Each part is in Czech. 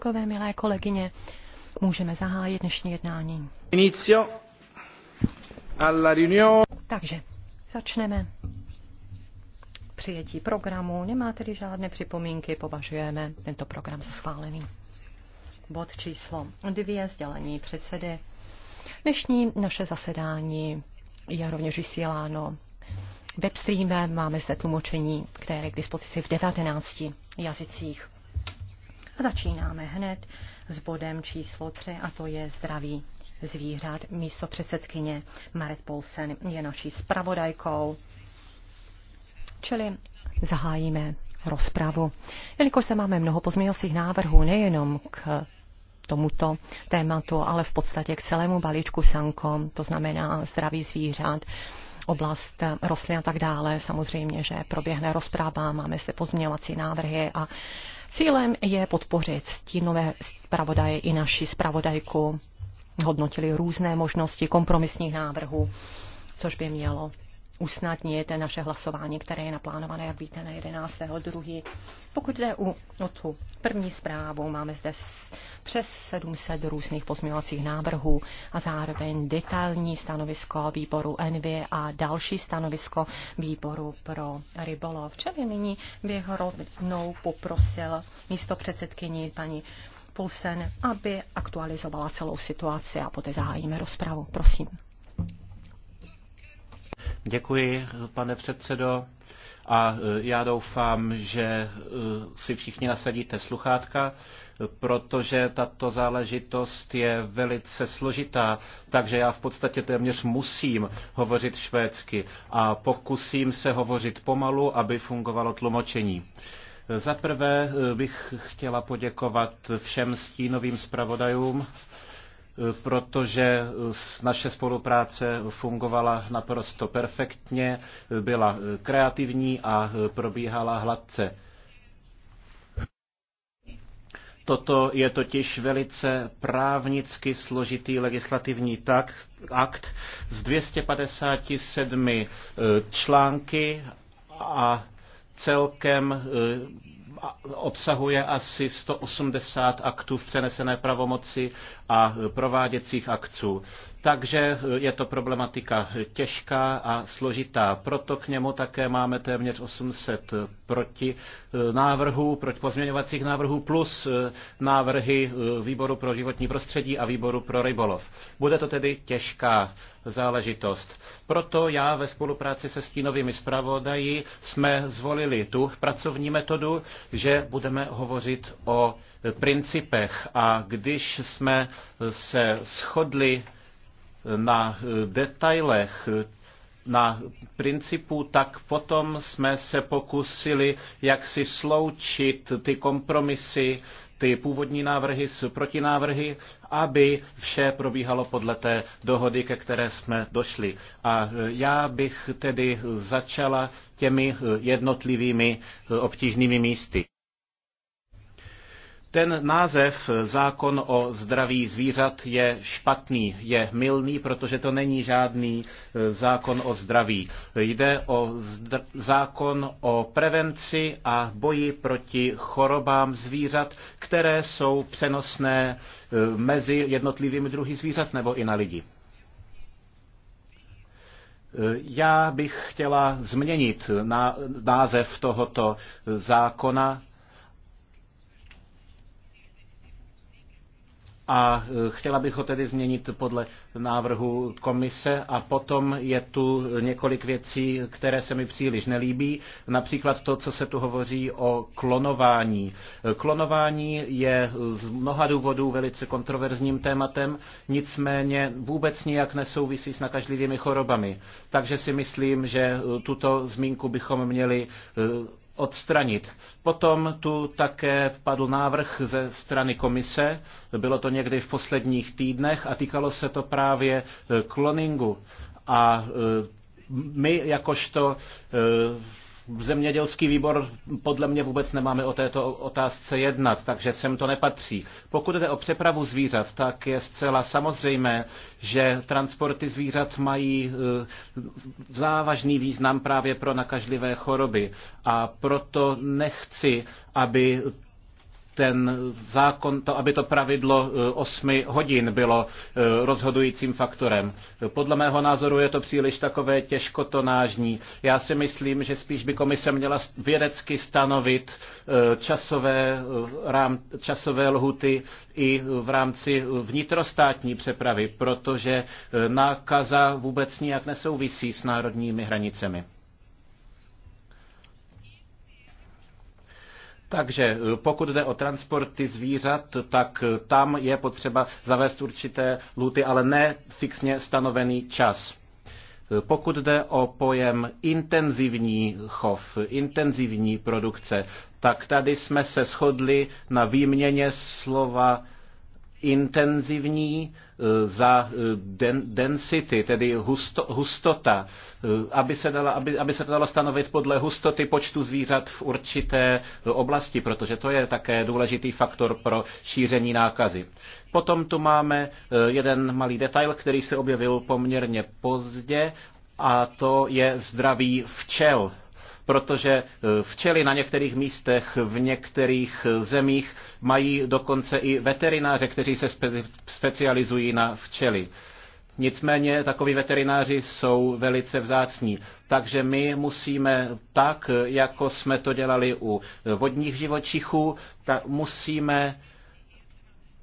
kolegové, milé kolegyně, můžeme zahájit dnešní jednání. Inicio alla riunione. Takže začneme. Přijetí programu. Nemá tedy žádné připomínky, považujeme tento program za schválený. Bod číslo dvě, sdělení předsedy. Dnešní naše zasedání je rovněž vysíláno webstreamem, máme zde tlumočení, které je k dispozici v 19 jazycích. A začínáme hned s bodem číslo 3 a to je zdraví zvířat. Místo předsedkyně Marit Polsen je naší spravodajkou. Čili zahájíme rozpravu. Jelikož se máme mnoho pozměňovacích návrhů nejenom k tomuto tématu, ale v podstatě k celému balíčku Sankom, to znamená zdraví zvířat, oblast rostlin a tak dále. Samozřejmě, že proběhne rozpráva, máme zde pozměňovací návrhy a Cílem je podpořit stínové zpravodaje i naši zpravodajku. Hodnotili různé možnosti kompromisních návrhů, což by mělo usnadnit naše hlasování, které je naplánované, jak víte, na 11.2. Pokud jde u, o tu první zprávu, máme zde přes 700 různých pozměňovacích návrhů a zároveň detailní stanovisko výboru Envy a další stanovisko výboru pro rybolov. Čili nyní bych rovnou poprosil místo předsedkyni paní Pulsen, aby aktualizovala celou situaci a poté zahájíme rozpravu. Prosím. Děkuji, pane předsedo. A e, já doufám, že e, si všichni nasadíte sluchátka, protože tato záležitost je velice složitá, takže já v podstatě téměř musím hovořit švédsky a pokusím se hovořit pomalu, aby fungovalo tlumočení. Za prvé e, bych chtěla poděkovat všem stínovým zpravodajům, protože naše spolupráce fungovala naprosto perfektně, byla kreativní a probíhala hladce. Toto je totiž velice právnicky složitý legislativní tak, akt s 257 eh, články a celkem eh, obsahuje asi 180 aktů v přenesené pravomoci a prováděcích aktů. Takže je to problematika těžká a složitá. Proto k němu také máme téměř 800 proti eh, návrhů, proti pozměňovacích návrhů plus eh, návrhy eh, výboru pro životní prostředí a výboru pro rybolov. Bude to tedy těžká záležitost. Proto já ve spolupráci se stínovými zpravodaji jsme zvolili tu pracovní metodu, že budeme hovořit o principech a když jsme se shodli na eh, detailech eh, na principu, tak potom jsme se pokusili jaksi sloučit ty kompromisy, ty původní návrhy s protinávrhy, aby vše probíhalo podle té dohody, ke které jsme došli. A eh, já bych tedy začala těmi jednotlivými obtížnými místy. Ten název eh, zákon o zdraví zvířat je špatný, je milný, protože to není žádný eh, zákon o zdraví. Jde o zdr- zákon o prevenci a boji proti chorobám zvířat, které jsou přenosné eh, mezi jednotlivými druhy zvířat nebo i na lidi. Já bych chtěla změnit název tohoto zákona a e, chtěla bych ho tedy změnit podle návrhu komise a potom je tu několik věcí, které se mi příliš nelíbí, například to, co se tu hovoří o klonování. E, klonování je z mnoha důvodů velice kontroverzním tématem, nicméně vůbec nijak nesouvisí s nakažlivými chorobami. Takže si myslím, že e, tuto zmínku bychom měli odstranit. Potom tu také padl návrh ze strany komise, bylo to někdy v posledních týdnech a týkalo se to právě e, kloningu. A e, my jakožto e, zemědělský výbor podle mě vůbec nemáme o této otázce jednat, takže sem to nepatří. Pokud jde o přepravu zvířat, tak je zcela samozřejmé, že transporty zvířat mají eh, závažný význam právě pro nakažlivé choroby a proto nechci, aby ten zákon, to, aby to pravidlo 8 e, hodin bylo e, rozhodujícím faktorem. Podle mého názoru je to příliš takové těžkotonážní. Já si myslím, že spíš by komise měla vědecky stanovit e, časové, rám, časové lhuty i v rámci vnitrostátní přepravy, protože nákaza vůbec nijak nesouvisí s národními hranicemi. Takže eh, pokud jde o transporty zvířat, tak eh, tam je potřeba zavést určité lhuty, ale ne fixně stanovený čas. Eh, pokud jde o pojem intenzivní chov, intenzivní produkce, tak tady jsme se shodli na výměně slova intenzivní eh, za eh, density, tedy husto, hustota, eh, aby se, dala, aby, aby se to dalo stanovit podle hustoty počtu zvířat v určité oblasti, protože to je také důležitý faktor pro šíření nákazy. Potom tu máme jeden malý detail, který se objevil poměrně pozdě, a to je zdraví včel protože eh, včely na některých místech v některých eh, zemích mají dokonce i veterináře, kteří se spe- specializují na včely. Nicméně takoví veterináři jsou velice vzácní. Takže my musíme tak, jako jsme to dělali u eh, vodních živočichů, tak musíme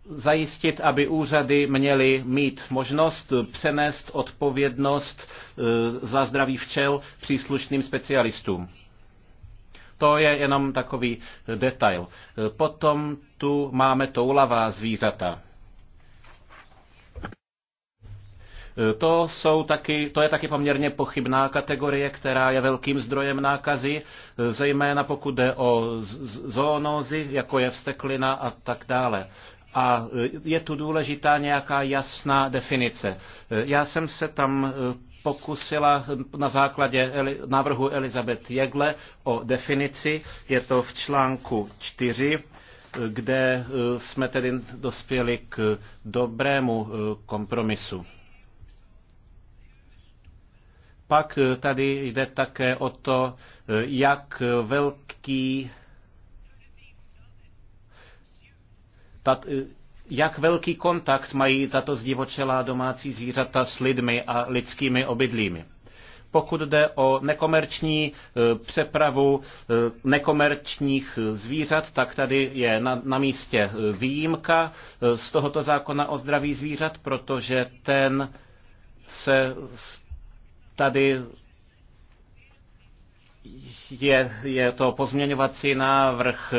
zajistit, aby úřady měly mít možnost přenést odpovědnost e, za zdraví včel příslušným specialistům. To je jenom takový e, detail. E, potom tu máme toulavá zvířata. To, jsou taky, to je taky poměrně pochybná kategorie, která je velkým zdrojem nákazy, zejména pokud jde o zónózy, jako je vsteklina a tak dále a e, je tu důležitá nějaká jasná definice. E, já jsem se tam e, pokusila na základě návrhu Elizabeth Jegle o definici. Je to v článku 4, kde jsme tedy dospěli k dobrému kompromisu. Pak tady jde také o to, jak velký tat, jak velký kontakt mají tato zdivočelá domácí zvířata s lidmi a lidskými obydlími. Pokud jde o nekomerční eh, přepravu eh, nekomerčních zvířat, tak tady je na, na místě eh, výjimka z tohoto zákona o zdraví zvířat, protože ten se tady je, je to pozměňovací návrh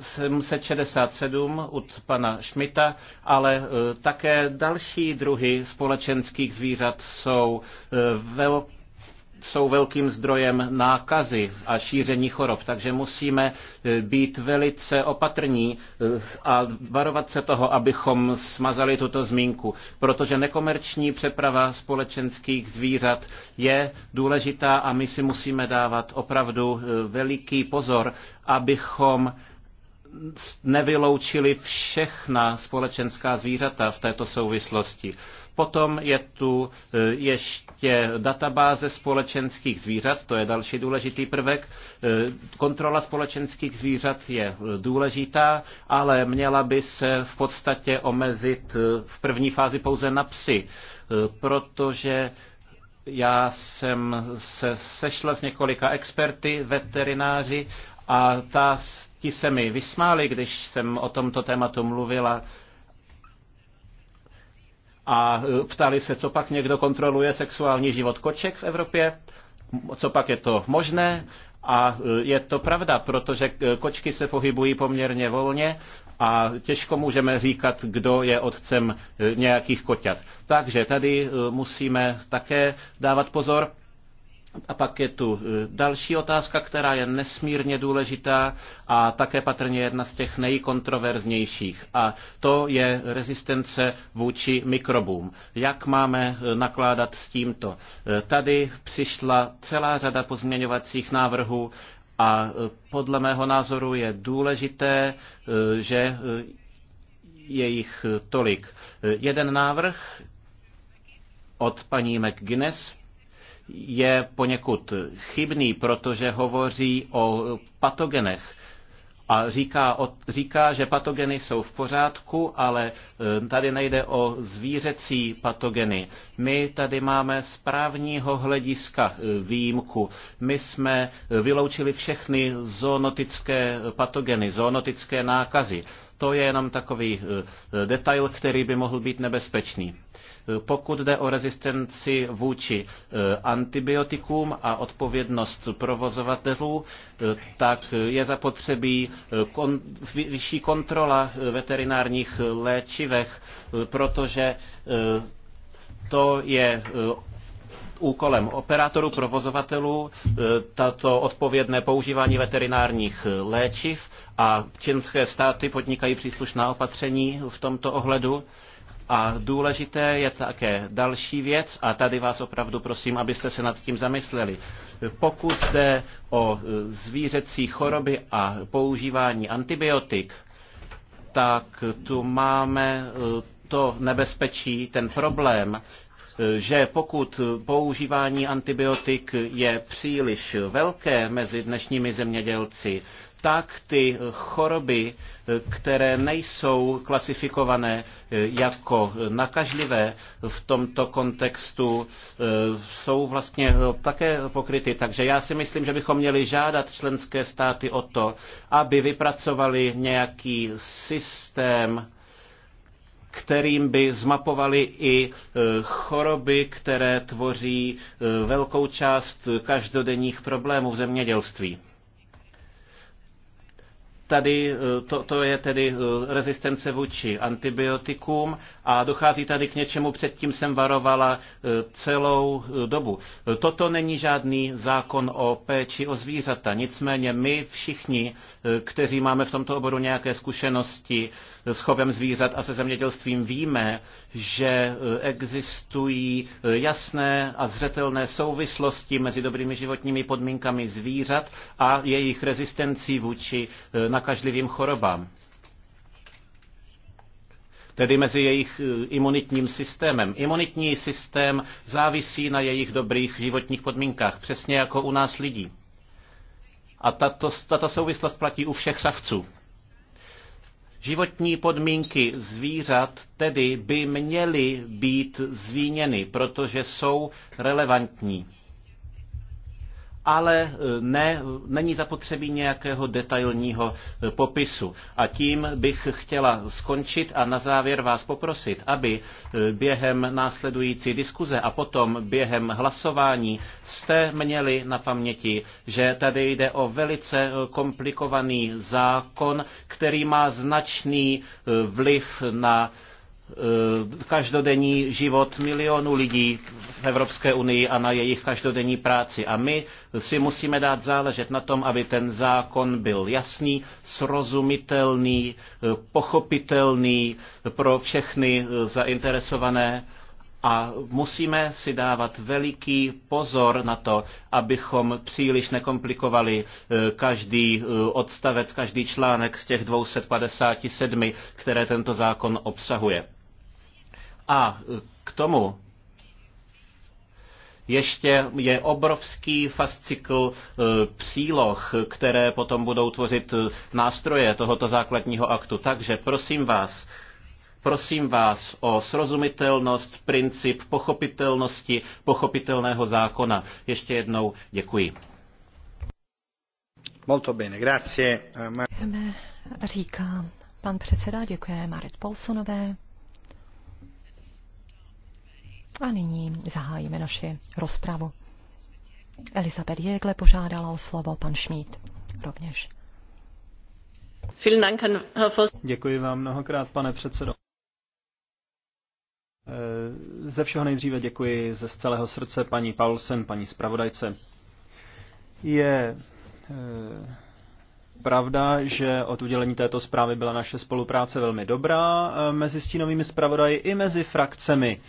767 eh, od pana Šmita, ale eh, také další druhy společenských zvířat jsou eh, velké jsou velkým zdrojem nákazy a šíření chorob, takže musíme eh, být velice opatrní eh, a varovat se toho, abychom smazali tuto zmínku, protože nekomerční přeprava společenských zvířat je důležitá a my si musíme dávat opravdu eh, veliký pozor, abychom nevyloučili všechna společenská zvířata v této souvislosti. Potom je tu e, ještě databáze společenských zvířat, to je další důležitý prvek. E, kontrola společenských zvířat je e, důležitá, ale měla by se v podstatě omezit v první fázi pouze na psy, protože já jsem se sešla s několika experty, veterináři a ta, ti se mi vysmáli, když jsem o tomto tématu mluvila a e, ptali se, co pak někdo kontroluje sexuální život koček v Evropě, co pak je to možné a e, je to pravda, protože e, kočky se pohybují poměrně volně a těžko můžeme říkat, kdo je otcem nějakých koťat. Takže tady musíme také dávat pozor. A pak je tu e, další otázka, která je nesmírně důležitá a také patrně jedna z těch nejkontroverznějších. A to je rezistence vůči mikrobům. Jak máme e, nakládat s tímto? E, tady přišla celá řada pozměňovacích návrhů a podle mého názoru je důležité, že je jich tolik. Jeden návrh od paní McGuinness je poněkud chybný, protože hovoří o patogenech a říká, říká, že patogeny jsou v pořádku, ale eh, tady nejde o zvířecí patogeny. My tady máme z právního hlediska eh, výjimku. My jsme eh, vyloučili všechny zoonotické patogeny, zoonotické nákazy. To je jenom takový detail, který by mohl být nebezpečný. Pokud jde o rezistenci vůči eh, antibiotikům a odpovědnost provozovatelů, eh, tak je zapotřebí eh, kon, vyšší kontrola veterinárních léčivech, protože to je úkolem operátorů, provozovatelů, tato odpovědné používání veterinárních léčiv a čínské státy podnikají příslušná opatření v tomto ohledu. A důležité je také další věc, a tady vás opravdu prosím, abyste se nad tím zamysleli. Pokud jde o e, zvířecí choroby a používání antibiotik, tak tu máme e, to nebezpečí, ten problém, e, že pokud používání antibiotik je příliš velké mezi dnešními zemědělci, tak ty choroby, které nejsou klasifikované eh, jako nakažlivé v tomto kontextu, eh, jsou vlastně eh, také pokryty. Takže já si myslím, že bychom měli žádat členské státy o to, aby vypracovali nějaký systém, kterým by zmapovali i choroby, které tvoří velkou část každodenních problémů v zemědělství tady eh, to, to je tedy eh, rezistence vůči antibiotikům a dochází tady k něčemu, předtím jsem varovala eh, celou dobu. Toto není žádný zákon o péči o zvířata, nicméně my všichni, kteří máme v tomto oboru nějaké zkušenosti, s chovem zvířat a se zemědělstvím víme, že e, existují e, jasné a zřetelné souvislosti mezi dobrými životními podmínkami zvířat a jejich rezistencí vůči e, nakažlivým chorobám tedy mezi jejich imunitním systémem. Imunitní systém závisí na jejich dobrých životních podmínkách, přesně jako u nás lidí. A tato, tato souvislost platí u všech savců. Životní podmínky zvířat tedy by měly být zvíněny, protože jsou relevantní ale eh, ne, není zapotřebí nějakého detailního eh, popisu. A tím bych chtěla skončit a na závěr vás poprosit, aby eh, během následující diskuze a potom během hlasování jste měli na paměti, že tady jde o velice komplikovaný zákon, který má značný vliv na Eh, každodenní život milionů lidí v Evropské unii a na jejich každodenní práci. A my si musíme dát záležet na tom, aby ten zákon byl jasný, srozumitelný, eh, pochopitelný pro všechny eh, zainteresované. A musíme si dávat veliký pozor na to, abychom příliš nekomplikovali každý odstavec, každý článek z těch 257, které tento zákon obsahuje. A k tomu ještě je obrovský fascikl e, příloh, které potom budou tvořit e, nástroje tohoto základního aktu. Takže prosím vás, prosím vás o srozumitelnost, princip pochopitelnosti, pochopitelného zákona. Ještě jednou děkuji. Molto bene, grazie. Říká pan předseda, děkuje Marit Polsonové. A nyní zahájíme naši rozpravu. Elisabeth Jegle požádala o slovo, pan Šmít rovněž. Děkuji vám mnohokrát, pane předsedo. Eh, ze všeho nejdříve děkuji ze celého srdce paní Paulsen, paní zpravodajce. Je eh, pravda, že od udělení této zprávy byla naše spolupráce velmi dobrá eh, mezi stínovými zpravodaji i mezi frakcemi.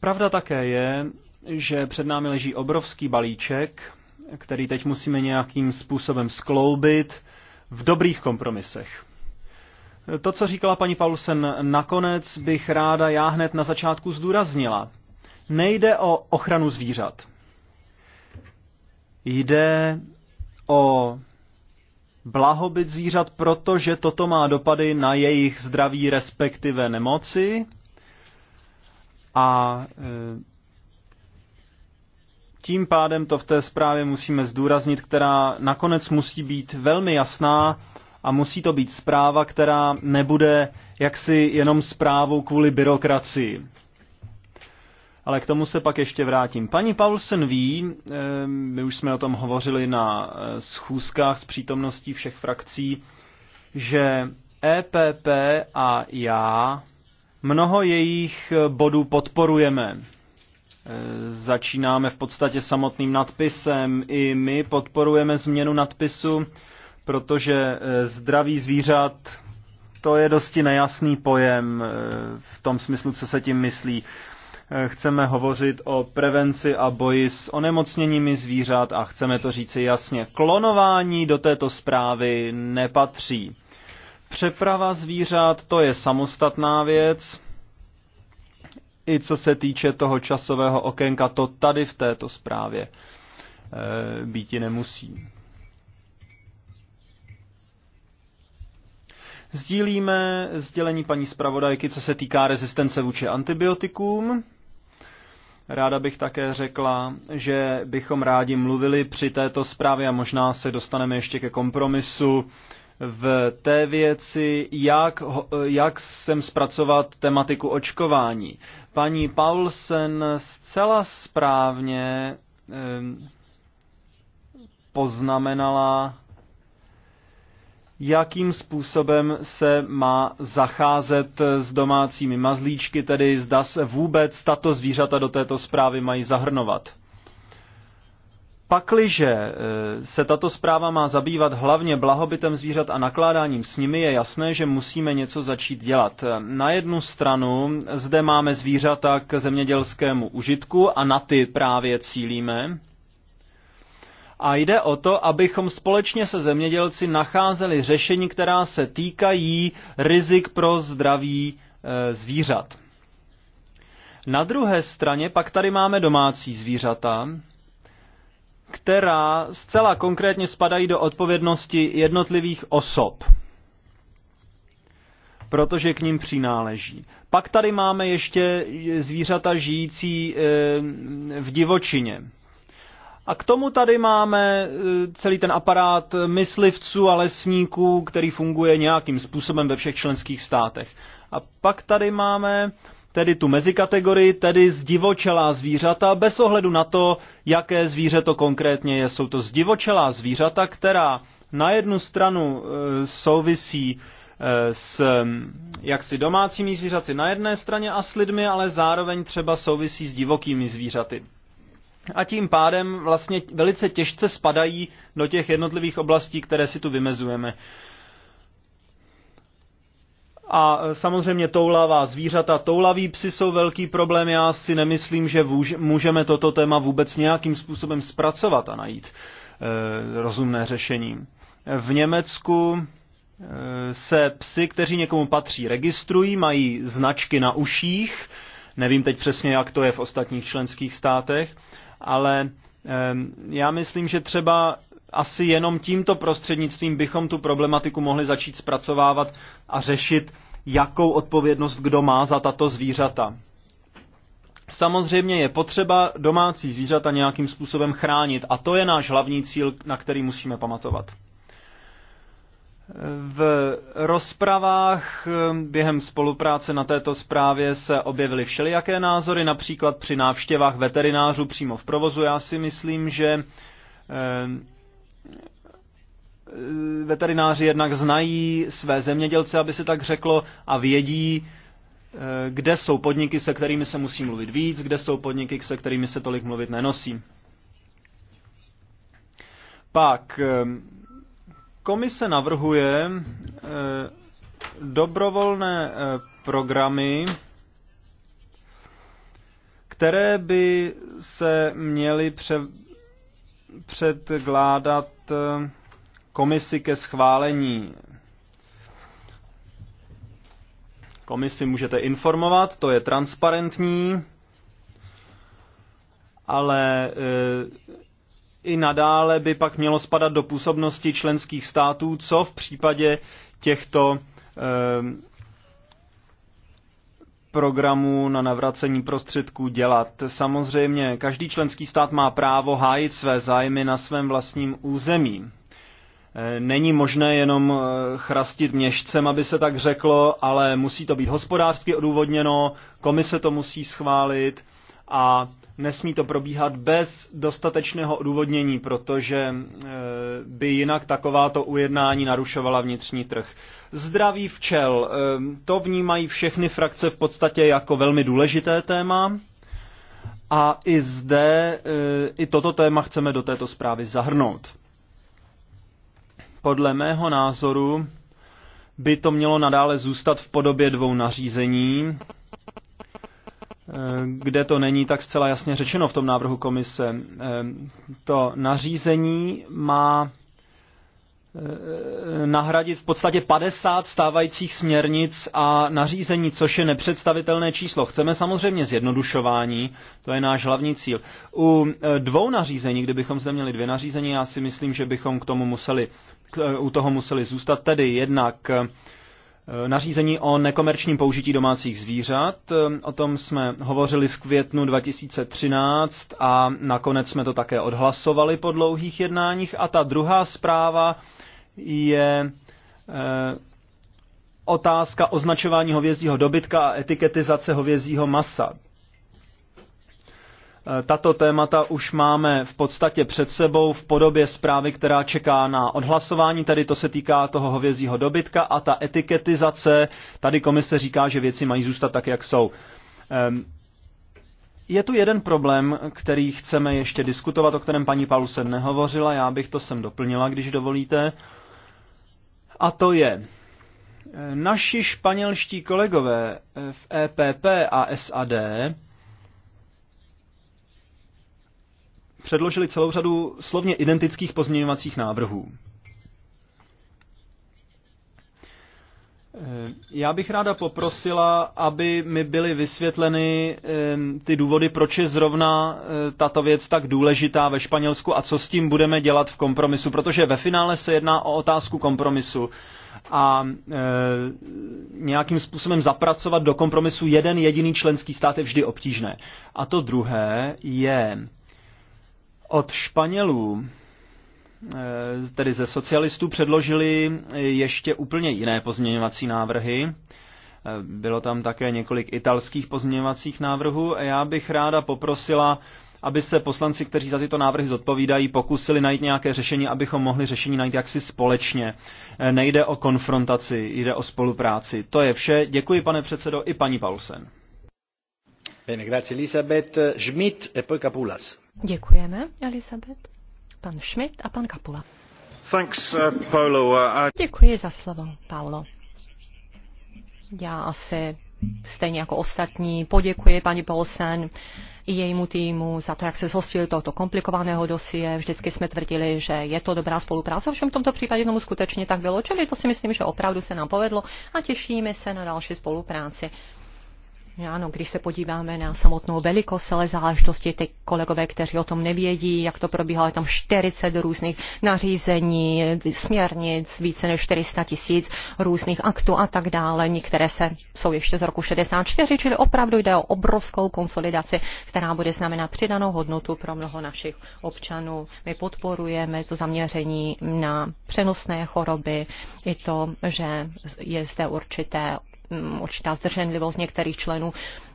Pravda také je, že před námi leží obrovský balíček, který teď musíme nějakým způsobem skloubit v dobrých kompromisech. To, co říkala paní Paulsen nakonec, bych ráda já hned na začátku zdůraznila. Nejde o ochranu zvířat. Jde o blahobyt zvířat, protože toto má dopady na jejich zdraví, respektive nemoci, a e, tím pádem to v té zprávě musíme zdůraznit, která nakonec musí být velmi jasná a musí to být zpráva, která nebude jaksi jenom zprávou kvůli byrokracii. Ale k tomu se pak ještě vrátím. Paní Paulsen ví, e, my už jsme o tom hovořili na e, schůzkách s přítomností všech frakcí, že EPP a já Mnoho jejich eh, bodů podporujeme. Eh, začínáme v podstatě samotným nadpisem. I my podporujeme změnu nadpisu, protože eh, zdraví zvířat to je dosti nejasný pojem v tom smyslu, co se tím myslí. Chceme hovořit o prevenci a boji s onemocněními zvířat a chceme to říci jasně. Klonování do této zprávy nepatří. Přeprava zvířat, to je samostatná věc. I co se týče toho časového okénka, to tady v této zprávě e, eh, býti nemusí. Sdílíme sdělení paní zpravodajky, co se týká rezistence vůči antibiotikům. Ráda bych také řekla, že bychom rádi mluvili při této zprávě a možná se dostaneme ještě ke kompromisu v té věci, jak, jak sem zpracovat tematiku očkování. Paní Paulsen zcela správně poznamenala, jakým způsobem se má zacházet s domácími mazlíčky, tedy zda se vůbec tato zvířata do této zprávy mají zahrnovat. Pakliže e, se tato zpráva má zabývat hlavně blahobytem zvířat a nakládáním s nimi, je jasné, že musíme něco začít dělat. Na jednu stranu zde máme zvířata k zemědělskému užitku a na ty právě cílíme. A jde o to, abychom společně se zemědělci nacházeli řešení, která se týkají rizik pro zdraví e, zvířat. Na druhé straně pak tady máme domácí zvířata, která zcela konkrétně spadají do odpovědnosti jednotlivých osob, protože k ním přináleží. Pak tady máme ještě zvířata žijící eh, v divočině. A k tomu tady máme eh, celý ten aparát myslivců a lesníků, který funguje nějakým způsobem ve všech členských státech. A pak tady máme tedy tu mezikategorii, tedy zdivočelá zvířata, bez ohledu na to, jaké zvíře to konkrétně je. Jsou to zdivočelá zvířata, která na jednu stranu e, souvisí e, s jaksi domácími zvířaty na jedné straně a s lidmi, ale zároveň třeba souvisí s divokými zvířaty. A tím pádem vlastně velice těžce spadají do těch jednotlivých oblastí, které si tu vymezujeme. A e, samozřejmě toulavá zvířata, toulaví psy jsou velký problém. Já si nemyslím, že můžeme toto téma vůbec nějakým způsobem zpracovat a najít e, rozumné řešení. V Německu e, se psy, kteří někomu patří, registrují, mají značky na uších, nevím teď přesně, jak to je v ostatních členských státech, ale e, já myslím, že třeba asi jenom tímto prostřednictvím bychom tu problematiku mohli začít zpracovávat a řešit, jakou odpovědnost kdo má za tato zvířata. Samozřejmě je potřeba domácí zvířata nějakým způsobem chránit a to je náš hlavní cíl, na který musíme pamatovat. V rozpravách eh, během spolupráce na této zprávě se objevily všelijaké názory, například při návštěvách veterinářů přímo v provozu. Já si myslím, že eh, veterináři jednak znají své zemědělce, aby se tak řeklo, a vědí, eh, kde jsou podniky, se kterými se musí mluvit víc, kde jsou podniky, se kterými se tolik mluvit nenosí. Pak eh, komise navrhuje eh, dobrovolné programy, které by se měly pře- předkládat eh, komisi ke schválení. Komisi můžete informovat, to je transparentní, ale eh, i nadále by pak mělo spadat do působnosti členských států, co v případě těchto eh, programů na navracení prostředků dělat. Samozřejmě každý členský stát má právo hájit své zájmy na svém vlastním území. Eh, není možné jenom eh, chrastit měšcem, aby se tak řeklo, ale musí to být hospodářsky odůvodněno, komise to musí schválit a Nesmí to probíhat bez dostatečného odůvodnění, protože e, by jinak takováto ujednání narušovala vnitřní trh. Zdraví včel. E, to vnímají všechny frakce v podstatě jako velmi důležité téma. A i zde, e, i toto téma chceme do této zprávy zahrnout. Podle mého názoru by to mělo nadále zůstat v podobě dvou nařízení, Eh, kde to není tak zcela jasně řečeno v tom návrhu komise. Eh, to nařízení má eh, nahradit v podstatě 50 stávajících směrnic a nařízení, což je nepředstavitelné číslo. Chceme samozřejmě zjednodušování, to je náš hlavní cíl. U dvou nařízení, kdybychom zde měli dvě nařízení, já si myslím, že bychom k tomu museli, k, u toho museli zůstat, tedy jednak Eh, nařízení o nekomerčním použití domácích zvířat. Eh, o tom jsme hovořili v květnu 2013 a nakonec jsme to také odhlasovali po dlouhých jednáních. A ta druhá zpráva je eh, otázka označování hovězího dobytka a etiketizace hovězího masa. Eh, tato témata už máme v podstatě před sebou v podobě zprávy, která čeká na odhlasování. Tady to se týká toho hovězího dobytka a ta etiketizace. Tady komise říká, že věci mají zůstat tak, jak jsou. Ehm, je tu jeden problém, který chceme ještě diskutovat, o kterém paní se nehovořila, já bych to sem doplnila, když dovolíte. A to je, eh, naši španělští kolegové eh, v EPP a SAD předložili celou řadu slovně identických pozměňovacích návrhů. Eh, já bych ráda poprosila, aby mi byly vysvětleny ehm, ty důvody, proč je zrovna eh, tato věc tak důležitá ve Španělsku a co s tím budeme dělat v kompromisu, protože ve finále se jedná o otázku kompromisu a eh, nějakým způsobem zapracovat do kompromisu jeden jediný členský stát je vždy obtížné. A to druhé je od Španělů, eh, tedy ze socialistů, předložili ještě úplně jiné pozměňovací návrhy. Eh, bylo tam také několik italských pozměňovacích návrhů a já bych ráda poprosila, aby se poslanci, kteří za tyto návrhy zodpovídají, pokusili najít nějaké řešení, abychom mohli řešení najít jaksi společně. Eh, nejde o konfrontaci, jde o spolupráci. To je vše. Děkuji, pane předsedo, i paní Paulsen. Bene, grazie Elisabeth Schmidt e poi Capulas. Děkujeme, Elizabeth. Pan Schmidt a pan Kapula. Thanks, uh, Paolo. Uh, I... Děkuji za slovo, Paulo. Já asi stejně jako ostatní poděkuji paní Paulsen i jejímu týmu za to, jak se zhostil tohoto komplikovaného dosie. Vždycky jsme tvrdili, že je to dobrá spolupráce, ovšem v tomto případě tomu skutečně tak bylo, čili to si myslím, že opravdu se nám povedlo a těšíme se na další spolupráci ano, když se podíváme na samotnou velikost celé záležitosti, ty kolegové, kteří o tom nevědí, jak to probíhalo, je tam 40 různých nařízení, směrnic, více než 400 tisíc různých aktů a tak dále. Některé se jsou ještě z roku 64, čili opravdu jde o obrovskou konsolidaci, která bude znamenat přidanou hodnotu pro mnoho našich občanů. My podporujeme to zaměření na přenosné choroby, i to, že je zde určité určitá zdrženlivost některých členů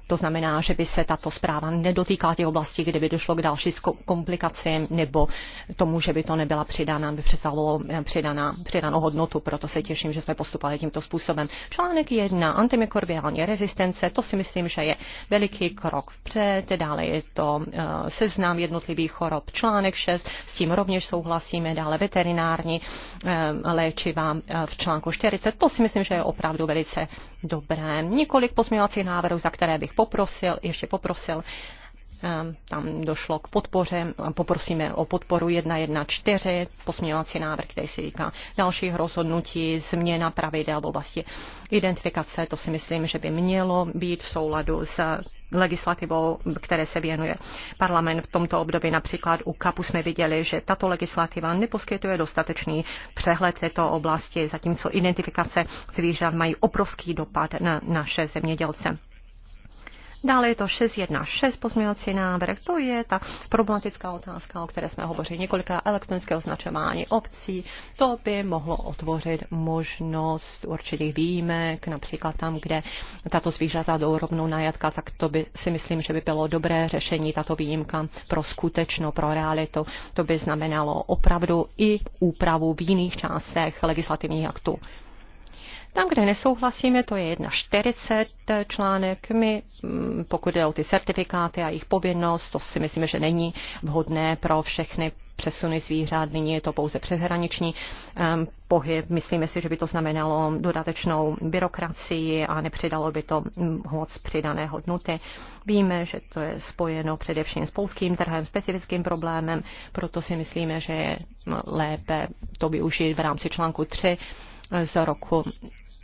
to znamená, že by se tato zpráva nedotýkala těch oblastí, kde by došlo k další komplikacím nebo tomu, že by to nebyla přidána, by představovalo eh, přidaná, přidanou hodnotu. Proto se těším, že jsme postupovali tímto způsobem. Článek 1. Antimikrobiální rezistence. To si myslím, že je veliký krok vpřed. Dále je to eh, seznam jednotlivých chorob. Článek 6. S tím rovněž souhlasíme. Dále veterinární eh, léčiva v článku 40. To si myslím, že je opravdu velice dobré. Několik pozměňovacích návrhů, za které bych poprosil, ještě poprosil, ehm, tam došlo k podpoře, poprosíme o podporu 1.1.4, posměňovací návrh, který se týká dalších rozhodnutí, změna pravidel v oblasti identifikace, to si myslím, že by mělo být v souladu s legislativou, které se věnuje parlament v tomto období. Například u KAPu jsme viděli, že tato legislativa neposkytuje dostatečný přehled této oblasti, zatímco identifikace zvířat mají obrovský dopad na naše zemědělce. Dále je to 616 pozměňovací návrh, to je ta problematická otázka, o které jsme hovořili několika elektronické označování obcí. To by mohlo otvořit možnost určitých výjimek, například tam, kde tato zvířata jdou rovnou na jatka, tak to by si myslím, že by bylo dobré řešení tato výjimka pro skutečno, pro realitu. To by znamenalo opravdu i úpravu v jiných částech legislativních aktů. Tam, kde nesouhlasíme, to je 1,40 eh, článek. My, mm, pokud jde o ty certifikáty a jejich povinnost, to si myslíme, že není vhodné pro všechny přesuny zvířat, nyní je to pouze přeshraniční um, pohyb. Myslíme si, že by to znamenalo dodatečnou byrokracii a nepřidalo by to mm, moc přidané hodnoty. Víme, že to je spojeno především s polským trhem, specifickým problémem, proto si myslíme, že je mm, lépe to využít v rámci článku 3 z roku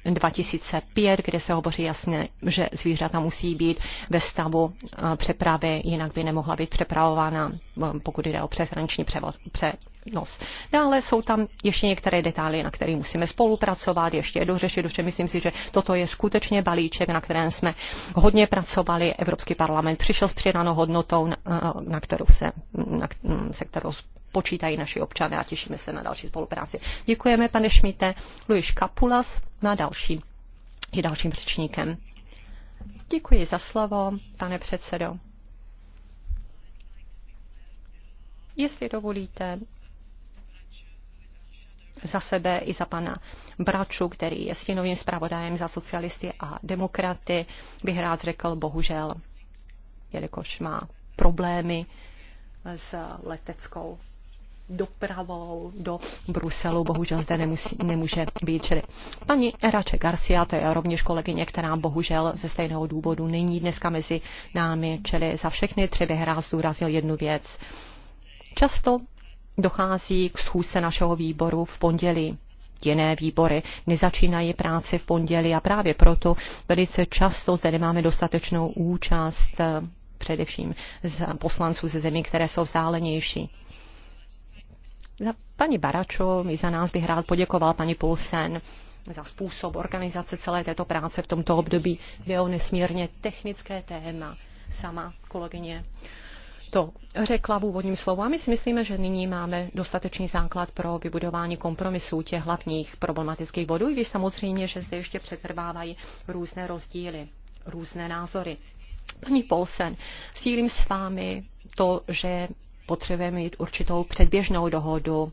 2005, kde se hovoří jasně, že zvířata musí být ve stavu eh, přepravy, jinak by nemohla být přepravována, eh, pokud jde o přeshraniční převod, Nos. Dále jsou tam ještě některé detaily, na které musíme spolupracovat, ještě je dořešit, protože myslím si, že toto je skutečně balíček, na kterém jsme hodně pracovali. Evropský parlament přišel s přidanou hodnotou, na, eh, na kterou se, na, se kterou počítají naši občané a těšíme se na další spolupráci. Děkujeme, pane Šmíte. Luis Kapulas na další, je dalším řečníkem. Děkuji za slovo, pane předsedo. Jestli dovolíte, za sebe i za pana Braču, který je stěnovým zpravodajem za socialisty a demokraty, bych rád řekl, bohužel, jelikož má problémy s leteckou dopravou do Bruselu. Bohužel zde nemusí, nemůže být. Čili paní Erače Garcia, to je rovněž kolegyně, která bohužel ze stejného důvodu není dneska mezi námi, čili za všechny tři bych rád jednu věc. Často dochází k schůzce našeho výboru v pondělí jiné výbory nezačínají práci v pondělí a právě proto velice často zde nemáme dostatečnou účast eh, především z poslanců ze zemí, které jsou vzdálenější. Za paní Baračo i za nás bych rád poděkoval paní Pulsen za způsob organizace celé této práce v tomto období. Bylo o nesmírně technické téma. Sama kolegyně to řekla v úvodním slovu a my si myslíme, že nyní máme dostatečný základ pro vybudování kompromisů těch hlavních problematických bodů, i když samozřejmě, že zde ještě přetrvávají různé rozdíly, různé názory. Paní Polsen, sílím s vámi to, že potřebujeme mít určitou předběžnou dohodu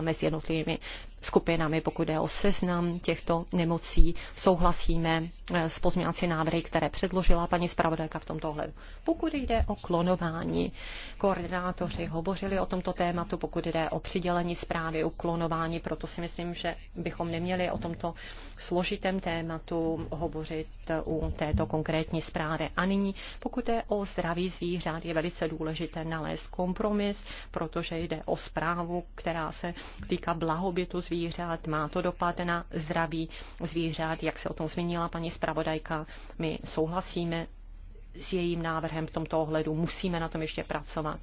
mezi jednotlivými skupinami, pokud je o seznam těchto nemocí. Souhlasíme eh, s pozměňovací návrhy, které předložila paní zpravodajka v tomto ohledu. Pokud jde o klonování, koordinátoři hovořili o tomto tématu, pokud jde o přidělení zprávy o klonování, proto si myslím, že bychom neměli o tomto složitém tématu hovořit u této konkrétní zprávy. A nyní, pokud jde o zdraví zvířat, je velice důležité nalézt kompromis, protože jde o zprávu, která se týká blahobytu zvířat zvířat, má to dopad na zdraví zvířat, jak se o tom zmínila paní zpravodajka. My souhlasíme s jejím návrhem v tomto ohledu, musíme na tom ještě pracovat.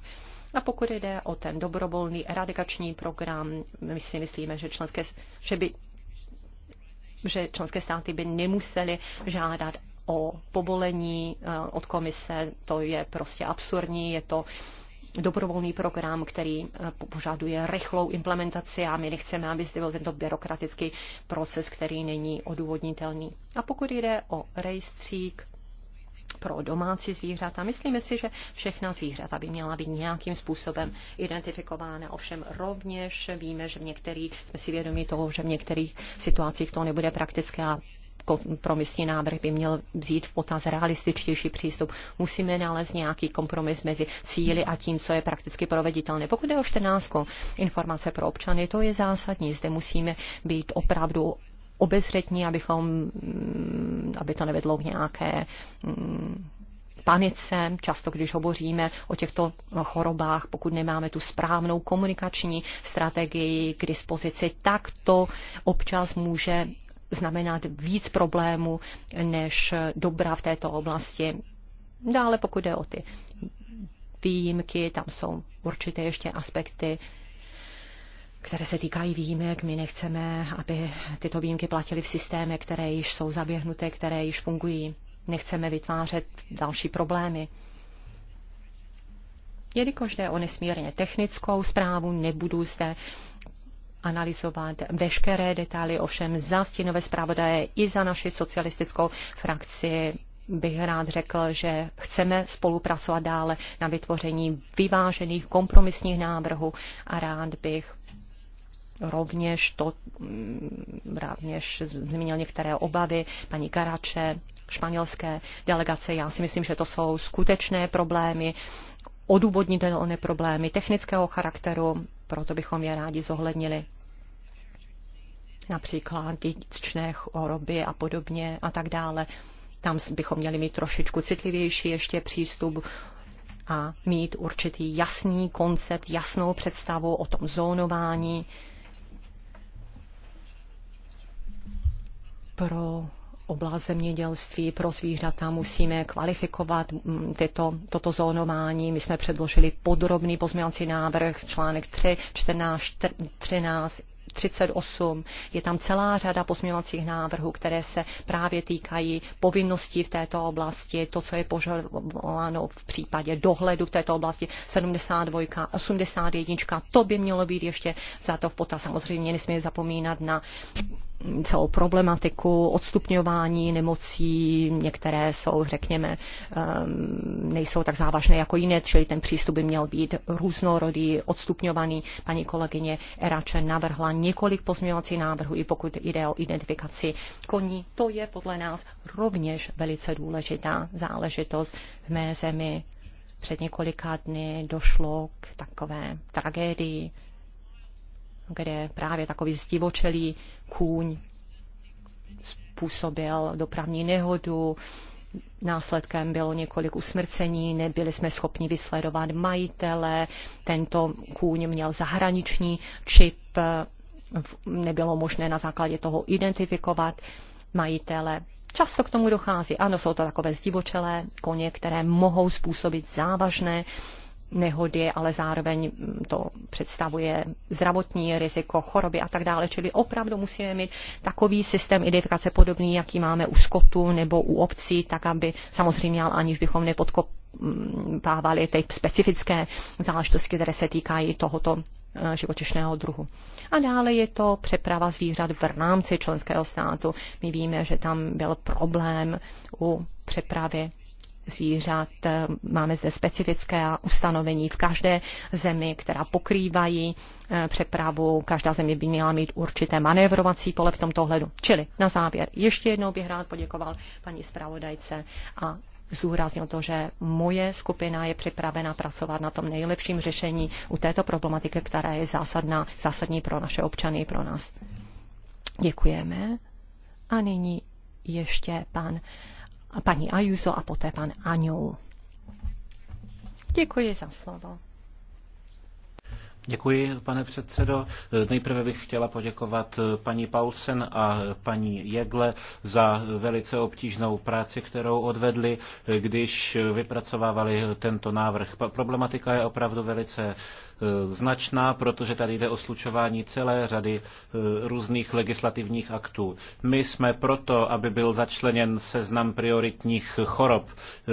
A pokud jde o ten dobrovolný eradikační program, my si myslíme, že, členské, že, by, že členské státy by nemuseli žádat o povolení eh, od komise. To je prostě absurdní, je to dobrovolný program, který eh, požaduje rychlou implementaci a my nechceme, aby zde byl tento byrokratický proces, který není odůvodnitelný. A pokud jde o rejstřík, pro domácí zvířata. Myslíme si, že všechna zvířata by měla být nějakým způsobem identifikována. Ovšem rovněž víme, že v některých, jsme si vědomi toho, že v některých situacích to nebude praktické a kompromisní návrh by měl vzít v potaz realističtější přístup. Musíme nalézt nějaký kompromis mezi cíly a tím, co je prakticky proveditelné. Pokud je o 14. informace pro občany, to je zásadní. Zde musíme být opravdu obezřetní, abychom, mm, aby to nevedlo k nějaké mm, panice, často když hovoříme o těchto chorobách, pokud nemáme tu správnou komunikační strategii k dispozici, tak to občas může znamenat víc problémů než dobra v této oblasti. Dále pokud jde o ty výjimky, tam jsou určité ještě aspekty, které se týkají výjimek. My nechceme, aby tyto výjimky platily v systémech, které již jsou zaběhnuté, které již fungují. Nechceme vytvářet další problémy. Jelikož jde o nesmírně technickou zprávu, nebudu zde analyzovat veškeré detaily, ovšem za stínové zpravodaje i za naši socialistickou frakci bych rád řekl, že chceme spolupracovat dále na vytvoření vyvážených kompromisních návrhů a rád bych rovněž to mm, rovněž zmínil některé obavy paní Karače, španělské delegace. Já si myslím, že to jsou skutečné problémy, odůvodnitelné problémy technického charakteru, proto bychom je rádi zohlednili například dědičné choroby a podobně a tak dále. Tam bychom měli mít trošičku citlivější ještě přístup a mít určitý jasný koncept, jasnou představu o tom zónování pro oblast zemědělství pro zvířata musíme kvalifikovat mm, tyto, toto zónování. My jsme předložili podrobný pozměňovací návrh, článek 3, 14, 13 38. Je tam celá řada pozměňovacích návrhů, které se právě týkají povinností v této oblasti, to, co je požadováno v případě dohledu v této oblasti, 72, 81. To by mělo být ještě za to v potaz. Samozřejmě nesmíme zapomínat na celou problematiku odstupňování nemocí. Některé jsou, řekněme, ehm, nejsou tak závažné jako jiné, čili ten přístup by měl být různorodý, odstupňovaný. Paní kolegyně Erače navrhla několik pozměňovacích návrhů, i pokud jde o identifikaci koní. To je podle nás rovněž velice důležitá záležitost v mé zemi. Před několika dny došlo k takové tragédii kde právě takový zdivočelý kůň způsobil dopravní nehodu, Následkem bylo několik usmrcení, nebyli jsme schopni vysledovat majitele, tento kůň měl zahraniční čip, nebylo možné na základě toho identifikovat majitele. Často k tomu dochází. Ano, jsou to takové zdivočelé koně, které mohou způsobit závažné nehody, ale zároveň to představuje zdravotní riziko, choroby a tak dále. Čili opravdu musíme mít takový systém identifikace podobný, jaký máme u skotu nebo u obcí, tak aby samozřejmě, aniž bychom nepodkopávali ty specifické záležitosti, které se týkají tohoto eh, živočišného druhu. A dále je to přeprava zvířat v rámci členského státu. My víme, že tam byl problém u přepravy zvířat. Máme zde specifické ustanovení v každé zemi, která pokrývají eh, přepravu. Každá země by měla mít určité manévrovací pole v tomto ohledu. Čili na závěr ještě jednou bych rád poděkoval paní zpravodajce a zdůraznil to, že moje skupina je připravena pracovat na tom nejlepším řešení u této problematiky, která je zásadná, zásadní pro naše občany i pro nás. Děkujeme. A nyní ještě pan paní Ajuso a poté pan Aňou. Děkuji za slovo. Děkuji, pane předsedo. Nejprve bych chtěla poděkovat eh, paní Paulsen a paní Jegle za velice obtížnou práci, kterou odvedli, eh, když eh, vypracovávali tento návrh. Problematika je opravdu velice značná, protože tady jde o slučování celé řady různých legislativních aktů. My jsme proto, aby byl začleněn seznam prioritních chorob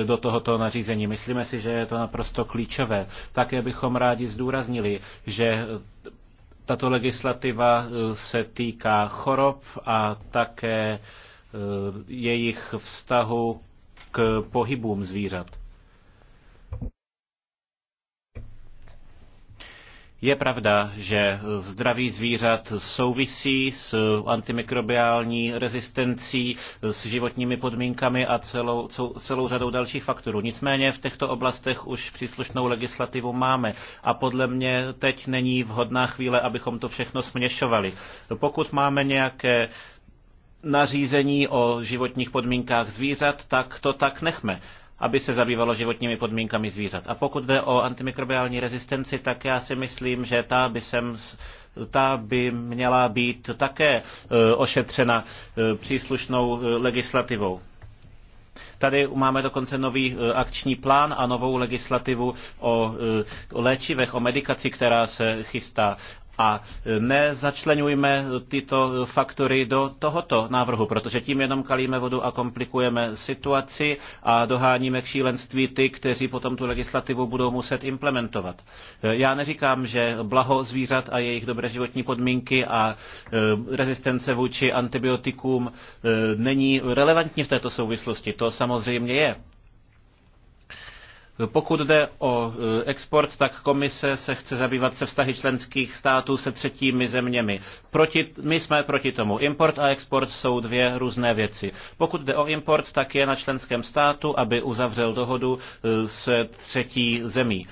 do tohoto nařízení. Myslíme si, že je to naprosto klíčové. Také bychom rádi zdůraznili, že tato legislativa eh, se týká chorob a také eh, jejich vztahu k pohybům zvířat. Je pravda, že zdraví zvířat souvisí s antimikrobiální rezistencí, s životními podmínkami a celou, celou řadou dalších faktorů. Nicméně v těchto oblastech už příslušnou legislativu máme a podle mě teď není vhodná chvíle, abychom to všechno směšovali. Pokud máme nějaké nařízení o životních podmínkách zvířat, tak to tak nechme aby se zabývalo životními podmínkami zvířat. A pokud jde o antimikrobiální rezistenci, tak já si myslím, že ta by, sem, ta by měla být také e, ošetřena e, příslušnou e, legislativou. Tady máme dokonce nový akční plán a novou legislativu o léčivech, o medikaci, která se chystá. A nezačlenujme tyto faktory do tohoto návrhu, protože tím jenom kalíme vodu a komplikujeme situaci a doháníme k šílenství ty, kteří potom tu legislativu budou muset implementovat. Já neříkám, že blaho zvířat a jejich dobré životní podmínky a e, rezistence vůči antibiotikům e, není relevantní v této souvislosti. To samozřejmě je. Pokud jde o eh, export, tak komise se chce zabývat se vztahy členských států se třetími zeměmi. Proti, my jsme proti tomu. Import a export jsou dvě různé věci. Pokud jde o import, tak je na členském státu, aby uzavřel dohodu eh, se třetí zemí.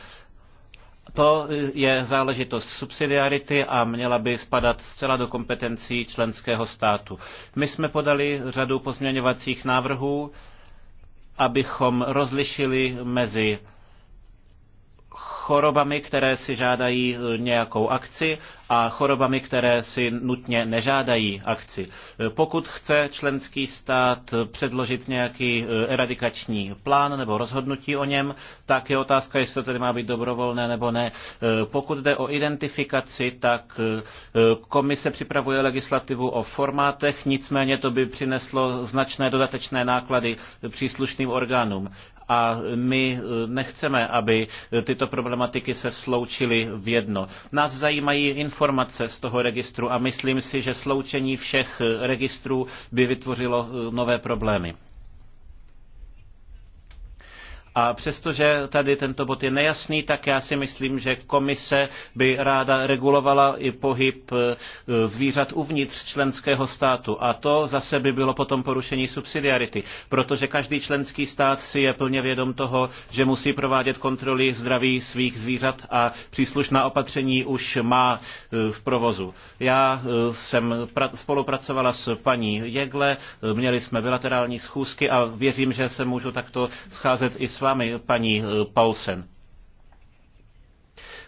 To eh, je záležitost subsidiarity a měla by spadat zcela do kompetencí členského státu. My jsme podali řadu pozměňovacích návrhů, abychom rozlišili mezi chorobami, které si žádají eh, nějakou akci a chorobami, které si nutně nežádají akci. Eh, pokud chce členský stát eh, předložit nějaký eradikační plán nebo rozhodnutí o něm, tak je otázka, jestli to tedy má být dobrovolné nebo ne. Pokud jde o identifikaci, tak komise připravuje legislativu o formátech, nicméně to by přineslo značné dodatečné náklady příslušným orgánům a my eh, nechceme, aby eh, tyto problematiky se sloučily v jedno. Nás zajímají informace z toho registru a myslím si, že sloučení všech eh, registrů by vytvořilo nové problémy. A přestože tady tento bod je nejasný, tak já si myslím, že komise by ráda regulovala i pohyb e, zvířat uvnitř členského státu. A to zase by bylo potom porušení subsidiarity, protože každý členský stát si je plně vědom toho, že musí provádět kontroly zdraví svých zvířat a příslušná opatření už má e, v provozu. Já e, jsem spolupracovala s paní Jegle, měli jsme bilaterální schůzky a věřím, že se můžu takto scházet i s vámi vámi, paní eh, Paulsen.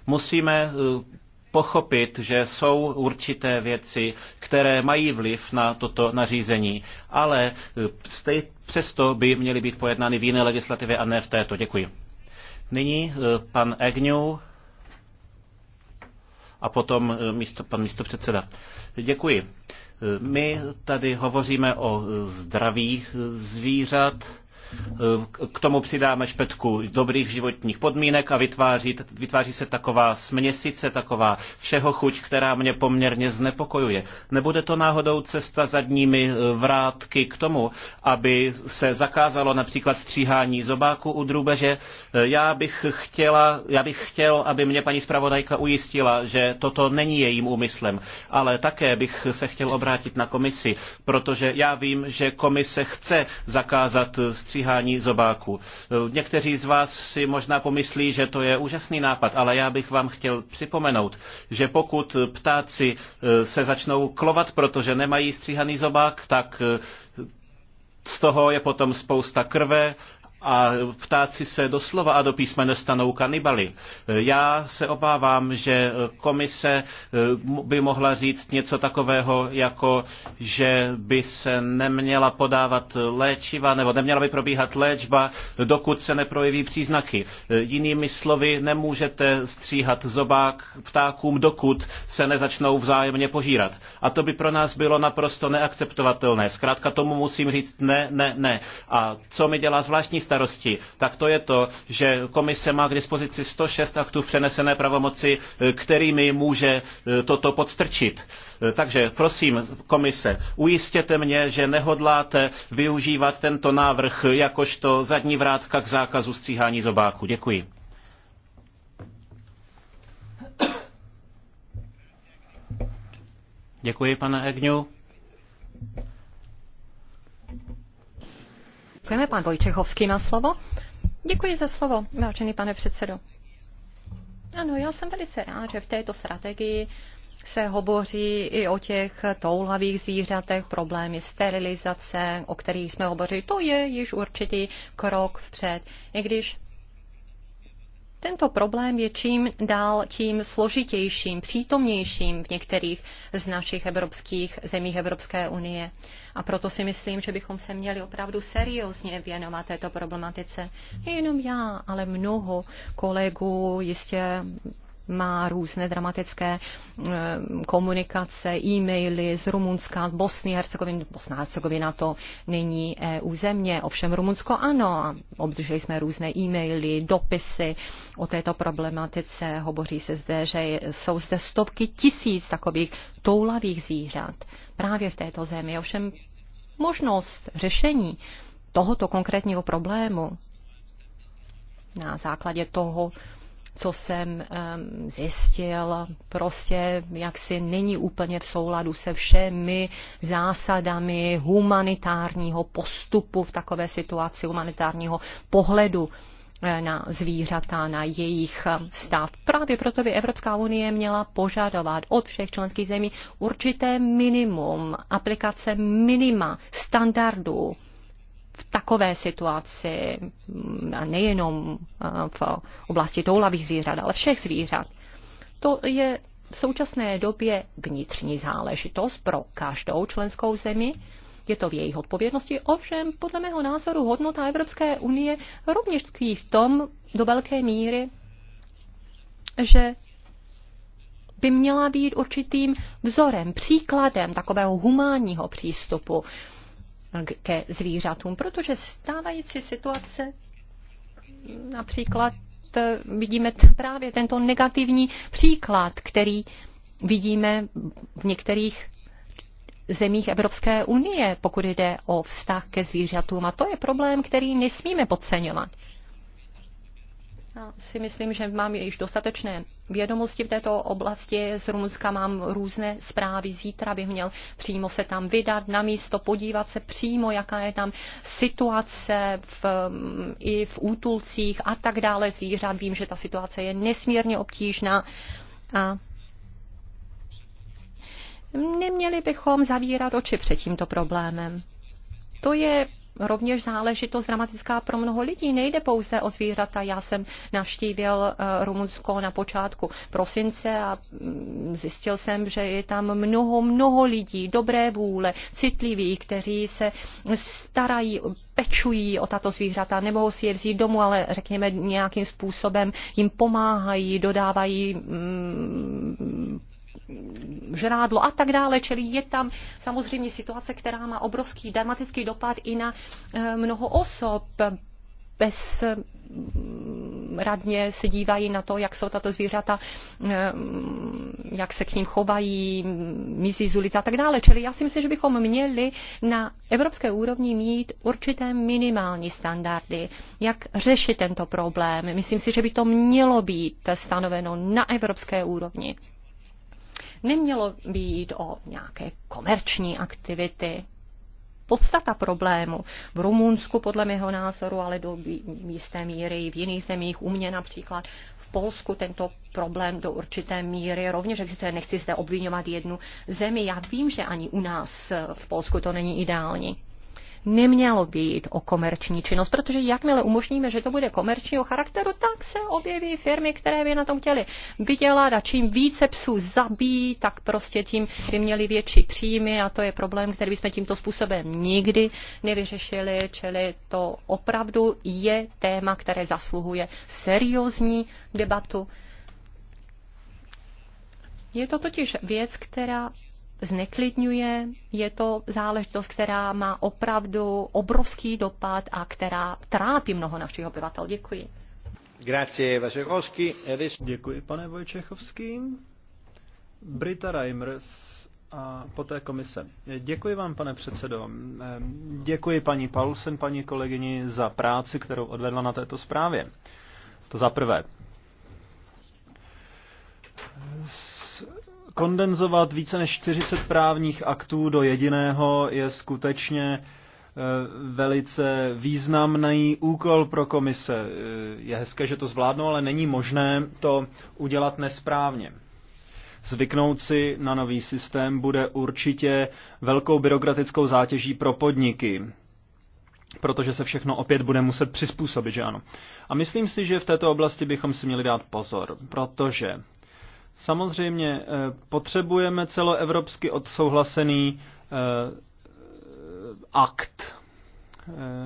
Musíme eh, pochopit, že jsou určité věci, které mají vliv na toto nařízení, ale eh, stej, přesto by měly být pojednány v jiné legislativě a ne v této. Děkuji. Nyní pan Agnew a potom místo, pan předseda. Děkuji. My tady hovoříme o zdraví zvířat Eh, k tomu přidáme špetku dobrých životních podmínek a vytváří, vytváří se taková směsice, taková všeho chuť, která mě poměrně znepokojuje. Nebude to náhodou cesta zadními eh, vrátky k tomu, aby se zakázalo například stříhání zobáku u drůbeže. Eh, já bych, chtěla, já bych chtěl, aby mě paní zpravodajka ujistila, že toto není jejím úmyslem, ale také bych se chtěl obrátit na komisi, protože já vím, že komise chce zakázat stříhání stříhání zobáků. Někteří z vás si možná pomyslí, že to je úžasný nápad, ale já bych vám chtěl připomenout, že pokud ptáci eh, se začnou klovat, protože nemají stříhaný zobák, tak eh, z toho je potom spousta krve a ptáci se doslova a do písmene nestanou kanibaly. Já se obávám, že komise eh, by mohla říct něco takového, jako že by se neměla podávat léčiva nebo neměla by probíhat léčba, dokud se neprojeví příznaky. Eh, jinými slovy, nemůžete stříhat zobák ptákům, dokud se nezačnou vzájemně požírat. A to by pro nás bylo naprosto neakceptovatelné. Zkrátka tomu musím říct ne, ne, ne. A co mi dělá zvláštní starosti, tak to je to, že komise má k dispozici 106 aktů v přenesené pravomoci, eh, kterými může eh, toto podstrčit. Eh, takže prosím, komise, ujistěte mě, že nehodláte využívat tento návrh jakožto zadní vrátka k zákazu stříhání zobáku. Děkuji. Děkuji, pane Egňu. Děkujeme. Pan Vojčechovský má slovo. Děkuji za slovo, vážený pane předsedo. Ano, já jsem velice rád, že v této strategii se hovoří i o těch toulavých zvířatech, problémy sterilizace, o kterých jsme hovořili. To je již určitý krok vpřed. I když tento problém je čím dál tím složitějším, přítomnějším v některých z našich evropských zemích Evropské unie. A proto si myslím, že bychom se měli opravdu seriózně věnovat této problematice. Nejenom já, ale mnoho kolegů jistě má různé dramatické eh, komunikace, e-maily z Rumunska, z Bosny, Hercegoviny. Bosna Hercegovina to není EU země, ovšem Rumunsko ano. Obdrželi jsme různé e-maily, dopisy o této problematice. Hovoří se zde, že jsou zde stovky tisíc takových toulavých zvířat právě v této zemi. Ovšem možnost řešení tohoto konkrétního problému na základě toho, co jsem um, zjistil, prostě jaksi není úplně v souladu se všemi zásadami humanitárního postupu v takové situaci, humanitárního pohledu eh, na zvířata, na jejich stav. Právě proto by Evropská unie měla požadovat od všech členských zemí určité minimum aplikace minima standardů v takové situaci, a nejenom v oblasti toulavých zvířat, ale všech zvířat. To je v současné době vnitřní záležitost pro každou členskou zemi. Je to v jejich odpovědnosti, ovšem podle mého názoru hodnota Evropské unie rovněž tkví v tom do velké míry, že by měla být určitým vzorem, příkladem takového humánního přístupu ke zvířatům, protože stávající situace například vidíme právě tento negativní příklad, který vidíme v některých zemích Evropské unie, pokud jde o vztah ke zvířatům. A to je problém, který nesmíme podceňovat si myslím, že mám již dostatečné vědomosti v této oblasti. Z Rumunska mám různé zprávy. Zítra bych měl přímo se tam vydat na místo, podívat se přímo, jaká je tam situace v, i v útulcích a tak dále zvířat. Vím, že ta situace je nesmírně obtížná. A neměli bychom zavírat oči před tímto problémem. To je rovněž záležitost dramatická pro mnoho lidí. Nejde pouze o zvířata. Já jsem navštívil eh, Rumunsko na počátku prosince a mm, zjistil jsem, že je tam mnoho, mnoho lidí dobré vůle, citlivých, kteří se starají pečují o tato zvířata, nemohou si je vzít domů, ale řekněme nějakým způsobem jim pomáhají, dodávají mm, žrádlo a tak dále. Čili je tam samozřejmě situace, která má obrovský dramatický dopad i na eh, mnoho osob. Bez mm, radně se dívají na to, jak jsou tato zvířata, eh, mm, jak se k ním chovají, mizí z ulic a tak dále. Čili já si myslím, že bychom měli na evropské úrovni mít určité minimální standardy, jak řešit tento problém. Myslím si, že by to mělo být stanoveno na evropské úrovni. Nemělo by jít o nějaké komerční aktivity. Podstata problému v Rumunsku, podle mého názoru, ale do jisté míry i v jiných zemích, u mě například, Polsku tento problém do určité míry rovněž existuje. Nechci zde obvinovat jednu zemi. Já vím, že ani u nás v Polsku to není ideální. Nemělo by jít o komerční činnost, protože jakmile umožníme, že to bude komerčního charakteru, tak se objeví firmy, které by na tom chtěly vydělat a čím více psů zabíjí, tak prostě tím by měli větší příjmy a to je problém, který bychom tímto způsobem nikdy nevyřešili, čili to opravdu je téma, které zasluhuje seriózní debatu. Je to totiž věc, která zneklidňuje. Je to záležitost, která má opravdu obrovský dopad a která trápí mnoho našich obyvatel. Děkuji. Děkuji, pane Vojčechovský. Brita Reimers a poté komise. Děkuji vám, pane předsedo. Ehm, děkuji paní Paulsen, paní kolegyni, za práci, kterou odvedla na této zprávě. To za prvé kondenzovat více než 40 právních aktů do jediného je skutečně eh, velice významný úkol pro komise. Eh, je hezké, že to zvládnou, ale není možné to udělat nesprávně. Zvyknout si na nový systém bude určitě velkou byrokratickou zátěží pro podniky, protože se všechno opět bude muset přizpůsobit, že ano. A myslím si, že v této oblasti bychom si měli dát pozor, protože Samozřejmě eh, potřebujeme celoevropsky odsouhlasený eh, akt. Eh,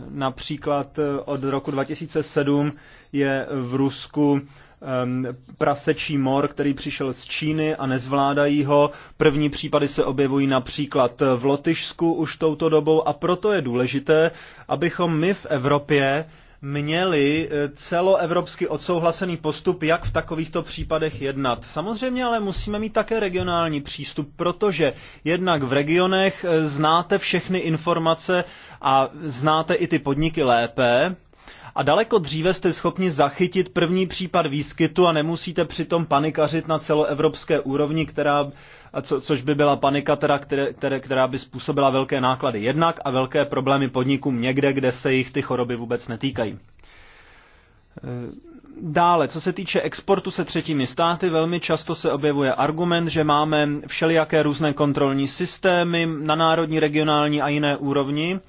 například od roku 2007 je v Rusku prasečí mor, který přišel z Číny a nezvládají ho. První případy se objevují například v Lotyšsku už touto dobou a proto je důležité, abychom my v Evropě měli eh, celoevropsky odsouhlasený postup, jak v takovýchto případech jednat. Samozřejmě ale musíme mít také regionální přístup, protože jednak v regionech eh, znáte všechny informace a znáte i ty podniky lépe, a daleko dříve jste schopni zachytit první případ výskytu a nemusíte přitom panikařit na celoevropské úrovni, která, co, což by byla panika, teda, které, které, která by způsobila velké náklady jednak a velké problémy podnikům někde, kde se jich ty choroby vůbec netýkají. Eh, dále, co se týče exportu se třetími státy, velmi často se objevuje argument, že máme všelijaké různé kontrolní systémy na národní, regionální a jiné úrovni.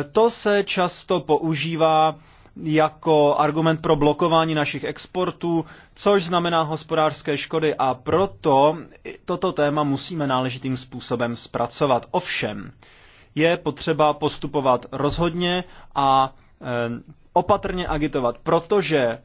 Eh, to se často používá jako argument pro blokování našich exportů, což znamená hospodářské škody a proto toto téma musíme náležitým způsobem zpracovat. Ovšem, je potřeba postupovat rozhodně a eh, opatrně agitovat, protože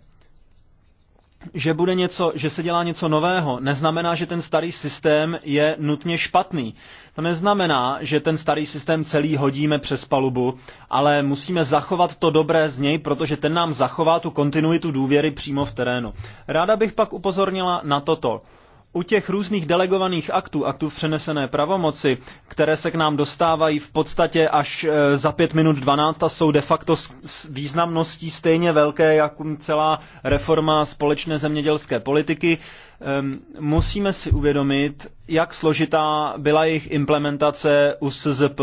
že, bude něco, že se dělá něco nového, neznamená, že ten starý systém je nutně špatný. To neznamená, že ten starý systém celý hodíme přes palubu, ale musíme zachovat to dobré z něj, protože ten nám zachová tu kontinuitu důvěry přímo v terénu. Ráda bych pak upozornila na toto u těch různých delegovaných aktů, aktů v přenesené pravomoci, které se k nám dostávají v podstatě až e, za 5 minut 12 a jsou de facto s významností stejně velké, jako celá reforma společné zemědělské politiky, musíme si uvědomit, jak složitá byla jejich implementace u SZP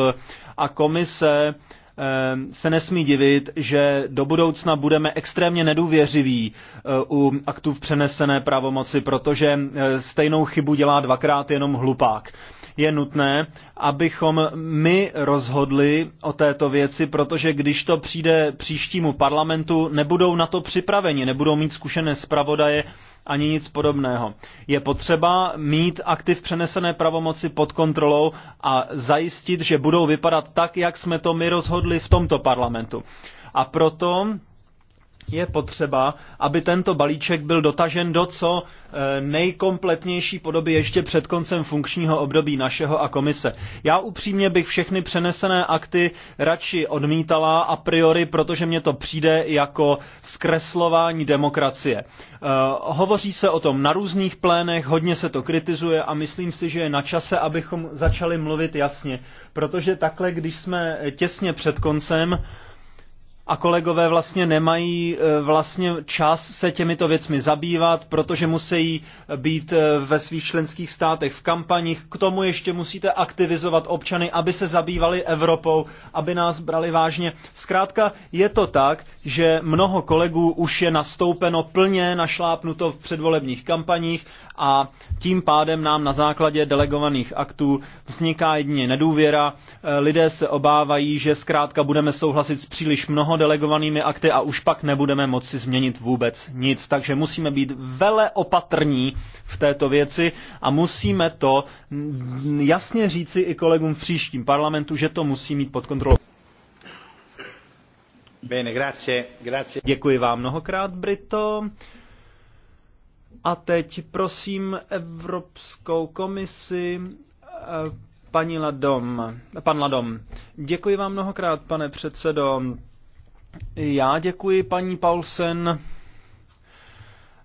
a komise Ehm, se nesmí divit, že do budoucna budeme extrémně nedůvěřiví eh, u aktů v přenesené pravomoci, protože eh, stejnou chybu dělá dvakrát jenom hlupák je nutné, abychom my rozhodli o této věci, protože když to přijde příštímu parlamentu, nebudou na to připraveni, nebudou mít zkušené zpravodaje ani nic podobného. Je potřeba mít aktiv přenesené pravomoci pod kontrolou a zajistit, že budou vypadat tak, jak jsme to my rozhodli v tomto parlamentu. A proto je potřeba, aby tento balíček byl dotažen do co eh, nejkompletnější podoby ještě před koncem funkčního období našeho a komise. Já upřímně bych všechny přenesené akty radši odmítala a priori, protože mě to přijde jako zkreslování demokracie. Eh, hovoří se o tom na různých plénech, hodně se to kritizuje a myslím si, že je na čase, abychom začali mluvit jasně, protože takhle, když jsme těsně před koncem, a kolegové vlastně nemají eh, vlastně čas se těmito věcmi zabývat, protože musí být eh, ve svých členských státech v kampaních. K tomu ještě musíte aktivizovat občany, aby se zabývali Evropou, aby nás brali vážně. Zkrátka je to tak, že mnoho kolegů už je nastoupeno plně našlápnuto v předvolebních kampaních a tím pádem nám na základě delegovaných aktů vzniká jedině nedůvěra. Eh, Lidé se obávají, že zkrátka budeme souhlasit s příliš mnoho delegovanými akty a už pak nebudeme moci změnit vůbec nic. Takže musíme být vele opatrní v této věci a musíme to mm, jasně říci i kolegům v příštím parlamentu, že to musí mít pod kontrolou. Bene, grazie, grazie. Děkuji vám mnohokrát, Brito. A teď prosím Evropskou komisi, eh, paní Ladom, pan Ladom. Děkuji vám mnohokrát, pane předsedo. Já děkuji paní Paulsen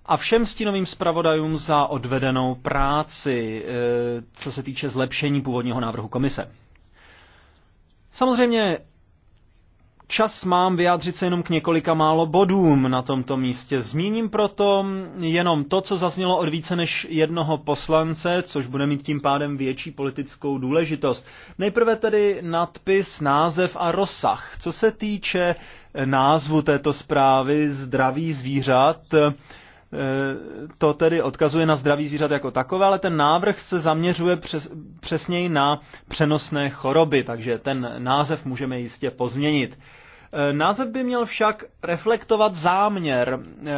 a všem stínovým zpravodajům za odvedenou práci, eh, co se týče zlepšení původního návrhu komise. Samozřejmě Čas mám vyjádřit se jenom k několika málo bodům na tomto místě. Zmíním proto jenom to, co zaznělo od více než jednoho poslance, což bude mít tím pádem větší politickou důležitost. Nejprve tedy nadpis, název a rozsah. Co se týče názvu této zprávy Zdraví zvířat, Eh, to tedy odkazuje na zdraví zvířat jako takové, ale ten návrh se zaměřuje přes, přesněji na přenosné choroby, takže ten název můžeme jistě pozměnit. Eh, název by měl však reflektovat záměr eh,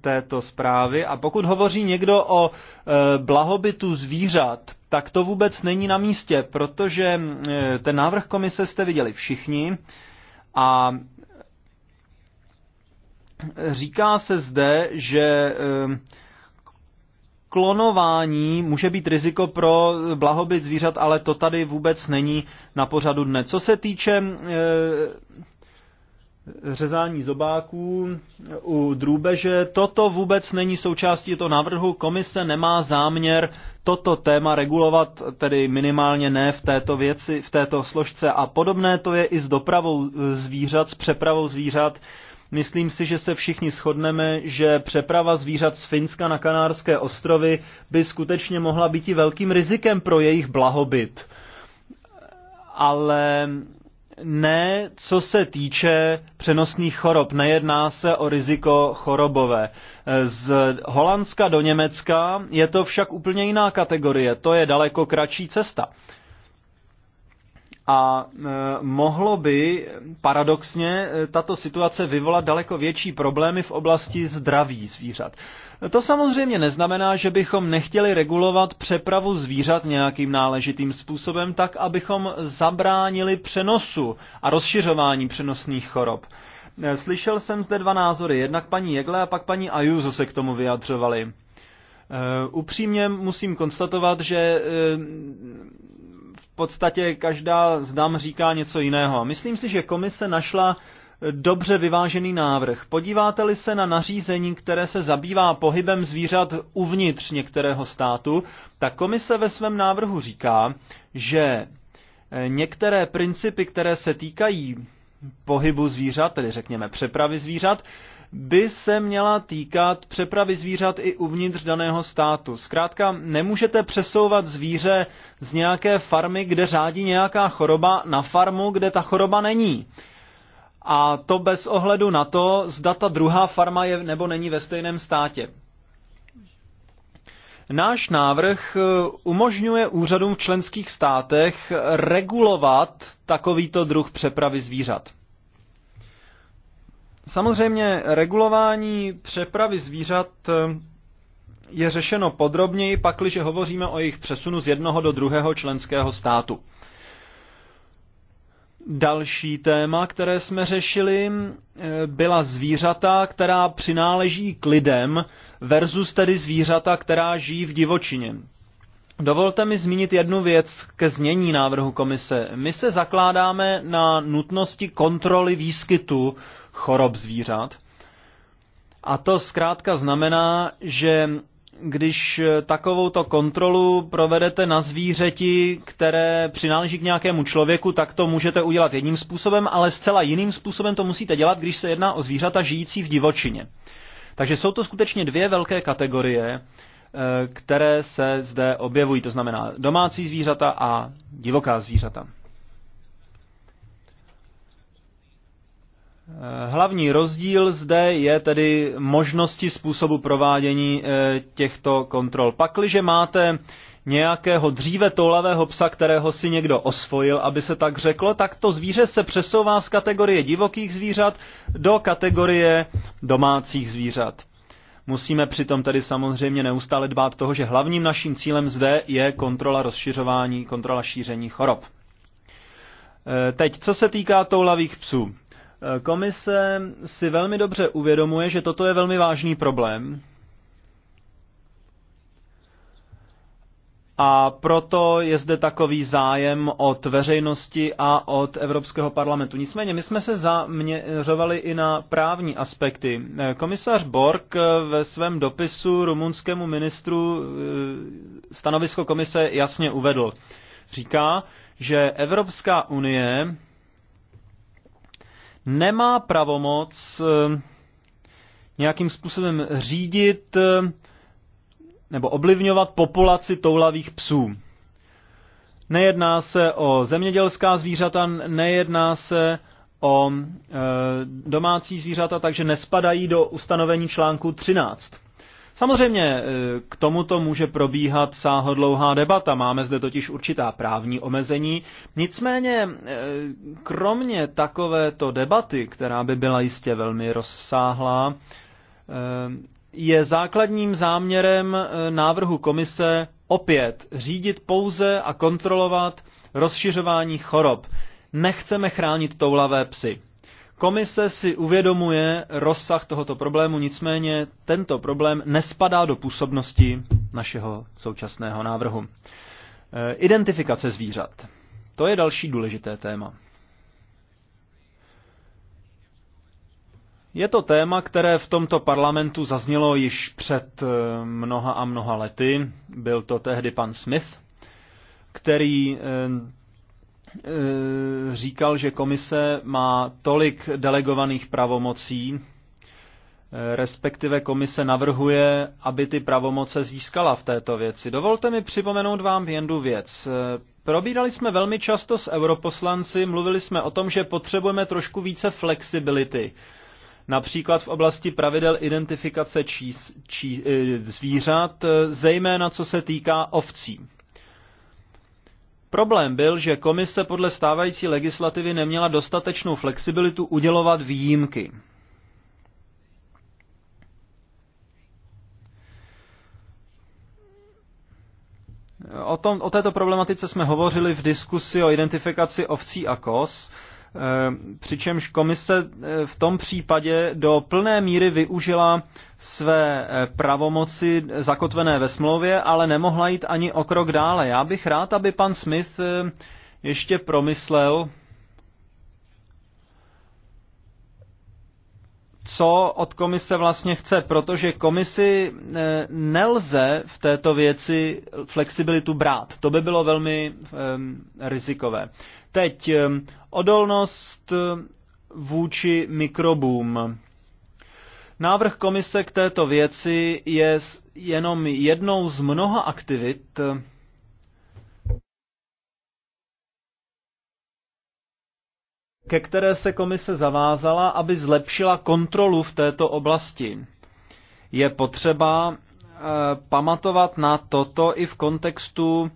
této zprávy a pokud hovoří někdo o blahobytu zvířat, tak to vůbec není na místě, protože ten návrh komise jste viděli všichni a Říká se zde, že ehm, klonování může být riziko pro blahobyt zvířat, ale to tady vůbec není na pořadu dne. Co se týče ehm, řezání zobáků u drůbeže. Toto vůbec není součástí toho návrhu. Komise nemá záměr toto téma regulovat, tedy minimálně ne v této věci, v této složce. A podobné to je i s dopravou zvířat, s přepravou zvířat. Myslím si, že se všichni shodneme, že přeprava zvířat z Finska na Kanárské ostrovy by skutečně mohla být i velkým rizikem pro jejich blahobyt. Ale ne, co se týče přenosných chorob. Nejedná se o riziko chorobové. Z Holandska do Německa je to však úplně jiná kategorie. To je daleko kratší cesta. A e, mohlo by paradoxně e, tato situace vyvolat daleko větší problémy v oblasti zdraví zvířat. To samozřejmě neznamená, že bychom nechtěli regulovat přepravu zvířat nějakým náležitým způsobem tak, abychom zabránili přenosu a rozšiřování přenosných chorob. E, slyšel jsem zde dva názory, jednak paní Jegle a pak paní Ajuzo se k tomu vyjadřovali. Upřímně musím konstatovat, že podstatě každá z dam říká něco jiného. Myslím si, že komise našla eh, dobře vyvážený návrh. Podíváte-li se na nařízení, které se zabývá pohybem zvířat uvnitř některého státu, tak komise ve svém návrhu říká, že eh, některé principy, které se týkají pohybu zvířat, tedy řekněme přepravy zvířat, by se měla týkat přepravy zvířat i uvnitř daného státu. Zkrátka, nemůžete přesouvat zvíře z nějaké farmy, kde řádí nějaká choroba, na farmu, kde ta choroba není. A to bez ohledu na to, zda ta druhá farma je nebo není ve stejném státě. Náš návrh eh, umožňuje úřadům v členských státech regulovat takovýto druh přepravy zvířat. Samozřejmě regulování přepravy zvířat eh, je řešeno podrobněji, pakliže hovoříme o jejich přesunu z jednoho do druhého členského státu. Další téma, které jsme řešili, eh, byla zvířata, která přináleží k lidem versus tedy zvířata, která žijí v divočině. Dovolte mi zmínit jednu věc ke znění návrhu komise. My se zakládáme na nutnosti kontroly výskytu chorob zvířat. A to zkrátka znamená, že když takovouto kontrolu provedete na zvířeti, které přináleží k nějakému člověku, tak to můžete udělat jedním způsobem, ale zcela jiným způsobem to musíte dělat, když se jedná o zvířata žijící v divočině. Takže jsou to skutečně dvě velké kategorie, eh, které se zde objevují, to znamená domácí zvířata a divoká zvířata. Hlavní rozdíl zde je tedy možnosti způsobu provádění eh, těchto kontrol. Pakliže máte nějakého dříve toulavého psa, kterého si někdo osvojil, aby se tak řeklo, tak to zvíře se přesouvá z kategorie divokých zvířat do kategorie domácích zvířat. Musíme přitom tedy samozřejmě neustále dbát toho, že hlavním naším cílem zde je kontrola rozšiřování, kontrola šíření chorob. Eh, teď, co se týká toulavých psů. Komise si velmi dobře uvědomuje, že toto je velmi vážný problém. A proto je zde takový zájem od veřejnosti a od Evropského parlamentu. Nicméně my jsme se zaměřovali i na právní aspekty. Komisař Borg ve svém dopisu rumunskému ministru eh, stanovisko komise jasně uvedl. Říká, že Evropská unie nemá pravomoc eh, nějakým způsobem řídit eh, nebo oblivňovat populaci toulavých psů. Nejedná se o zemědělská zvířata, nejedná se o eh, domácí zvířata, takže nespadají do ustanovení článku 13. Samozřejmě eh, k tomuto může probíhat sáhodlouhá debata, máme zde totiž určitá právní omezení. Nicméně, eh, kromě takovéto debaty, která by byla jistě velmi rozsáhlá, eh, je základním záměrem návrhu komise opět řídit pouze a kontrolovat rozšiřování chorob. Nechceme chránit toulavé psy. Komise si uvědomuje rozsah tohoto problému, nicméně tento problém nespadá do působnosti našeho současného návrhu. E, identifikace zvířat. To je další důležité téma. Je to téma, které v tomto parlamentu zaznělo již před e, mnoha a mnoha lety. Byl to tehdy pan Smith, který e, Eh, říkal, že komise má tolik delegovaných pravomocí, eh, respektive komise navrhuje, aby ty pravomoce získala v této věci. Dovolte mi připomenout vám jednu věc. Eh, probírali jsme velmi často s europoslanci, mluvili jsme o tom, že potřebujeme trošku více flexibility. Například v oblasti pravidel identifikace čís, čí, zvířat, zejména co se týká ovcí. Problém byl, že komise podle stávající legislativy neměla dostatečnou flexibilitu udělovat výjimky. O, tom, o této problematice jsme hovořili v diskusi o identifikaci ovcí a kos Eh, přičemž komise eh, v tom případě do plné míry využila své eh, pravomoci zakotvené ve smlouvě, ale nemohla jít ani o krok dále. Já bych rád, aby pan Smith ještě promyslel, co od komise vlastně chce, protože komisi eh, nelze v této věci flexibilitu brát. To by bylo velmi ehm, rizikové. Teď ehm, odolnost eh, vůči mikrobům. Návrh komise k této věci je jenom jednou z mnoha aktivit, eh, ke které se komise zavázala, aby zlepšila kontrolu v této oblasti. Je potřeba eh, pamatovat na toto i v kontextu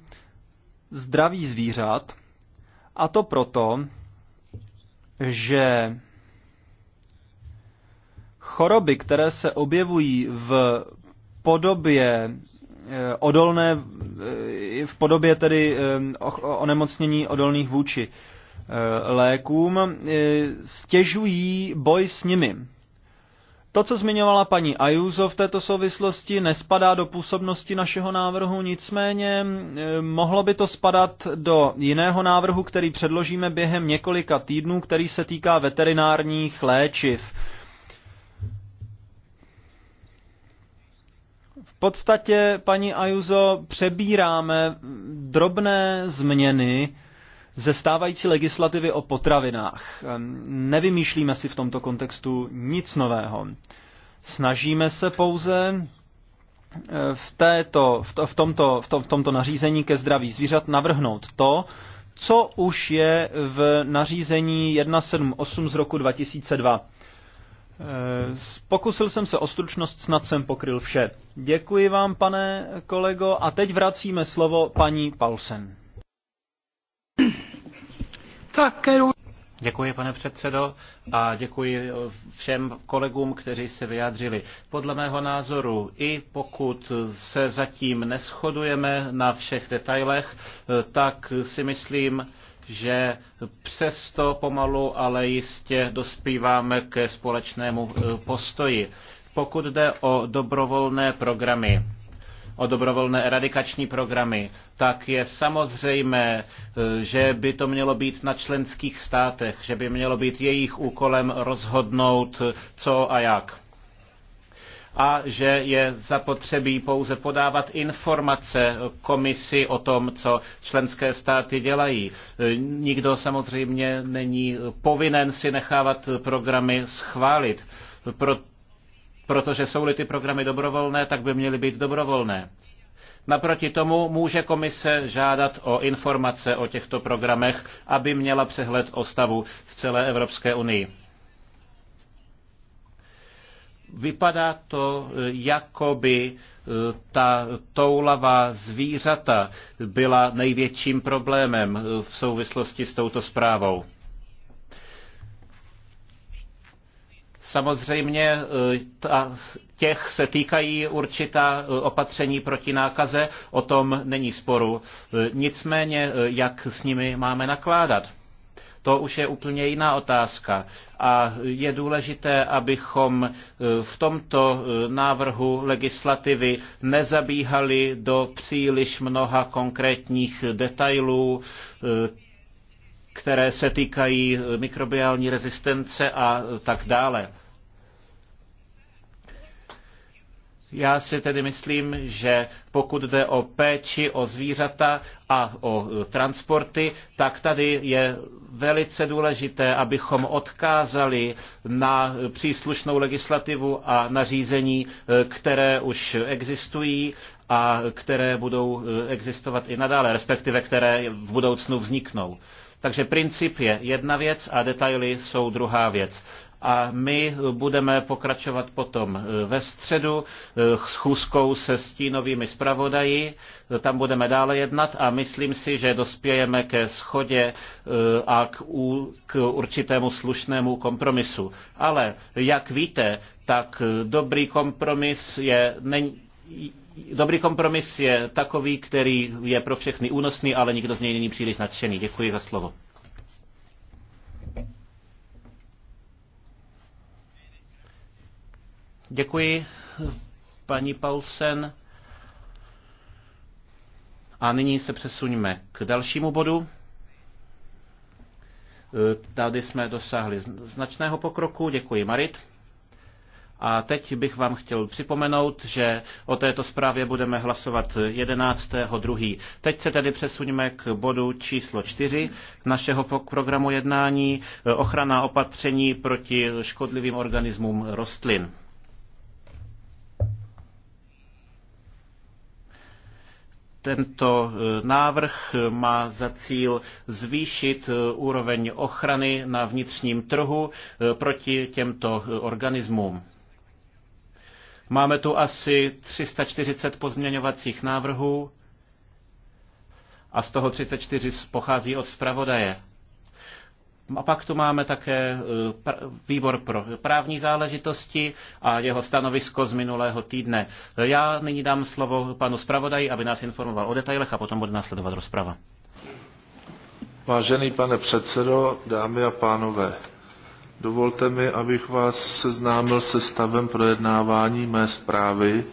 zdraví zvířat, a to proto, že choroby, které se objevují v podobě eh, odolné, eh, v podobě tedy onemocnění odolných vůči Eh, lékům, eh, stěžují boj s nimi. To, co zmiňovala paní Ajuzo v této souvislosti, nespadá do působnosti našeho návrhu, nicméně eh, mohlo by to spadat do jiného návrhu, který předložíme během několika týdnů, který se týká veterinárních léčiv. V podstatě, paní Ajuzo, přebíráme drobné změny, ze stávající legislativy o potravinách. Nevymýšlíme si v tomto kontextu nic nového. Snažíme se pouze eh, v, této, v, to, v, tomto, v, to, v tomto nařízení ke zdraví zvířat navrhnout to, co už je v nařízení 178 z roku 2002. Eh, pokusil jsem se o stručnost, snad jsem pokryl vše. Děkuji vám, pane kolego, a teď vracíme slovo paní Paulsen. Eh, děkuji, pane předsedo, a děkuji eh, všem kolegům, kteří se vyjádřili. Podle mého názoru, i pokud se zatím neschodujeme na všech detailech, eh, tak si myslím, že přesto pomalu, ale jistě dospíváme ke společnému postoji. Pokud jde o dobrovolné programy, o dobrovolné eradikační programy, tak je samozřejmé, e, že by to mělo být na členských státech, že by mělo být jejich úkolem rozhodnout, e, co a jak a že je zapotřebí pouze podávat informace komisi o tom, co členské státy dělají. E, nikdo samozřejmě není povinen si nechávat programy schválit. Proto protože jsou-li ty programy dobrovolné, tak by měly být dobrovolné. Naproti tomu může komise žádat o informace o těchto programech, aby měla přehled o stavu v celé Evropské unii. Vypadá to, jako by e, ta toulavá zvířata byla největším problémem e, v souvislosti s touto zprávou. Samozřejmě e, těch se týkají určitá e, opatření proti nákaze, o tom není sporu. E, nicméně, jak s nimi máme nakládat? To už je úplně jiná otázka. A je důležité, abychom v tomto návrhu legislativy nezabíhali do příliš mnoha konkrétních detailů, které se týkají mikrobiální rezistence a tak dále. Já si tedy myslím, že pokud jde o péči, o zvířata a o transporty, tak tady je velice důležité, abychom odkázali na příslušnou legislativu a nařízení, které už existují a které budou existovat i nadále, respektive které v budoucnu vzniknou. Takže princip je jedna věc a detaily jsou druhá věc a my budeme pokračovat potom e, ve středu e, schůzkou se stínovými zpravodaji. E, tam budeme dále jednat a myslím si, že dospějeme ke schodě a k, k určitému slušnému kompromisu. Ale jak víte, tak dobrý kompromis je, není, dobrý kompromis je takový, který je pro všechny únosný, ale nikdo z něj není příliš nadšený. Děkuji za slovo. Děkuji, paní Paulsen. A nyní se přesuňme k dalšímu bodu. Tady jsme dosáhli značného pokroku. Děkuji, Marit. A teď bych vám chtěl připomenout, že o této zprávě budeme hlasovat 11.2. Teď se tedy přesuneme k bodu číslo 4 našeho programu jednání e, ochrana opatření proti škodlivým organismům rostlin. tento e, návrh má za cíl zvýšit e, úroveň ochrany na vnitřním trhu proti těmto organismům. Máme tu asi 340 pozměňovacích návrhů a z toho 34 pochází od zpravodaje. A pak tu máme také eh, výbor pro právní záležitosti a jeho stanovisko z minulého týdne. Já nyní dám slovo panu zpravodaji, aby nás informoval o detailech a potom bude následovat rozprava. Vážený pane předsedo, dámy a pánové, Dovolte mi, abych vás seznámil se stavem projednávání mé zprávy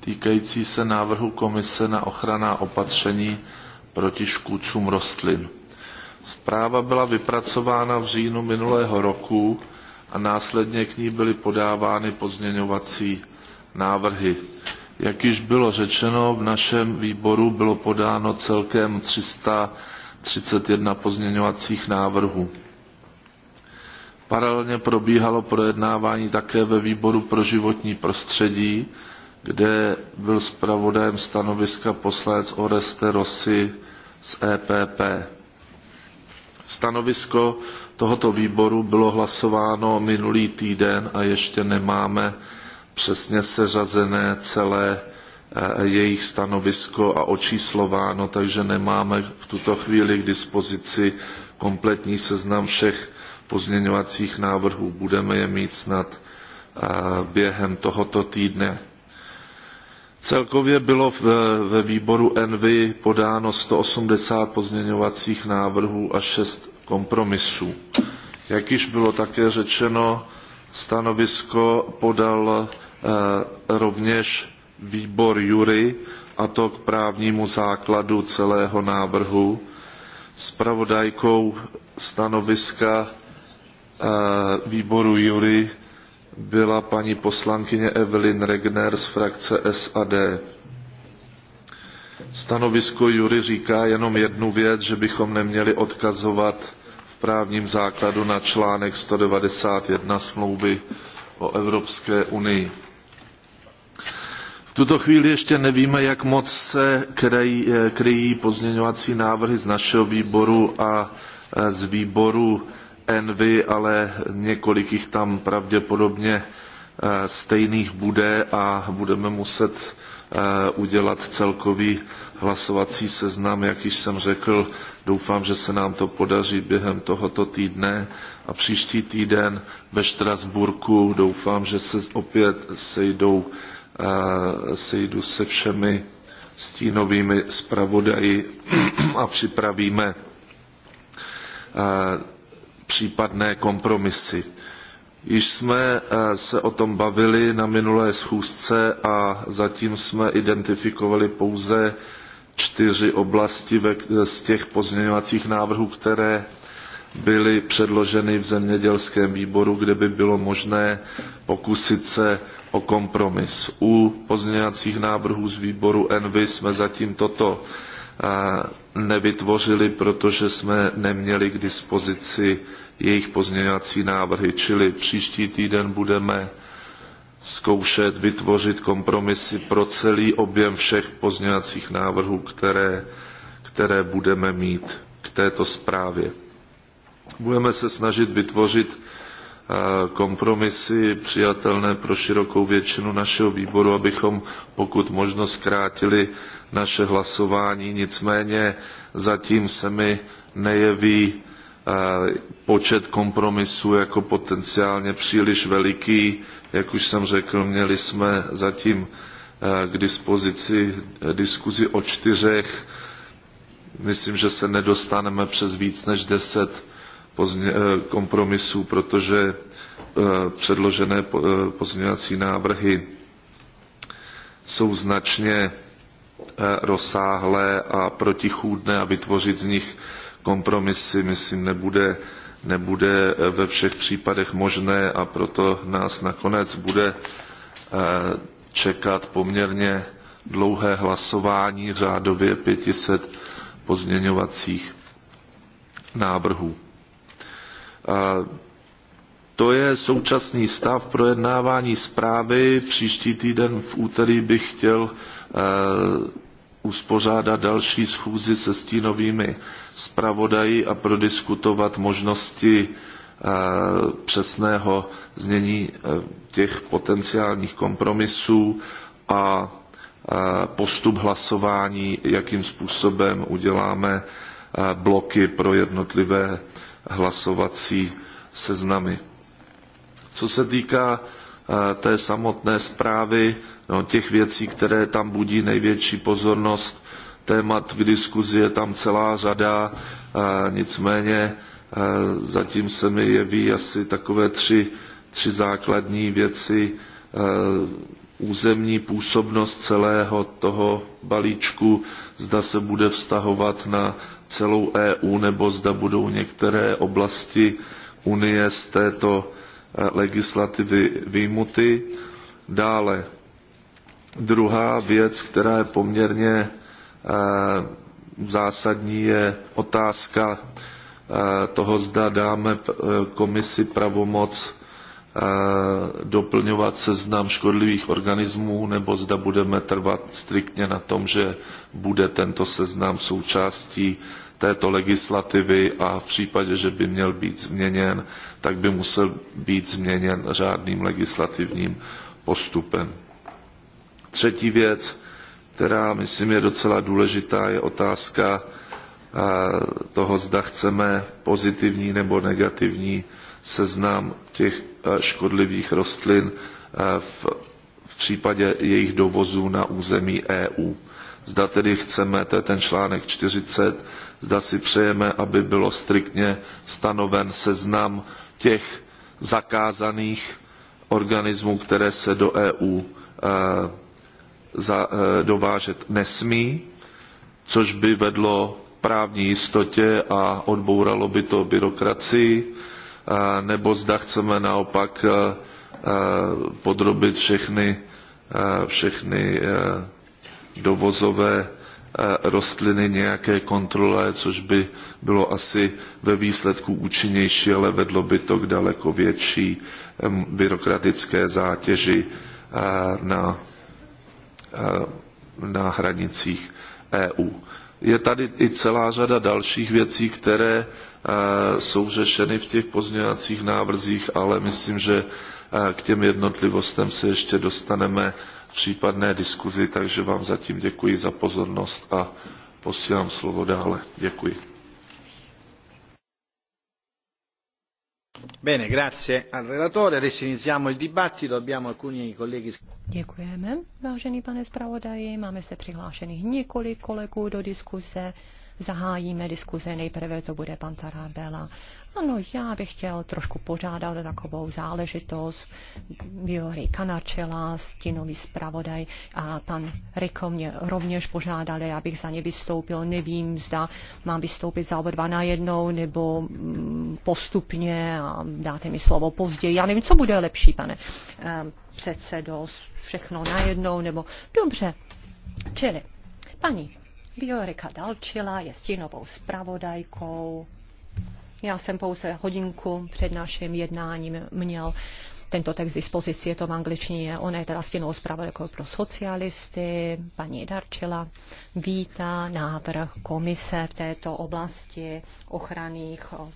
týkající se návrhu Komise na ochranná opatření proti škůdcům rostlin. Zpráva byla vypracována v říjnu minulého roku a následně k ní byly podávány pozměňovací návrhy. Jak již bylo řečeno, v našem výboru bylo podáno celkem 331 pozměňovacích návrhů. Paralelně probíhalo projednávání také ve výboru pro životní prostředí, kde byl zpravodajem stanoviska poslanec Oreste Rossi z EPP. Stanovisko tohoto výboru bylo hlasováno minulý týden a ještě nemáme přesně seřazené celé eh, jejich stanovisko a očíslováno, takže nemáme v tuto chvíli k dispozici kompletní seznam všech pozměňovacích návrhů. Budeme je mít snad eh, během tohoto týdne. Celkově bylo ve výboru ENVY podáno 180 pozměňovacích návrhů a 6 kompromisů. Jak již bylo také řečeno, stanovisko podal eh, rovněž výbor Jury, a to k právnímu základu celého návrhu. Spravodajkou stanoviska Eh, výboru Jury byla paní poslankyně Evelyn Regner z frakce SAD. Stanovisko Jury říká jenom jednu věc, že bychom neměli odkazovat v právním základu na článek 191 smlouvy o Evropské unii. V tuto chvíli ještě nevíme, jak moc se kryjí, eh, kryjí pozměňovací návrhy z našeho výboru a eh, z výboru envy, ale několik jich tam pravděpodobně eh, stejných bude a budeme muset eh, udělat celkový hlasovací seznam, jak již jsem řekl. Doufám, že se nám to podaří během tohoto týdne a příští týden ve Štrasburku doufám, že se opět sejdou, eh, sejdu se všemi stínovými zpravodaji a připravíme případné kompromisy. Již jsme eh, se o tom bavili na minulé schůzce a zatím jsme identifikovali pouze čtyři oblasti z těch pozměňovacích návrhů, které byly předloženy v zemědělském výboru, kde by bylo možné pokusit se o kompromis. U pozměňovacích návrhů z výboru ENVY jsme zatím toto eh, nevytvořili, protože jsme neměli k dispozici jejich pozměňovací návrhy, čili příští týden budeme zkoušet vytvořit kompromisy pro celý objem všech pozměňovacích návrhů, které, které budeme mít k této zprávě. Budeme se snažit vytvořit eh, kompromisy přijatelné pro širokou většinu našeho výboru, abychom pokud možno zkrátili naše hlasování. Nicméně zatím se mi nejeví Eh, počet kompromisů jako potenciálně příliš veliký. Jak už jsem řekl, měli jsme zatím eh, k dispozici diskuzi o čtyřech. Myslím, že se nedostaneme přes víc než deset eh, kompromisů, protože předložené pozměňovací návrhy jsou značně rozsáhlé a protichůdné a vytvořit z nich kompromisy, myslím, nebude, nebude ve všech případech možné a proto nás nakonec bude eh, čekat poměrně dlouhé hlasování řádově 500 pozměňovacích návrhů. To je současný stav projednávání zprávy. Příští týden v úterý bych chtěl eh, uspořádat další schůzi se stínovými zpravodaji a prodiskutovat možnosti eh, přesného znění eh, těch potenciálních kompromisů a eh, postup hlasování, jakým způsobem uděláme bloky pro jednotlivé hlasovací seznamy. Co se týká té samotné zprávy, No, těch věcí, které tam budí největší pozornost. Témat k diskuzi je tam celá řada, nicméně zatím se mi jeví asi takové tři, tři základní věci. Územní působnost celého toho balíčku, zda se bude vztahovat na celou EU nebo zda budou některé oblasti Unie z této legislativy výjimuty. Dále Druhá věc, která je poměrně eh, zásadní, je otázka eh, toho, zda dáme eh, komisi pravomoc doplňovat seznam škodlivých organismů, nebo zda budeme trvat striktně na tom, že bude tento seznam součástí této legislativy a v případě, že by měl být změněn, tak by musel být změněn řádným legislativním postupem. Třetí věc, která myslím je docela důležitá, je otázka eh, toho, zda chceme pozitivní nebo negativní seznam těch eh, škodlivých rostlin eh, v, v případě jejich dovozu na území EU. Zda tedy chceme, to je ten článek 40, zda si přejeme, aby bylo striktně stanoven seznam těch zakázaných organismů, které se do EU za, eh, dovážet nesmí, což by vedlo právní jistotě a odbouralo by to byrokracii, eh, nebo zda chceme naopak eh, podrobit všechny, všechny dovozové rostliny nějaké kontrole, což by bylo asi ve výsledku účinnější, ale vedlo by to k daleko větší byrokratické zátěži na Eh, na hranicích EU. Je tady i celá řada dalších věcí, které eh, jsou řešeny v těch pozměňovacích návrzích, ale myslím, že eh, k těm jednotlivostem se ještě dostaneme v případné diskuzi, takže vám zatím děkuji za pozornost a posílám slovo dále. Děkuji. Děkujeme, vážený pane zpravodaji. Máme zde přihlášených několik kolegů do diskuse. Zahájíme diskuse Nejprve to bude pan tarabella. Ano, já bych chtěl trošku pořádat takovou záležitost. Viori načela, stinový zpravodaj a pan Riko mě rovněž požádali, abych za ně vystoupil. Nevím, zda mám vystoupit za oba dva jednou, nebo mm, postupně a dáte mi slovo později. Já nevím, co bude lepší, pane eh, předsedo, všechno najednou nebo... Dobře, čili paní Biorika Dalčila je stínovou zpravodajkou já jsem pouze hodinku před naším jednáním měl tento text dispozici, je to v angličtině, ona je teda stěnou jako pro socialisty, paní Darčila vítá návrh komise v této oblasti ochranných um,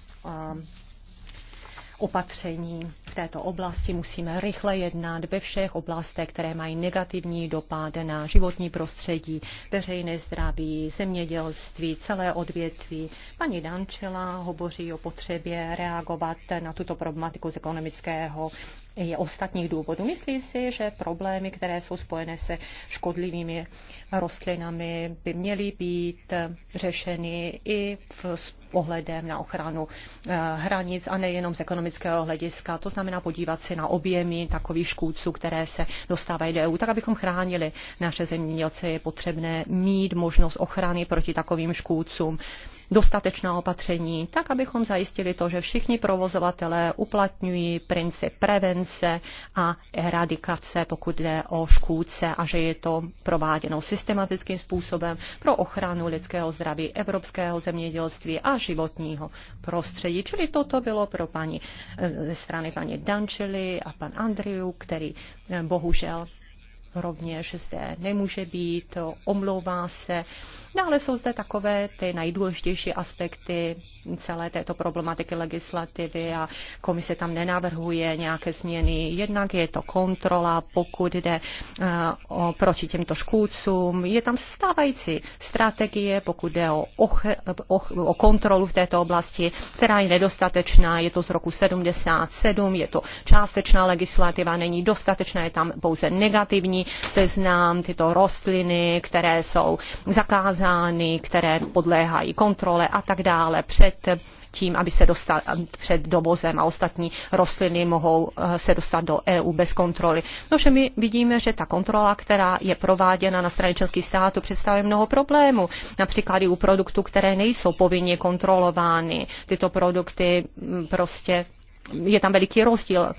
opatření této oblasti musíme rychle jednat ve všech oblastech, které mají negativní dopad na životní prostředí, veřejné zdraví, zemědělství, celé odvětví. Paní Dančela hovoří o potřebě reagovat na tuto problematiku z ekonomického i ostatních důvodů. Myslí si, že problémy, které jsou spojené se škodlivými rostlinami, by měly být řešeny i v, s ohledem na ochranu eh, hranic a nejenom z ekonomického hlediska. To znamená, znamená podívat se na objemy takových škůdců, které se dostávají do EU, tak abychom chránili naše zemědělce, je potřebné mít možnost ochrany proti takovým škůdcům dostatečná opatření, tak abychom zajistili to, že všichni provozovatelé uplatňují princip prevence a eradikace, pokud jde o škůdce a že je to prováděno systematickým způsobem pro ochranu lidského zdraví, evropského zemědělství a životního prostředí. Čili toto bylo pro paní, eh, ze strany paní Dančely a pan Andriu, který eh, bohužel rovněž zde nemůže být, omlouvá se Dále jsou zde takové ty nejdůležitější aspekty celé této problematiky legislativy a komise tam nenavrhuje nějaké změny. Jednak je to kontrola, pokud jde eh, o, proti těmto škůdcům. Je tam stávající strategie, pokud jde o, och, o, o kontrolu v této oblasti, která je nedostatečná. Je to z roku 77, je to částečná legislativa, není dostatečná, je tam pouze negativní seznám, tyto rostliny, které jsou zakázány orgány, které podléhají kontrole a tak dále před tím, aby se dostal před dovozem a ostatní rostliny mohou eh, se dostat do EU bez kontroly. No, že my vidíme, že ta kontrola, která je prováděna na straně členských států, představuje mnoho problémů. Například i u produktů, které nejsou povinně kontrolovány. Tyto produkty mm, prostě je tam veliký rozdíl,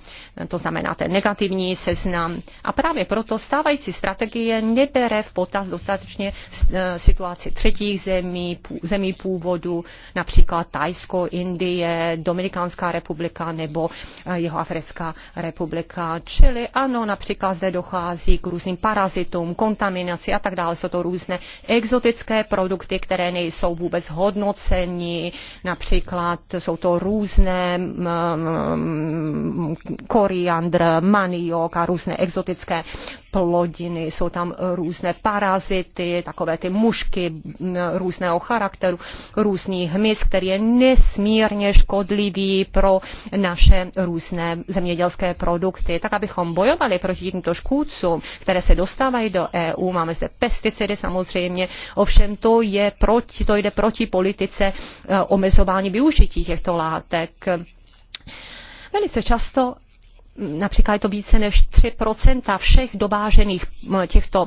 to znamená ten negativní seznam. A právě proto stávající strategie nebere v potaz dostatečně eh, situaci třetích zemí, zemí původu, například Tajsko, Indie, Dominikánská republika nebo jeho Africká republika. Čili ano, například zde dochází k různým parazitům, kontaminaci a tak dále. Jsou to různé exotické produkty, které nejsou vůbec hodnoceni, například jsou to různé Eh, koriandr, maniok a různé exotické plodiny. Jsou tam různé parazity, takové ty mušky různého charakteru, různý hmyz, který je nesmírně škodlivý pro naše různé zemědělské produkty. Tak, abychom bojovali proti těmto škůdcům, které se dostávají do EU, máme zde pesticidy samozřejmě, ovšem to, je proti, to jde proti politice eh, omezování využití těchto látek. Velice často například je to více než 3% všech dovážených těchto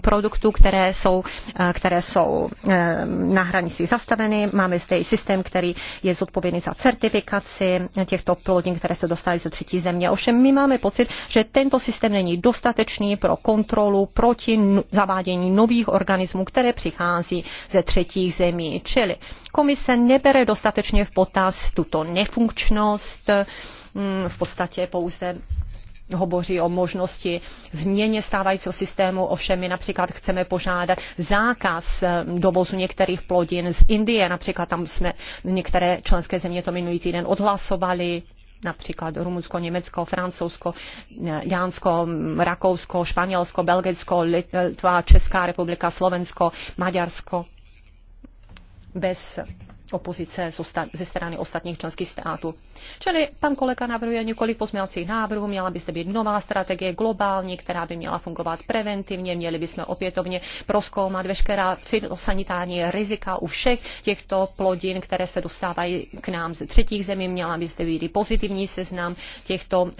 produktů, které jsou, e, které jsou e, na hranici zastaveny. Máme zde i systém, který je zodpovědný za certifikaci těchto plodin, které se dostaly ze třetí země. Ovšem my máme pocit, že tento systém není dostatečný pro kontrolu proti zavádění nových organismů, které přichází ze třetích zemí. Čili komise nebere dostatečně v potaz tuto nefunkčnost, Mm, v podstatě pouze hovoří o možnosti změně stávajícího systému, ovšem my například chceme požádat zákaz mm, dovozu některých plodin z Indie, například tam jsme některé členské země to minulý týden odhlasovali, například Rumunsko, Německo, Francouzsko, Dánsko, mm, Rakousko, Španělsko, Belgicko, Litva, Česká republika, Slovensko, Maďarsko. Bez opozice ze strany ostatních členských států. Čili pan kolega navrhuje několik pozměňovacích návrhů, měla by zde být nová strategie globální, která by měla fungovat preventivně, měli bychom opětovně proskoumat veškerá sanitární rizika u všech těchto plodin, které se dostávají k nám z třetích zemí, měla by zde být i pozitivní seznam těchto um,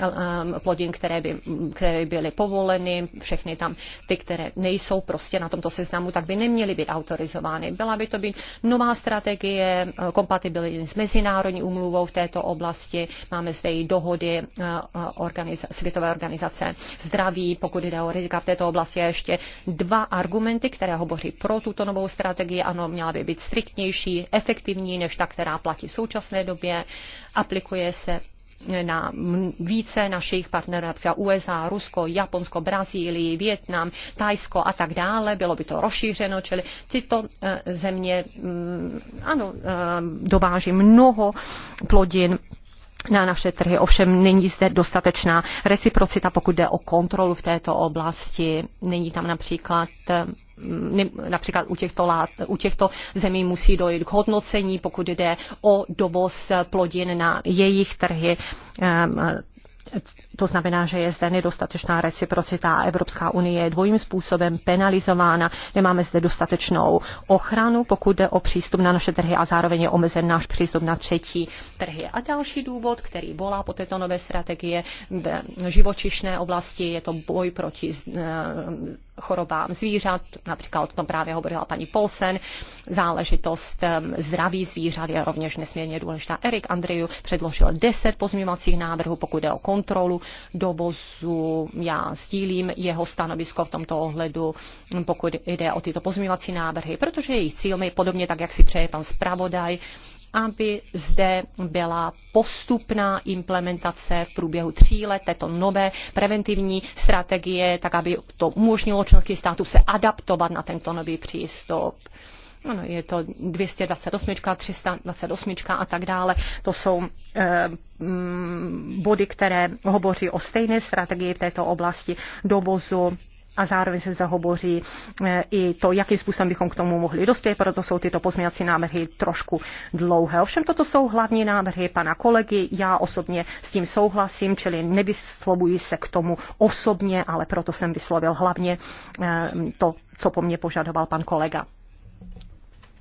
plodin, které by, které byly povoleny, všechny tam ty, které nejsou prostě na tomto seznamu, tak by neměly být autorizovány. Byla by to být nová strategie, kompatibilní s mezinárodní úmluvou v této oblasti. Máme zde i dohody eh, eh, organiz- Světové organizace zdraví, pokud jde o rizika v této oblasti. A ještě dva argumenty, které hovoří pro tuto novou strategii. Ano, měla by být striktnější, efektivní než ta, která platí v současné době. Aplikuje se na více našich partnerů, například USA, Rusko, Japonsko, Brazílii, Větnam, Tajsko a tak dále. Bylo by to rozšířeno, čili tyto eh, země, mm, ano, eh, dováží mnoho plodin na naše trhy. Ovšem není zde dostatečná reciprocita, pokud jde o kontrolu v této oblasti. Není tam například mm, například u těchto, lát, u těchto zemí musí dojít k hodnocení, pokud jde o dovoz plodin na jejich trhy ehm, to znamená, že je zde nedostatečná reciprocita a Evropská unie je dvojím způsobem penalizována. Nemáme zde dostatečnou ochranu, pokud jde o přístup na naše trhy a zároveň je omezen náš přístup na třetí trhy. A další důvod, který volá po této nové strategie v živočišné oblasti, je to boj proti eh, chorobám zvířat, například o tom právě hovorila paní Polsen. Záležitost eh, zdraví zvířat je rovněž nesmírně důležitá. Erik Andreju předložil 10 pozměňovacích návrhů, pokud jde o kontrolu dovozu. Já stílím jeho stanovisko v tomto ohledu, pokud jde o tyto pozměňovací návrhy, protože jejich cílem je podobně tak, jak si přeje pan zpravodaj, aby zde byla postupná implementace v průběhu tří let této nové preventivní strategie, tak aby to umožnilo členským státům se adaptovat na tento nový přístup. Ano, je to 228, 328 a tak dále. To jsou eh, mm, body, které hovoří o stejné strategii v této oblasti dovozu a zároveň se zahoboří. Eh, i to, jakým způsobem bychom k tomu mohli dospět, proto jsou tyto pozměňovací návrhy trošku dlouhé. Ovšem toto jsou hlavní návrhy pana kolegy, já osobně s tím souhlasím, čili nevyslovuji se k tomu osobně, ale proto jsem vyslovil hlavně eh, to, co po mně požadoval pan kolega.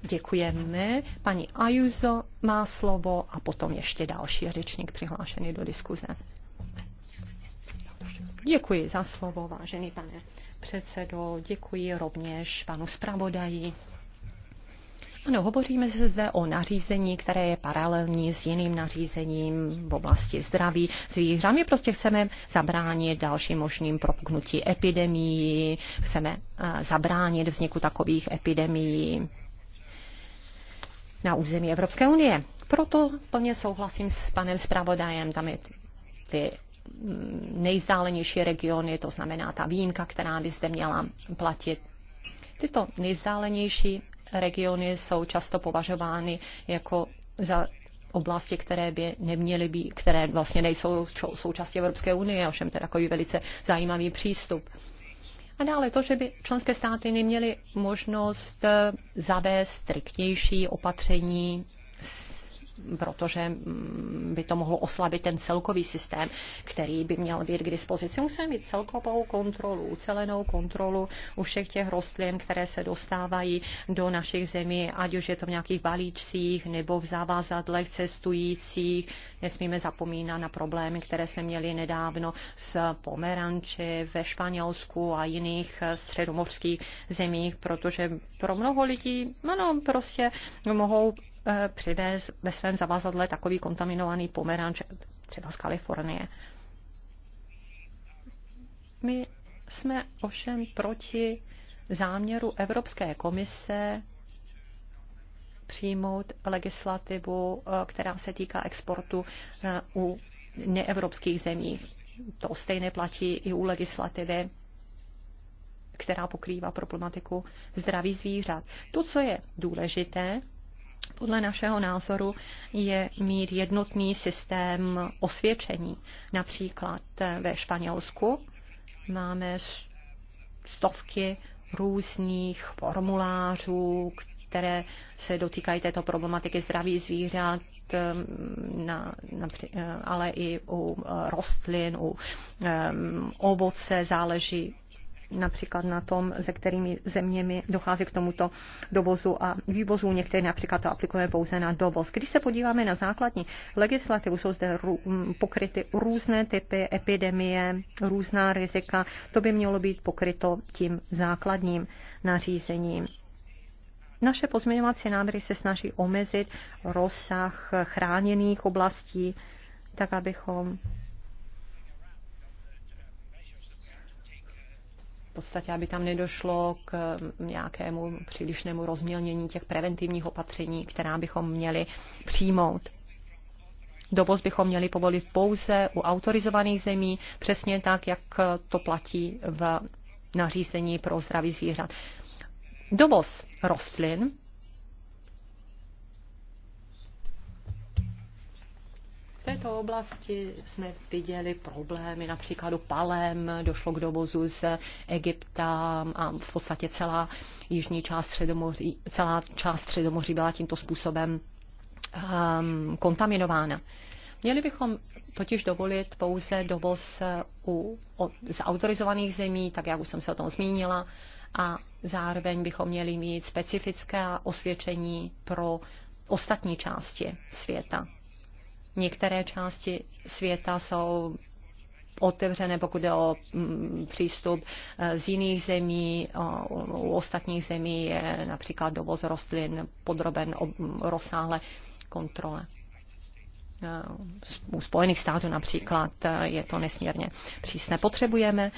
Děkujeme. Paní Ajuzo má slovo a potom ještě další řečník přihlášený do diskuze. Děkuji za slovo, vážený pane předsedo. Děkuji rovněž panu zpravodaji. Ano, hovoříme se zde o nařízení, které je paralelní s jiným nařízením v oblasti zdraví zvířat. My prostě chceme zabránit dalším možným propuknutí epidemii, chceme eh, zabránit vzniku takových epidemií na území Evropské unie. Proto plně souhlasím s panem zpravodajem, tam je ty nejzdálenější regiony, to znamená ta výjimka, která by zde měla platit. Tyto nejzdálenější regiony jsou často považovány jako za oblasti, které by neměly být, které vlastně nejsou součástí Evropské unie, ovšem to je takový velice zajímavý přístup. A dále to, že by členské státy neměly možnost eh, zavést striktnější opatření s protože mm, by to mohlo oslabit ten celkový systém, který by měl být k dispozici. Musíme mít celkovou kontrolu, ucelenou kontrolu u všech těch rostlin, které se dostávají do našich zemí, ať už je to v nějakých balíčcích nebo v závazadlech cestujících. Nesmíme zapomínat na problémy, které jsme měli nedávno s pomeranči ve Španělsku a jiných eh, středomorských zemích, protože pro mnoho lidí, ano, prostě mohou Eh, přivést ve svém zavazadle takový kontaminovaný pomeranč třeba z Kalifornie. My jsme ovšem proti záměru Evropské komise přijmout legislativu, eh, která se týká exportu eh, u neevropských zemí. To stejné platí i u legislativy, která pokrývá problematiku zdraví zvířat. To, co je důležité, podle našeho názoru je mít jednotný systém osvědčení. Například eh, ve Španělsku máme stovky různých formulářů, které se dotýkají této problematiky zdraví zvířat, ehm, na, na, eh, ale i u eh, rostlin, u um, ovoce záleží například na tom, ze kterými zeměmi dochází k tomuto dovozu a vývozu. Některé například to aplikujeme pouze na dovoz. Když se podíváme na základní legislativu, jsou zde rů, pokryty různé typy epidemie, různá rizika. To by mělo být pokryto tím základním nařízením. Naše pozměňovací návrhy se snaží omezit rozsah chráněných oblastí, tak abychom podstatě, aby tam nedošlo k mm, nějakému přílišnému rozmělnění těch preventivních opatření, která bychom měli přijmout. Dovoz bychom měli povolit pouze u autorizovaných zemí, přesně tak, jak to platí v nařízení pro zdraví zvířat. Dovoz rostlin této oblasti jsme viděli problémy, například u Palem došlo k dovozu z Egypta a v podstatě celá jižní část Středomoří, celá část Středomoří byla tímto způsobem um, kontaminována. Měli bychom totiž dovolit pouze dovoz eh, u, od, z autorizovaných zemí, tak jak už jsem se o tom zmínila, a zároveň bychom měli mít specifická osvědčení pro ostatní části světa. Některé části světa jsou otevřené, pokud je o mm, přístup eh, z jiných zemí. U ostatních zemí je například dovoz rostlin podroben rozsáhlé kontrole. Eh, u Spojených států například eh, je to nesmírně přísné. Potřebujeme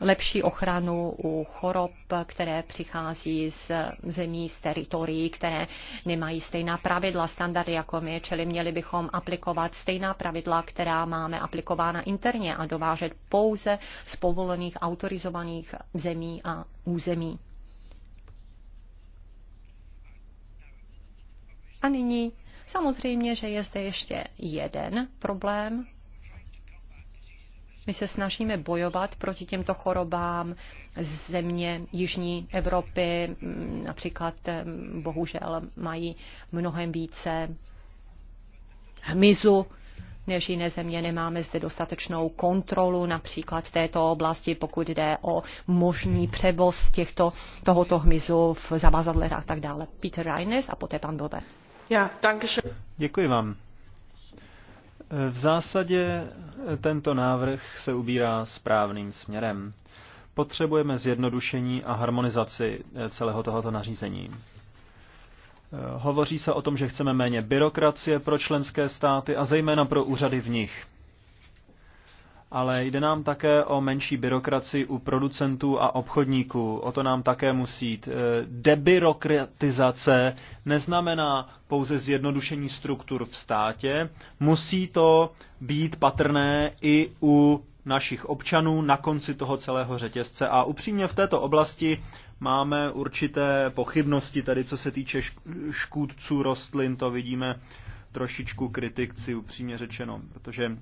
lepší ochranu u chorob, které přichází z zemí, z teritorií, které nemají stejná pravidla, standardy jako my, čili měli bychom aplikovat stejná pravidla, která máme aplikována interně a dovážet pouze z povolených, autorizovaných zemí a území. A nyní samozřejmě, že je zde ještě jeden problém, my se snažíme bojovat proti těmto chorobám. z Země Jižní Evropy například bohužel mají mnohem více hmyzu než jiné země. Nemáme zde dostatečnou kontrolu například této oblasti, pokud jde o možný převoz těchto, tohoto hmyzu v zavazadlech a tak dále. Peter Reines a poté pan Bobe. Já, Děkuji vám. V zásadě tento návrh se ubírá správným směrem. Potřebujeme zjednodušení a harmonizaci eh, celého tohoto nařízení. Eh, hovoří se o tom, že chceme méně byrokracie pro členské státy a zejména pro úřady v nich ale jde nám také o menší byrokracii u producentů a obchodníků. O to nám také musí jít. E, Debirokratizace neznamená pouze zjednodušení struktur v státě, musí to být patrné i u našich občanů na konci toho celého řetězce. A upřímně v této oblasti máme určité pochybnosti, tady co se týče škůdců rostlin, to vidíme trošičku kritikci, upřímně řečeno, protože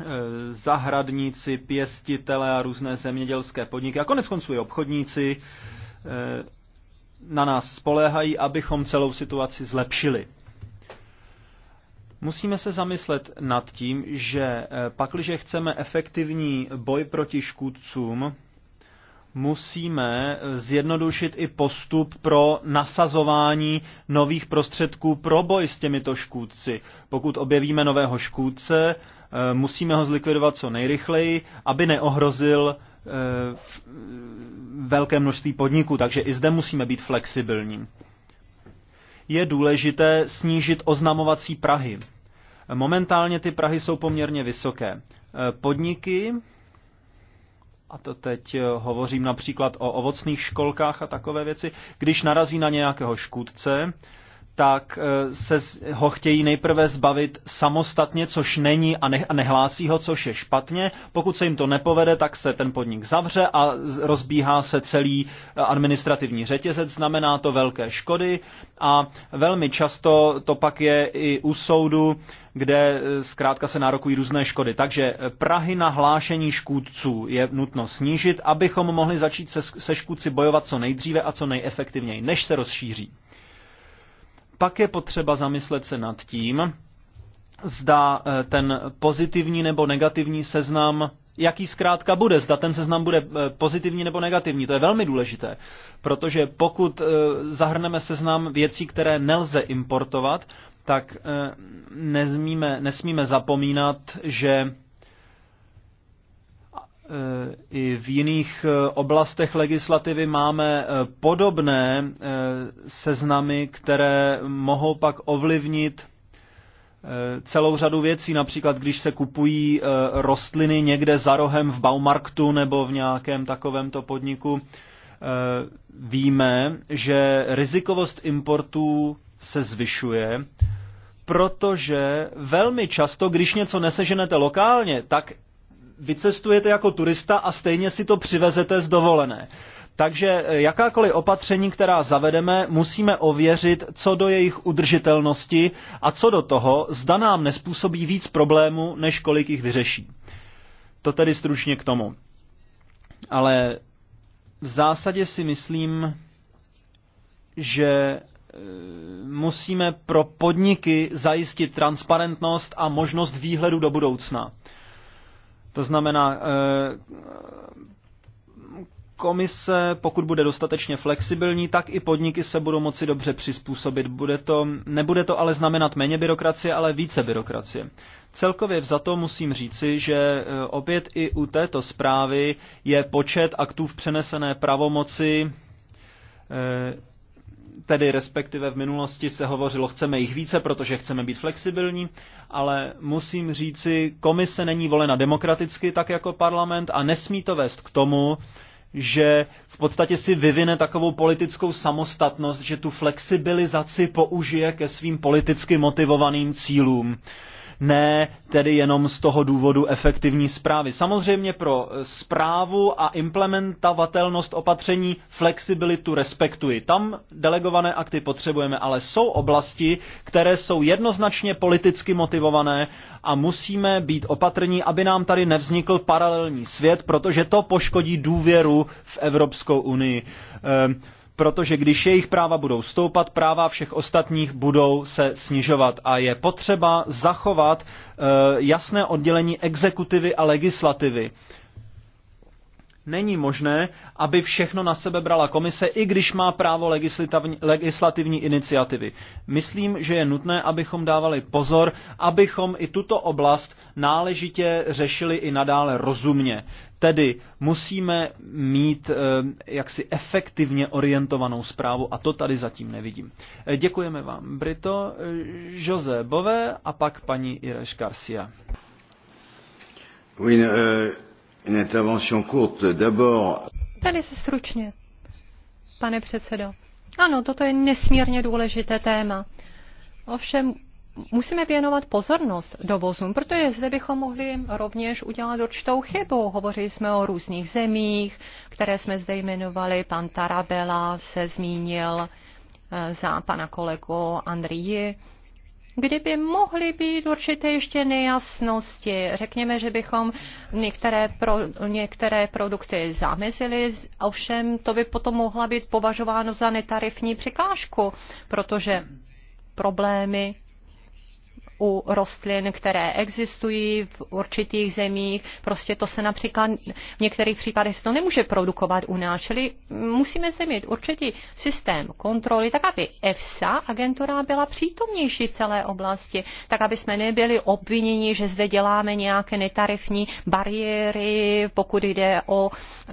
Eh, zahradníci, pěstitele a různé zemědělské podniky a konec konců i obchodníci eh, na nás spoléhají, abychom celou situaci zlepšili. Musíme se zamyslet nad tím, že eh, pakliže chceme efektivní boj proti škůdcům, musíme zjednodušit i postup pro nasazování nových prostředků pro boj s těmito škůdci. Pokud objevíme nového škůdce, Eh, musíme ho zlikvidovat co nejrychleji, aby neohrozil eh, eh, velké množství podniků, takže i zde musíme být flexibilní. Je důležité snížit oznamovací Prahy. Momentálně ty Prahy jsou poměrně vysoké. Podniky, a to teď hovořím například o ovocných školkách a takové věci, když narazí na nějakého škůdce, tak eh, se ho chtějí nejprve zbavit samostatně, což není a, ne, a nehlásí ho, což je špatně. Pokud se jim to nepovede, tak se ten podnik zavře a rozbíhá se celý eh, administrativní řetězec, znamená to velké škody a velmi často to pak je i u soudu, kde eh, zkrátka se nárokují různé škody. Takže Prahy na hlášení škůdců je nutno snížit, abychom mohli začít se, se škůdci bojovat co nejdříve a co nejefektivněji, než se rozšíří pak je potřeba zamyslet se nad tím, zda eh, ten pozitivní nebo negativní seznam, jaký zkrátka bude, zda ten seznam bude eh, pozitivní nebo negativní. To je velmi důležité, protože pokud eh, zahrneme seznam věcí, které nelze importovat, tak nezmíme, nesmíme zapomínat, že Eh, i v jiných eh, oblastech legislativy máme eh, podobné seznamy, které mohou pak ovlivnit celou řadu věcí, například když se kupují rostliny někde za rohem v Baumarktu nebo v nějakém takovémto podniku, víme, že rizikovost importů se zvyšuje, protože velmi často, když něco neseženete lokálně, tak vycestujete jako turista a stejně si to přivezete z dovolené. Takže eh, jakákoliv opatření, která zavedeme, musíme ověřit, co do jejich udržitelnosti a co do toho, zda nám nespůsobí víc problémů, než kolik jich vyřeší. To tedy stručně k tomu. Ale v zásadě si myslím, že eh, musíme pro podniky zajistit transparentnost a možnost výhledu do budoucna. To znamená, eh, komise, pokud bude dostatečně flexibilní, tak i podniky se budou moci dobře přizpůsobit. Bude to, nebude to ale znamenat méně byrokracie, ale více byrokracie. Celkově to musím říci, že eh, opět i u této zprávy je počet aktů v přenesené pravomoci eh, tedy respektive v minulosti se hovořilo, chceme jich více, protože chceme být flexibilní, ale musím říci, komise není volena demokraticky, tak jako parlament, a nesmí to vést k tomu, že v podstatě si vyvine takovou politickou samostatnost, že tu flexibilizaci použije ke svým politicky motivovaným cílům ne tedy jenom z toho důvodu efektivní zprávy. Samozřejmě pro zprávu eh, a implementovatelnost opatření flexibilitu respektuji. Tam delegované akty potřebujeme, ale jsou oblasti, které jsou jednoznačně politicky motivované a musíme být opatrní, aby nám tady nevznikl paralelní svět, protože to poškodí důvěru v Evropskou unii. Ehm protože když jejich práva budou stoupat, práva všech ostatních budou se snižovat a je potřeba zachovat eh, jasné oddělení exekutivy a legislativy. Není možné, aby všechno na sebe brala komise, i když má právo legislativní, iniciativy. Myslím, že je nutné, abychom dávali pozor, abychom i tuto oblast náležitě řešili i nadále rozumně. Tedy musíme mít eh, jaksi efektivně orientovanou zprávu a to tady zatím nevidím. Eh, děkujeme vám, Brito, eh, Jose Bové a pak paní Ireš Garcia. Oui, une euh, intervention courte. D'abord... Velice stručně, pane předsedo. Ano, toto je nesmírně důležité téma. Ovšem musíme věnovat pozornost dovozům, protože zde bychom mohli rovněž udělat určitou chybu. Hovořili jsme o různých zemích, které jsme zde jmenovali. Pan Tarabela se zmínil eh, za pana kolegu Andrii. Kdyby mohly být určité ještě nejasnosti, řekněme, že bychom některé, pro, některé produkty zamezili, ovšem to by potom mohla být považováno za netarifní překážku, protože problémy u rostlin, které existují v určitých zemích. Prostě to se například v některých případech se to nemůže produkovat u nás, čili musíme se mít určitý systém kontroly, tak aby EFSA agentura byla přítomnější celé oblasti, tak aby jsme nebyli obviněni, že zde děláme nějaké netarifní bariéry, pokud jde o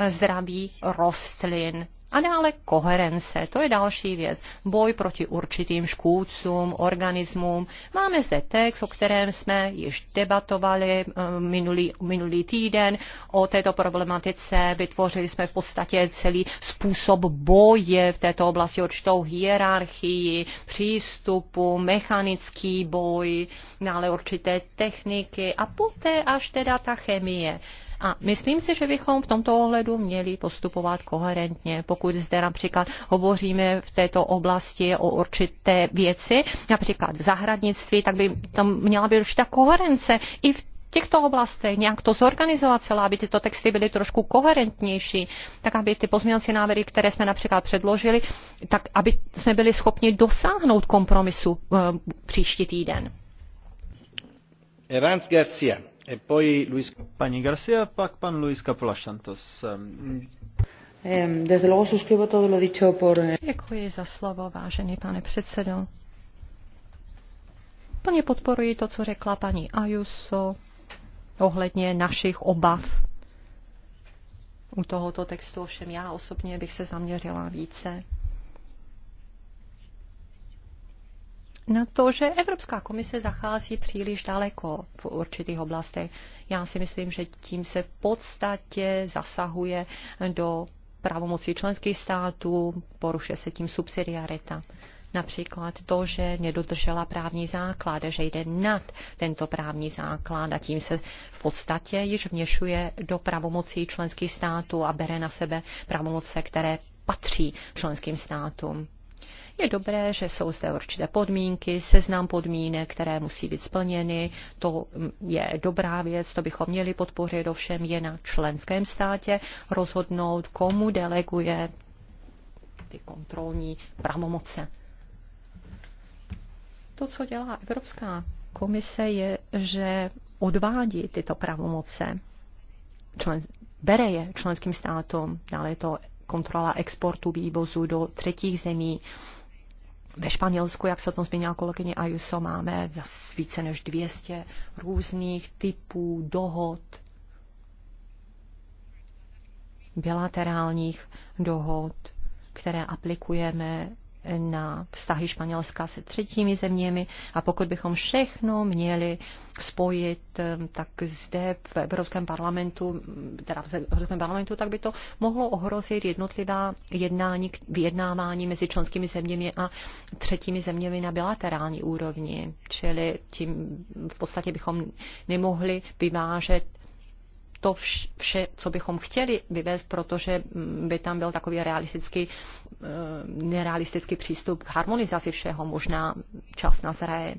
zdraví rostlin. A dále koherence, to je další věc. Boj proti určitým škůdcům, organismům. Máme zde text, o kterém jsme již debatovali eh, minulý, minulý týden o této problematice. Vytvořili jsme v podstatě celý způsob boje v této oblasti, určitou hierarchii, přístupu, mechanický boj, ale určité techniky a poté až teda ta chemie. A myslím si, že bychom v tomto ohledu měli postupovat koherentně. Pokud zde například hovoříme v této oblasti o určité věci, například v zahradnictví, tak by tam měla být už ta koherence i v těchto oblastech, nějak to zorganizovat celá, aby tyto texty byly trošku koherentnější, tak aby ty pozměňovací návrhy, které jsme například předložili, tak aby jsme byli schopni dosáhnout kompromisu e, příští týden. Erans Garcia. E poi Paní pak pan Luis Capolas Santos. Desde luego suscribo todo lo dicho por... Děkuji za slovo, vážený pane předsedo. Plně podporuji to, co řekla paní Ayuso ohledně našich obav u tohoto textu, ovšem já osobně bych se zaměřila více na to, že Evropská komise zachází příliš daleko v určitých oblastech. Já si myslím, že tím se v podstatě zasahuje do pravomocí členských států, porušuje se tím subsidiarita. Například to, že nedodržela právní základ, že jde nad tento právní základ a tím se v podstatě již vměšuje do pravomocí členských států a bere na sebe pravomoce, které patří členským státům. Je dobré, že jsou zde určité podmínky, seznam podmínek, které musí být splněny. To je dobrá věc, to bychom měli podpořit, ovšem je na členském státě rozhodnout, komu deleguje ty kontrolní pravomoce. To, co dělá Evropská komise, je, že odvádí tyto pravomoce, člen, bere je členským státům, dále je to kontrola exportu, vývozu do třetích zemí. Ve Španělsku, jak se o tom zmínila kolegyně Ayuso, máme více než 200 různých typů dohod, bilaterálních dohod, které aplikujeme na vztahy Španělska se třetími zeměmi a pokud bychom všechno měli spojit, tak zde v Evropském parlamentu, teda v Evropském parlamentu, tak by to mohlo ohrozit jednotlivá jednání, vyjednávání mezi členskými zeměmi a třetími zeměmi na bilaterální úrovni. Čili tím v podstatě bychom nemohli vyvážet to vše, co bychom chtěli vyvést, protože mm, by tam byl takový realistický, e, nerealistický přístup k harmonizaci všeho. Možná čas nazraje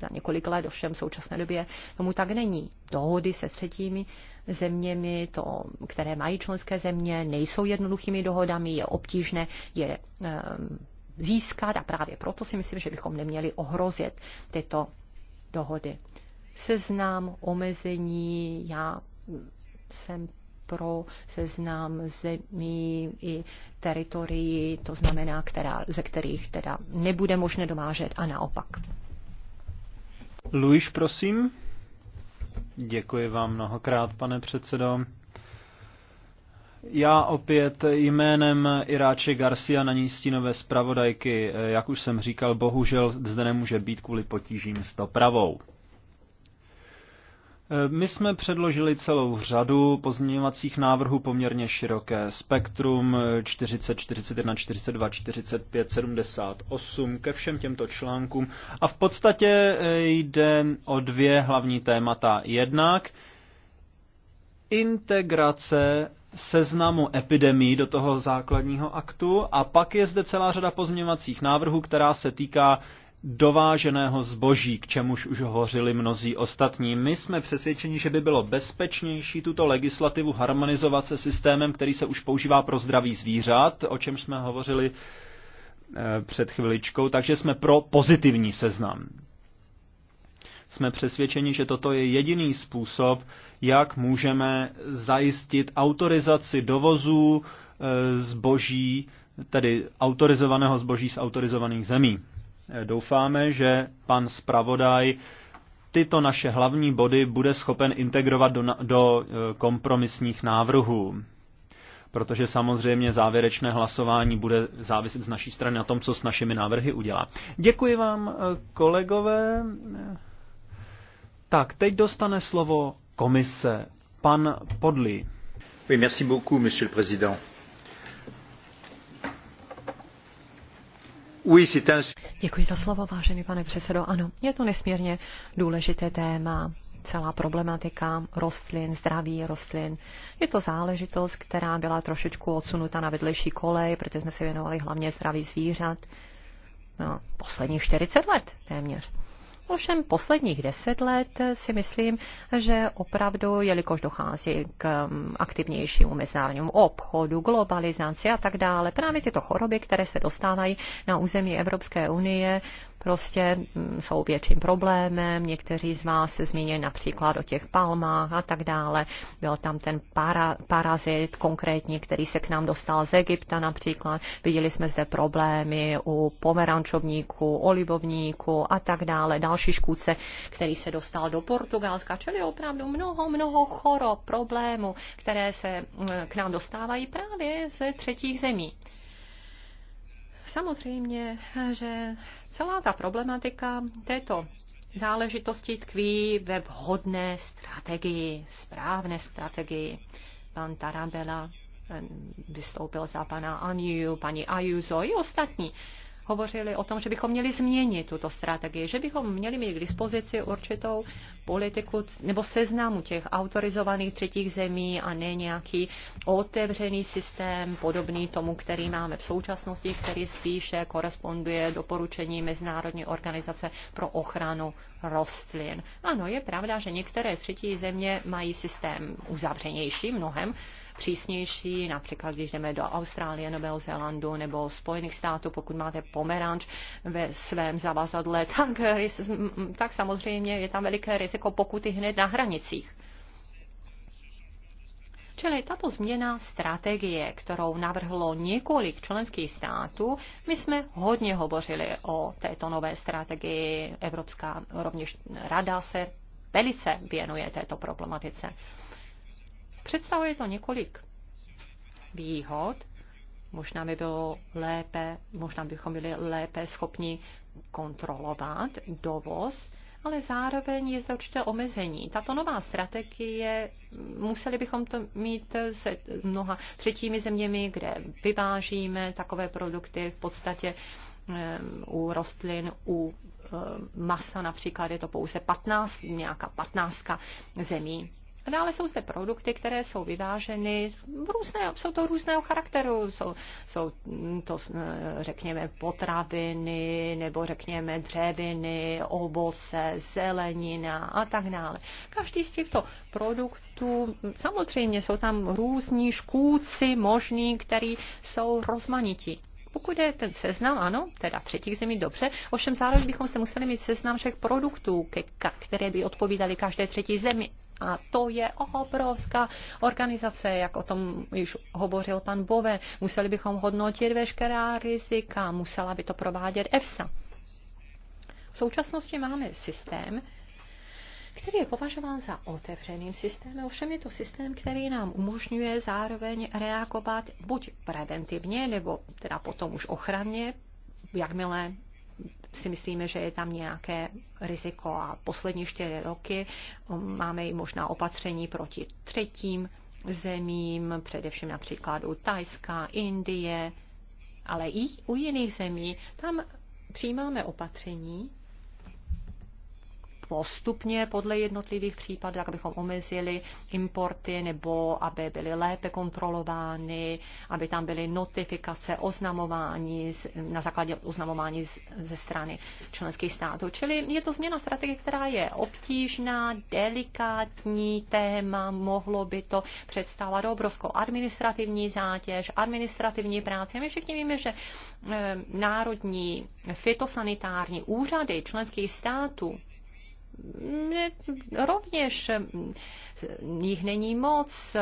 za několik let, ovšem v současné době tomu tak není. Dohody se třetími zeměmi, to, které mají členské země, nejsou jednoduchými dohodami, je obtížné je e, získat a právě proto si myslím, že bychom neměli ohrozit tyto dohody. Seznám omezení, já jsem pro seznam zemí i teritorií, to znamená, která, ze kterých teda nebude možné domážet a naopak. Luiš, prosím. Děkuji vám mnohokrát, pane předsedo. Já opět jménem Iráče Garcia na ní stínové zpravodajky, jak už jsem říkal, bohužel zde nemůže být kvůli potížím s dopravou. Eh, my jsme předložili celou řadu pozměňovacích návrhů poměrně široké spektrum 40, 41, 42, 45, 78 ke všem těmto článkům a v podstatě eh, jde o dvě hlavní témata. Jednak integrace seznamu epidemí do toho základního aktu a pak je zde celá řada pozměňovacích návrhů, která se týká dováženého zboží, k čemuž už hovořili mnozí ostatní. My jsme přesvědčeni, že by bylo bezpečnější tuto legislativu harmonizovat se systémem, který se už používá pro zdraví zvířat, o čem jsme hovořili eh, před chviličkou, takže jsme pro pozitivní seznam. Jsme přesvědčeni, že toto je jediný způsob, jak můžeme zajistit autorizaci dovozů eh, zboží, tedy autorizovaného zboží z autorizovaných zemí. Doufáme, že pan zpravodaj tyto naše hlavní body bude schopen integrovat do, do e, kompromisních návrhů. Protože samozřejmě závěrečné hlasování bude záviset z naší strany na tom, co s našimi návrhy udělá. Děkuji vám, e, kolegové. E, tak, teď dostane slovo komise. Pan Podli. Oui, merci beaucoup, monsieur le président. Děkuji za slovo, vážený pane předsedo. Ano, je to nesmírně důležité téma, celá problematika rostlin, zdraví rostlin. Je to záležitost, která byla trošičku odsunuta na vedlejší kolej, protože jsme se věnovali hlavně zdraví zvířat. No, posledních 40 let téměř. Ovšem posledních deset let si myslím, že opravdu, jelikož dochází k mm, aktivnějšímu mezinárodnímu obchodu, globalizaci a tak dále, právě tyto choroby, které se dostávají na území Evropské unie, prostě mm, jsou větším problémem. Někteří z vás se zmínili například o těch palmách a tak dále. Byl tam ten para, parazit konkrétní, který se k nám dostal z Egypta například. Viděli jsme zde problémy u pomerančovníků, olivovníků a tak dále. Další škůdce, který se dostal do Portugalska, čili opravdu mnoho, mnoho chorob, problémů, které se mm, k nám dostávají právě ze třetích zemí. Samozřejmě, že celá ta problematika této záležitosti tkví ve vhodné strategii, správné strategii. Pan Tarabela eh, vystoupil za pana Aniu, paní Ajuzo i ostatní hovořili o tom, že bychom měli změnit tuto strategii, že bychom měli mít k dispozici určitou politiku nebo seznamu těch autorizovaných třetích zemí a ne nějaký otevřený systém podobný tomu, který máme v současnosti, který spíše koresponduje doporučení Mezinárodní organizace pro ochranu rostlin. Ano, je pravda, že některé třetí země mají systém uzavřenější mnohem, přísnější, například když jdeme do Austrálie, Nového Zélandu nebo Spojených států, pokud máte pomeranč ve svém zavazadle, tak, tak samozřejmě je tam veliké riziko pokuty hned na hranicích. Čili tato změna strategie, kterou navrhlo několik členských států, my jsme hodně hovořili o této nové strategii. Evropská rovněž rada se velice věnuje této problematice. Představuje to několik výhod. Možná by bylo lépe, možná bychom byli lépe schopni kontrolovat dovoz, ale zároveň je zde určité omezení. Tato nová strategie, museli bychom to mít se mnoha třetími zeměmi, kde vyvážíme takové produkty v podstatě eh, u rostlin, u eh, masa například je to pouze 15, nějaká 15 zemí a dále jsou zde produkty, které jsou vyváženy, různé, jsou to různého charakteru, jsou, jsou to, eh, řekněme, potraviny, nebo řekněme dřeviny, ovoce, zelenina a tak dále. Každý z těchto produktů, samozřejmě jsou tam různí škůdci možný, který jsou rozmanití pokud je ten seznam, ano, teda třetích zemí, dobře, ovšem zároveň bychom se museli mít seznam všech produktů, ke, které by odpovídaly každé třetí zemi a to je obrovská organizace, jak o tom již hovořil pan Bove. Museli bychom hodnotit veškerá rizika, musela by to provádět EFSA. V současnosti máme systém, který je považován za otevřeným systémem, ovšem je to systém, který nám umožňuje zároveň reagovat buď preventivně, nebo teda potom už ochranně, jakmile si myslíme, že je tam nějaké riziko. A poslední čtyři roky máme i možná opatření proti třetím zemím, především například u Tajska, Indie, ale i u jiných zemí. Tam přijímáme opatření, postupně podle jednotlivých případů, tak abychom omezili importy nebo aby byly lépe kontrolovány, aby tam byly notifikace, oznamování na základě oznamování ze strany členských států. Čili je to změna strategie, která je obtížná, delikátní téma, mohlo by to představovat obrovskou administrativní zátěž, administrativní práci. My všichni víme, že eh, národní fitosanitární úřady členských států rovněž eh, jich není moc.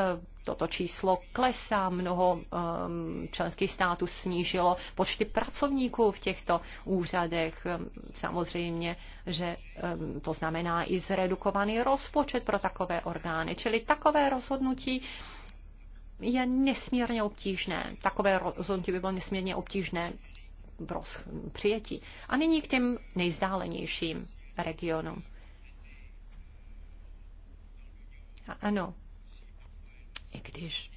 Toto číslo klesá, mnoho ehm, členských států snížilo počty pracovníků v těchto úřadech. Samozřejmě, že ehm, to znamená i zredukovaný rozpočet pro takové orgány. Čili takové rozhodnutí je nesmírně obtížné. Takové rozhodnutí by bylo nesmírně obtížné pro přijetí. A nyní k těm nejzdálenějším regionům. Ano, i když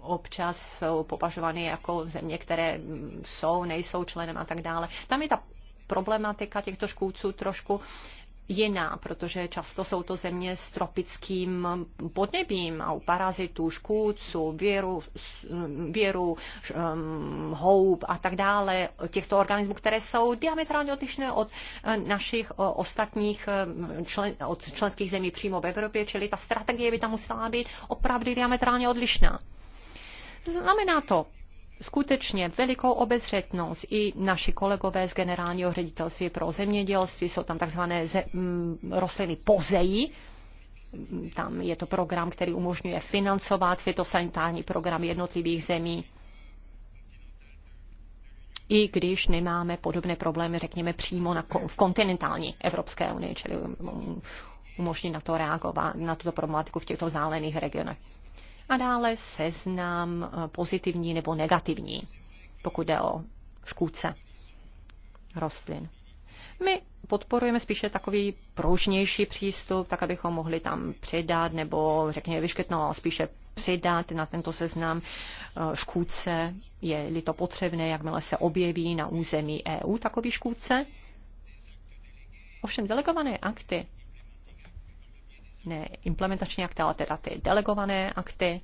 občas jsou považovány jako země, které jsou, nejsou členem a tak dále. Tam je ta problematika těchto škůdců trošku jiná, protože často jsou to země s tropickým podnebím a u parazitů, škůdců, věru, věru um, houb a tak dále, těchto organismů, které jsou diametrálně odlišné od eh, našich eh, ostatních eh, člen, od členských zemí přímo v Evropě, čili ta strategie by tam musela být opravdu diametrálně odlišná. Znamená to skutečně velikou obezřetnost. I naši kolegové z generálního ředitelství pro zemědělství jsou tam takzvané mm, rostliny pozejí, tam je to program, který umožňuje financovat fitosanitární program jednotlivých zemí, i když nemáme podobné problémy, řekněme, přímo na, v kontinentální Evropské unii, čili um, umožní na to reagovat, na tuto problematiku v těchto vzdálených regionech a dále seznam eh, pozitivní nebo negativní, pokud jde o škůdce rostlin. My podporujeme spíše takový pružnější přístup, tak abychom mohli tam přidat nebo řekněme vyškrtnout, ale spíše přidat na tento seznam eh, škůdce, je-li to potřebné, jakmile se objeví na území EU takový škůdce. Ovšem delegované akty ne implementační akty, ale teda ty delegované akty.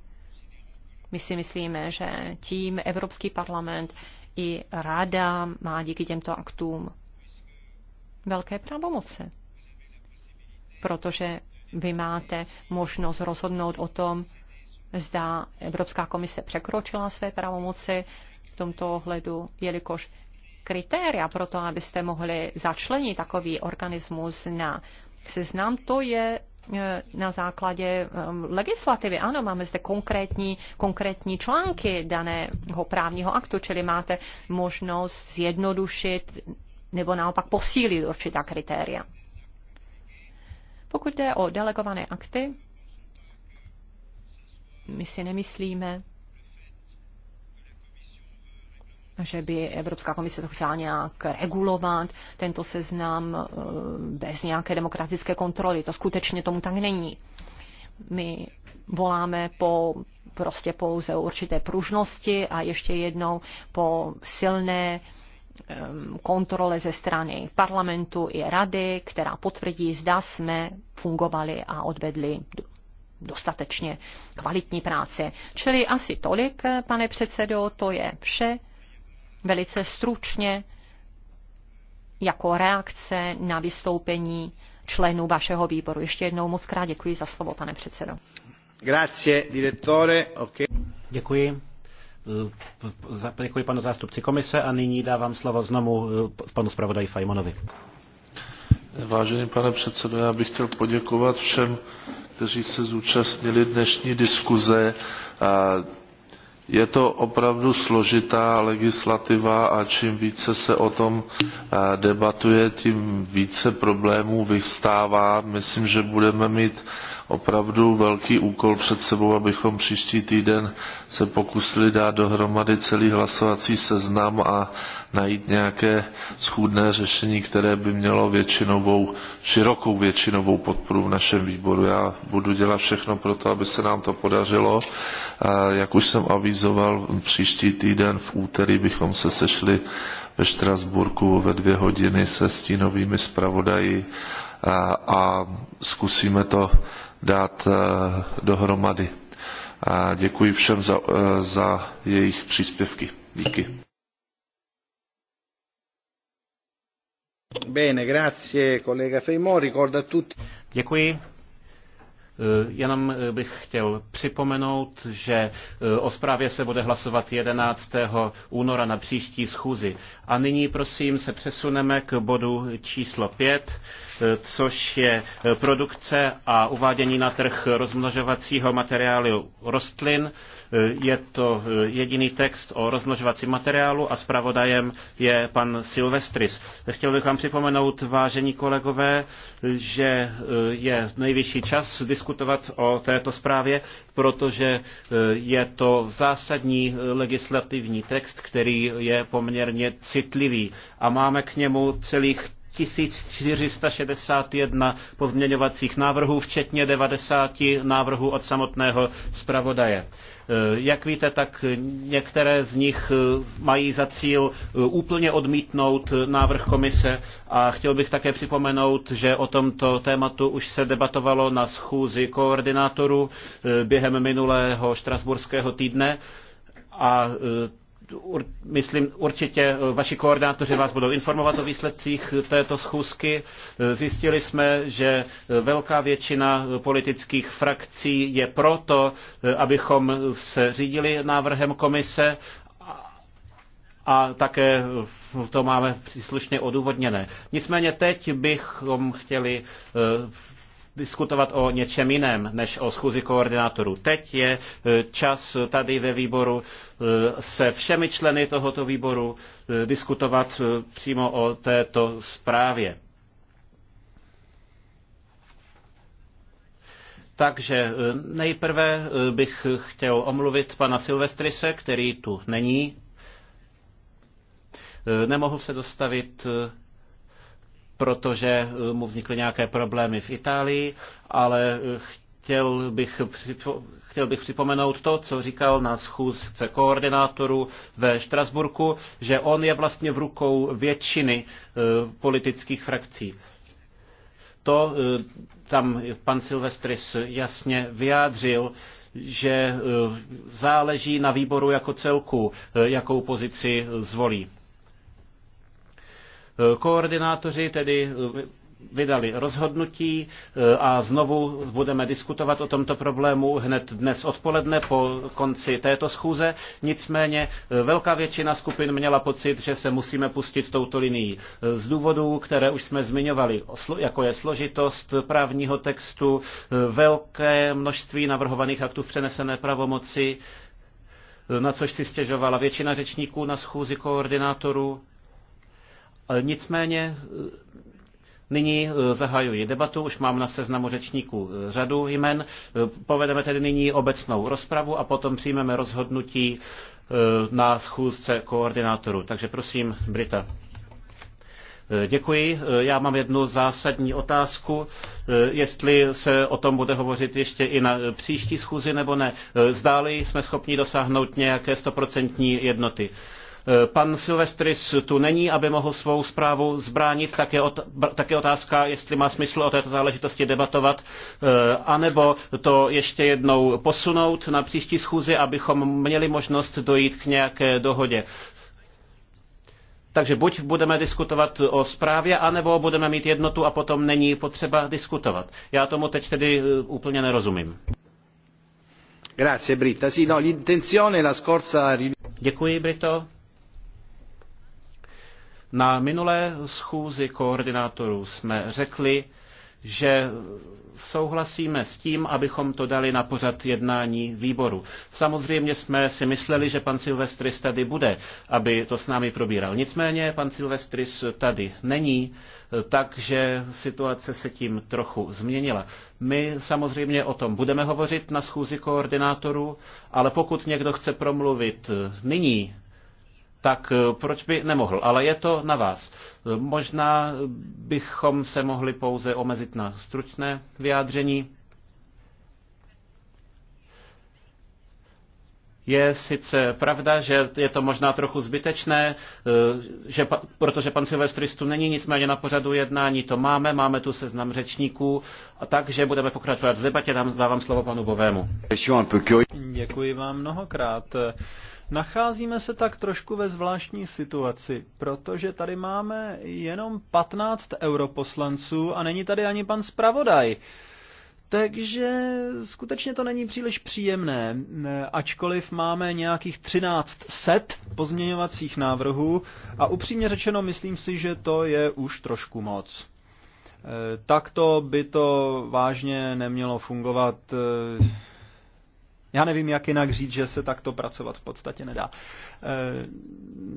My si myslíme, že tím Evropský parlament i rada má díky těmto aktům velké pravomoce, protože vy máte možnost rozhodnout o tom, zda Evropská komise překročila své pravomoci v tomto ohledu, jelikož kritéria pro to, abyste mohli začlenit takový organismus na seznam, to je E, na základě e, legislativy. Ano, máme zde konkrétní, konkrétní články daného právního aktu, čili máte možnost zjednodušit nebo naopak posílit určitá kritéria. Pokud jde o delegované akty, my si nemyslíme, že by Evropská komise to chtěla nějak regulovat, tento seznam eh, bez nějaké demokratické kontroly. To skutečně tomu tak není. My voláme po prostě pouze určité pružnosti a ještě jednou po silné eh, kontrole ze strany parlamentu i rady, která potvrdí, zda jsme fungovali a odvedli dostatečně kvalitní práce. Čili asi tolik, eh, pane předsedo, to je vše velice stručně jako reakce na vystoupení členů vašeho výboru. Ještě jednou moc krát děkuji za slovo, pane předsedo. Grazie, direttore. Okay. Děkuji. Děkuji panu zástupci komise a nyní dávám slovo znovu eh, panu zpravodaji Fajmonovi. Vážený pane předsedo, já bych chtěl poděkovat všem, kteří se zúčastnili dnešní diskuze. A je to opravdu složitá legislativa a čím více se o tom eh, debatuje, tím více problémů vystává. Myslím, že budeme mít opravdu velký úkol před sebou, abychom příští týden se pokusili dát dohromady celý hlasovací seznam a najít nějaké schůdné řešení, které by mělo většinovou, širokou většinovou podporu v našem výboru. Já budu dělat všechno pro to, aby se nám to podařilo. Jak už jsem avizoval, příští týden v úterý bychom se sešli ve Štrasburku ve dvě hodiny se stínovými zpravodaji a, a zkusíme to dát eh, dohromady. A děkuji všem za, eh, za jejich příspěvky. Díky. Bene, grazie, kolega Fejmo. Ricorda tutti. Děkuji Eh, jenom eh, bych chtěl připomenout, že eh, o zprávě se bude hlasovat 11. února na příští schůzi. A nyní prosím se přesuneme k bodu číslo 5, což je produkce a uvádění na trh rozmnožovacího materiálu rostlin. Eh, je to eh, jediný text o rozmnožovacím materiálu a zpravodajem je pan Silvestris. Chtěl bych vám připomenout, vážení kolegové, že eh, je nejvyšší čas diskutovat o této zprávě, protože je to zásadní legislativní text, který je poměrně citlivý a máme k němu celých 1461 pozměňovacích návrhů, včetně 90 návrhů od samotného zpravodaje. Eh, jak víte, tak některé z nich eh, mají za cíl eh, úplně odmítnout návrh komise a chtěl bych také připomenout, že o tomto tématu už se debatovalo na schůzi koordinátorů během minulého štrasburského týdne a myslím, určitě eh, vaši koordinátoři vás budou informovat o výsledcích eh, této schůzky. Eh, zjistili jsme, že velká většina politických frakcí je proto, abychom se řídili návrhem komise a také to máme příslušně odůvodněné. Nicméně teď bychom chtěli diskutovat o něčem jiném než o schůzi koordinátorů. Teď je e, čas tady ve výboru e, se všemi členy tohoto výboru e, diskutovat přímo o této zprávě. Takže nejprve bych chtěl omluvit pana Silvestrise, který tu není. Nemohl se dostavit protože eh, mu vznikly nějaké problémy v Itálii, ale eh, chtěl bych, připo, chtěl bych připomenout to, co říkal na schůzce koordinátorů ve Štrasburku, že on je vlastně v rukou většiny eh, politických frakcí. To tam pan Silvestris jasně vyjádřil, že záleží na výboru jako celku, jakou pozici zvolí. Eh, koordinátoři tedy eh, vydali rozhodnutí eh, a znovu budeme diskutovat o tomto problému hned dnes odpoledne po konci této schůze. Nicméně velká většina skupin měla pocit, že se musíme pustit touto linií z důvodů, které už jsme zmiňovali, jako je složitost právního textu, velké množství navrhovaných aktů v přenesené pravomoci, na což si stěžovala většina řečníků na schůzi koordinátorů Nicméně eh, Nyní eh, zahajuji debatu, už mám na seznamu řečníků eh, řadu jmen. Povedeme tedy nyní obecnou rozpravu a potom přijmeme rozhodnutí na schůzce koordinátorů. Takže prosím, Brita. Děkuji. Já mám jednu zásadní otázku, jestli se o tom bude hovořit ještě i na příští schůzi nebo ne. Zdáli jsme schopni dosáhnout nějaké stoprocentní jednoty. Pan Silvestris tu není, aby mohl svou zprávu zbránit, tak je, ot, tak je otázka, jestli má smysl o této záležitosti debatovat, eh, anebo to ještě jednou posunout na příští schůzi, abychom měli možnost dojít k nějaké dohodě. Takže buď budeme diskutovat o zprávě, anebo budeme mít jednotu a potom není potřeba diskutovat. Já tomu teď tedy eh, úplně nerozumím. Grazie, Britta. Sì, no, l'intenzione la scorsa... Děkuji, Brito. Na minulé schůzi koordinátorů jsme řekli, že souhlasíme s tím, abychom to dali na pořad jednání výboru. Samozřejmě jsme si mysleli, že pan Silvestris tady bude, aby to s námi probíral. Nicméně pan Silvestris tady není, takže situace se tím trochu změnila. My samozřejmě o tom budeme hovořit na schůzi koordinátorů, ale pokud někdo chce promluvit nyní, tak eh, proč by nemohl? Ale je to na vás. Eh, možná bychom se mohli pouze omezit na stručné vyjádření. Je sice pravda, že je to možná trochu zbytečné, eh, že, protože pan Silvestristu není, nicméně na pořadu jednání to máme, máme tu seznam řečníků, a takže budeme pokračovat v debatě, dávám slovo panu Bovému. Děkuji vám mnohokrát. Nacházíme se tak trošku ve zvláštní situaci, protože tady máme jenom 15 europoslanců a není tady ani pan zpravodaj. Takže skutečně to není příliš příjemné, ačkoliv máme nějakých 13 set pozměňovacích návrhů a upřímně řečeno myslím si, že to je už trošku moc. E, Takto by to vážně nemělo fungovat e, já nevím, jak jinak říct, že se takto pracovat v podstatě nedá. Eh,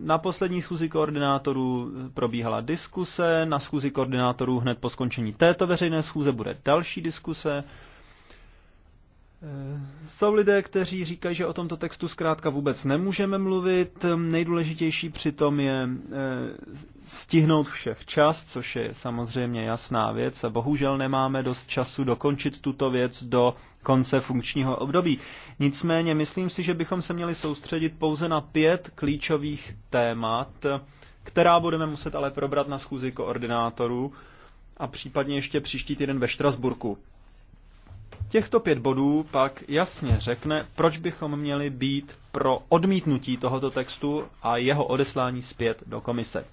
na poslední schůzi koordinátorů probíhala diskuse, na schůzi koordinátorů hned po skončení této veřejné schůze bude další diskuse jsou lidé, kteří říkají, že o tomto textu zkrátka vůbec nemůžeme mluvit. Nejdůležitější přitom je eh, stihnout vše včas, což je samozřejmě jasná věc a bohužel nemáme dost času dokončit tuto věc do konce funkčního období. Nicméně myslím si, že bychom se měli soustředit pouze na pět klíčových témat, která budeme muset ale probrat na schůzi koordinátorů a případně ještě příští týden ve Štrasburku. Těchto pět bodů pak jasně řekne, proč bychom měli být pro odmítnutí tohoto textu a jeho odeslání zpět do komise.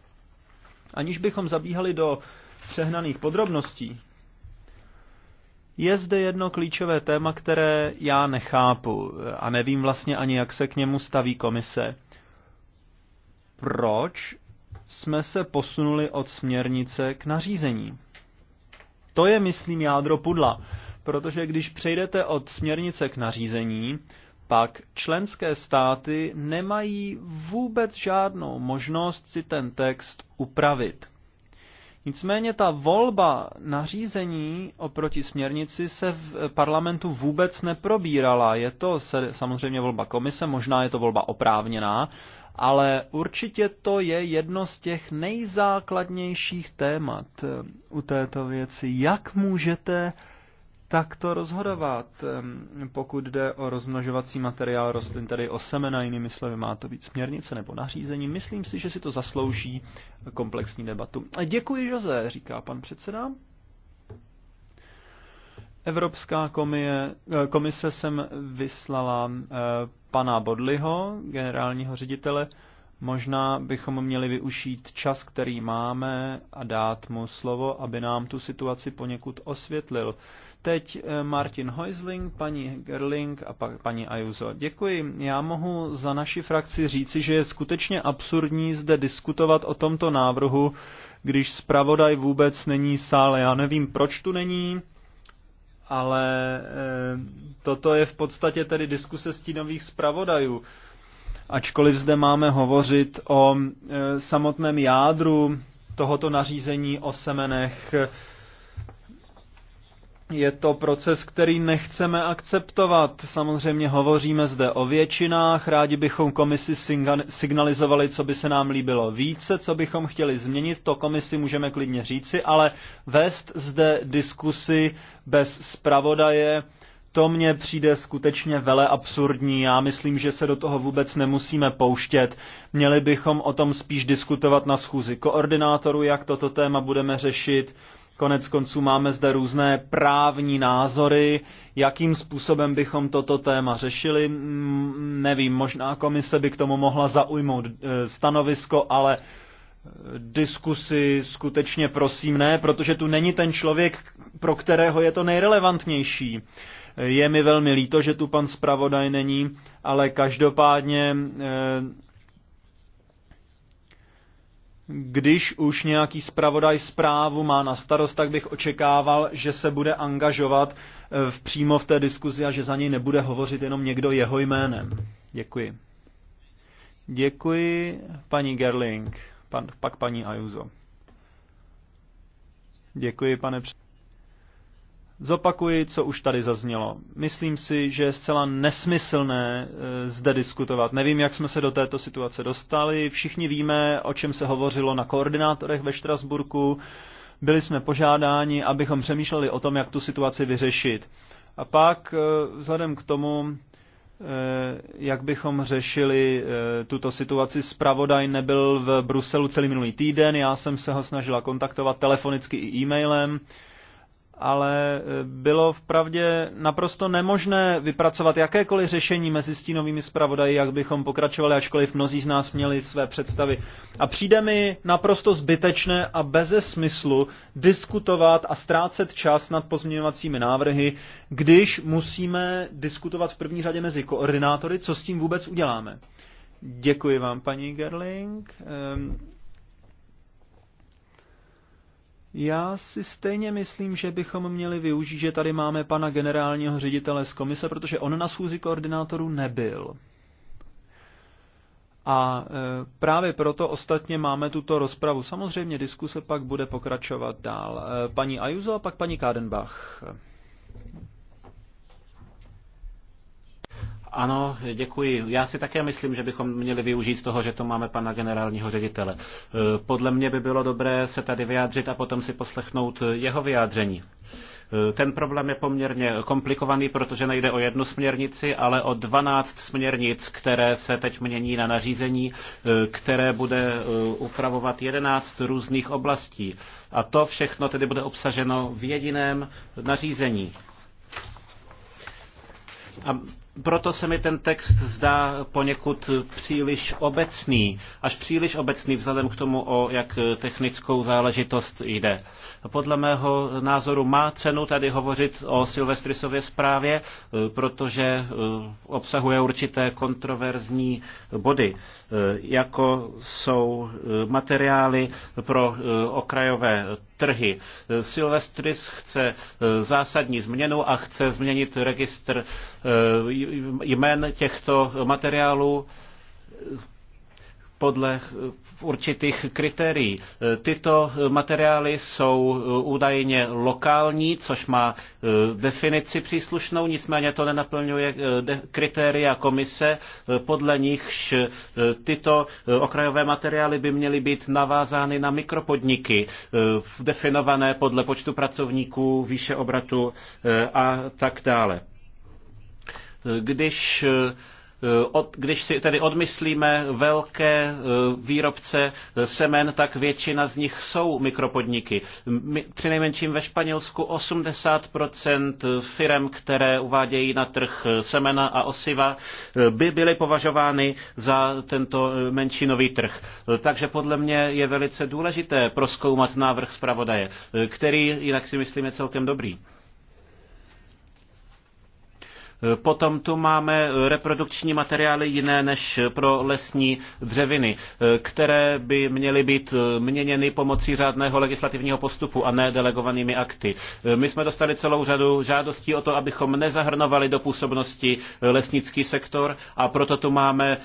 Aniž bychom zabíhali do přehnaných podrobností, je zde jedno klíčové téma, které já nechápu a nevím vlastně ani, jak se k němu staví komise. Proč jsme se posunuli od směrnice k nařízení? To je, myslím, jádro pudla protože když přejdete od směrnice k nařízení, pak členské státy nemají vůbec žádnou možnost si ten text upravit. Nicméně ta volba nařízení oproti směrnici se v parlamentu vůbec neprobírala. Je to se, samozřejmě volba komise, možná je to volba oprávněná, ale určitě to je jedno z těch nejzákladnějších témat eh, u této věci. Jak můžete takto rozhodovat, pokud jde o rozmnožovací materiál rostlin, tedy o semena, jinými slovy, má to být směrnice nebo nařízení. Myslím si, že si to zaslouží komplexní debatu. Děkuji, Jose, říká pan předseda. Evropská komie, eh, komise jsem vyslala eh, pana Bodliho, generálního ředitele. Možná bychom měli využít čas, který máme a dát mu slovo, aby nám tu situaci poněkud osvětlil. Teď eh, Martin Heusling, paní Gerling a pak paní Ayuso. Děkuji. Já mohu za naši frakci říci, že je skutečně absurdní zde diskutovat o tomto návrhu, když zpravodaj vůbec není sále. Já nevím, proč tu není, ale e, toto je v podstatě tedy diskuse stínových zpravodajů. Ačkoliv zde máme hovořit o e, samotném jádru tohoto nařízení o semenech, e, je to proces, který nechceme akceptovat. Samozřejmě hovoříme zde o většinách, rádi bychom komisi signalizovali, co by se nám líbilo více, co bychom chtěli změnit, to komisi můžeme klidně říci, ale vést zde diskusy bez zpravodaje, to mně přijde skutečně vele absurdní. Já myslím, že se do toho vůbec nemusíme pouštět. Měli bychom o tom spíš diskutovat na schůzi koordinátoru, jak toto téma budeme řešit Konec konců máme zde různé právní názory, jakým způsobem bychom toto téma řešili. Mm, nevím, možná komise by k tomu mohla zaujmout eh, stanovisko, ale eh, diskusi skutečně prosím ne, protože tu není ten člověk, pro kterého je to nejrelevantnější. Eh, je mi velmi líto, že tu pan zpravodaj není, ale každopádně když už nějaký zpravodaj zprávu má na starost, tak bych očekával, že se bude angažovat eh, v, přímo v té diskuzi a že za něj nebude hovořit jenom někdo jeho jménem. Děkuji. Děkuji paní Gerling, pan, pak paní Ajuzo. Děkuji, pane předsedo. Zopakuji, co už tady zaznělo. Myslím si, že je zcela nesmyslné eh, zde diskutovat. Nevím, jak jsme se do této situace dostali. Všichni víme, o čem se hovořilo na koordinátorech ve Štrasburku. Byli jsme požádáni, abychom přemýšleli o tom, jak tu situaci vyřešit. A pak eh, vzhledem k tomu, eh, jak bychom řešili tuto situaci. Spravodaj nebyl v Bruselu celý minulý týden, já jsem se ho snažila kontaktovat telefonicky i e-mailem ale eh, bylo vpravdě naprosto nemožné vypracovat jakékoliv řešení mezi stínovými zpravodaji, jak bychom pokračovali, ačkoliv mnozí z nás měli své představy. A přijde mi naprosto zbytečné a beze smyslu diskutovat a ztrácet čas nad pozměňovacími návrhy, když musíme diskutovat v první řadě mezi koordinátory, co s tím vůbec uděláme. Děkuji vám, paní Gerling. Ehm, já si stejně myslím, že bychom měli využít, že tady máme pana generálního ředitele z komise, protože on na schůzi koordinátorů nebyl. A e, právě proto ostatně máme tuto rozpravu. Samozřejmě diskuse pak bude pokračovat dál. E, paní Ajuzo a pak paní Kádenbach. Ano, děkuji. Já si také myslím, že bychom měli využít toho, že to máme pana generálního ředitele. E, podle mě by bylo dobré se tady vyjádřit a potom si poslechnout jeho vyjádření. E, ten problém je poměrně komplikovaný, protože nejde o jednu směrnici, ale o 12 směrnic, které se teď mění na nařízení, e, které bude upravovat 11 různých oblastí. A to všechno tedy bude obsaženo v jediném nařízení. A proto se mi ten text zdá poněkud příliš obecný, až příliš obecný vzhledem k tomu, o jak technickou záležitost jde. Podle mého názoru má cenu tady hovořit o Silvestrisově zprávě, protože e, obsahuje určité kontroverzní body, e, jako jsou e, materiály pro okrajové trhy. Silvestris chce eh, zásadní změnu a chce změnit registr eh, jmen těchto materiálů podle eh, určitých kritérií. Eh, tyto eh, materiály jsou údajně lokální, což má definici příslušnou, nicméně to nenaplňuje kritéria komise, podle nichž tyto okrajové materiály by měly být navázány na mikropodniky, definované podle počtu pracovníků, výše obratu a tak dále. Když Eh, od, když si tedy odmyslíme velké eh, výrobce eh, semen, tak většina z nich jsou mikropodniky. Přinejmenším ve Španělsku 80% firm, které uvádějí na trh semena a osiva, by byly považovány za tento menšinový trh. Takže podle mě je velice důležité proskoumat návrh zpravodaje, který jinak si myslíme celkem dobrý. Potom tu máme reprodukční materiály jiné než pro lesní dřeviny, které by měly být měněny pomocí řádného legislativního postupu a ne delegovanými akty. My jsme dostali celou řadu žádostí o to, abychom nezahrnovali do působnosti lesnický sektor a proto tu máme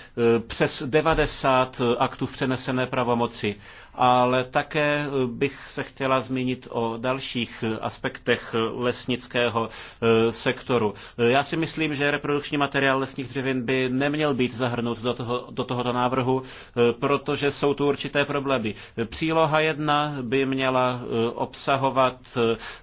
přes 90 aktů v přenesené pravomoci ale také eh, bych se chtěla zmínit o dalších eh, aspektech eh, lesnického sektoru. Já si myslím, že reprodukční materiál lesních dřevin by neměl být zahrnut do, toho, do tohoto návrhu, protože jsou tu určité problémy. Příloha jedna by měla obsahovat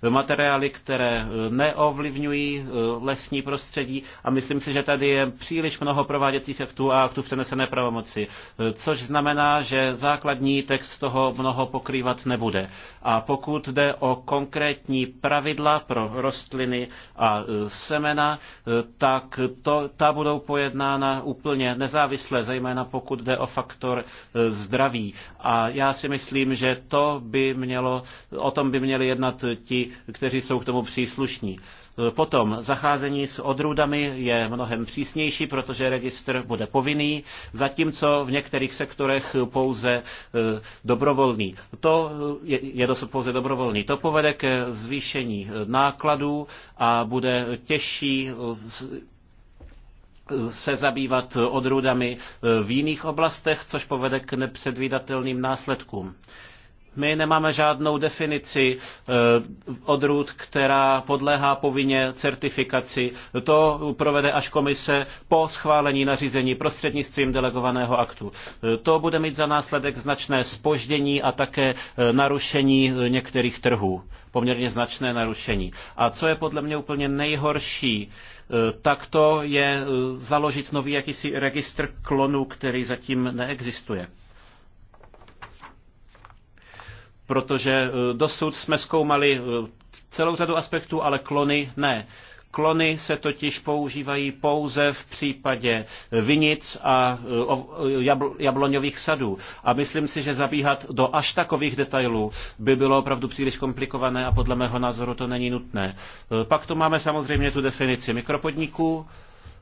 materiály, které neovlivňují lesní prostředí a myslím si, že tady je příliš mnoho prováděcích aktů a aktů v přenesené pravomoci, což znamená, že základní text toho mnoho pokrývat nebude. A pokud jde o konkrétní pravidla pro rostliny a e, semena, e, tak to, ta budou pojednána úplně nezávisle, zejména pokud jde o faktor e, zdraví. A já si myslím, že to by mělo, o tom by měli jednat ti, kteří jsou k tomu příslušní. Potom zacházení s odrůdami je mnohem přísnější, protože registr bude povinný, zatímco v některých sektorech pouze e, dobrovolný. To je, je dosud pouze dobrovolný. To povede ke zvýšení e, nákladů a bude těžší e, se zabývat odrůdami v jiných oblastech, což povede k nepředvídatelným následkům. My nemáme žádnou definici eh, odrůd, která podléhá povinně certifikaci. To provede až komise po schválení nařízení prostřednictvím delegovaného aktu. Eh, to bude mít za následek značné spoždění a také eh, narušení některých trhů. Poměrně značné narušení. A co je podle mě úplně nejhorší, tak to je založit nový jakýsi registr klonů, který zatím neexistuje protože eh, dosud jsme zkoumali eh, celou řadu aspektů, ale klony ne. Klony se totiž používají pouze v případě vinic a eh, jabloňových sadů. A myslím si, že zabíhat do až takových detailů by bylo opravdu příliš komplikované a podle mého názoru to není nutné. Pak tu máme samozřejmě tu definici mikropodniků,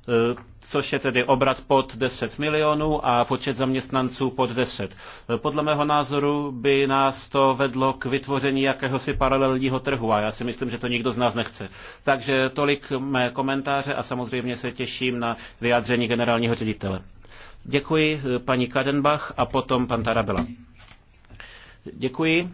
Eh, což je tedy obrat pod 10 milionů a počet zaměstnanců pod 10. Eh, podle mého názoru by nás to vedlo k vytvoření jakéhosi paralelního trhu a já si myslím, že to nikdo z nás nechce. Takže tolik mé komentáře a samozřejmě se těším na vyjádření generálního ředitele. Děkuji eh, paní Kadenbach a potom pan Tarabela. Děkuji.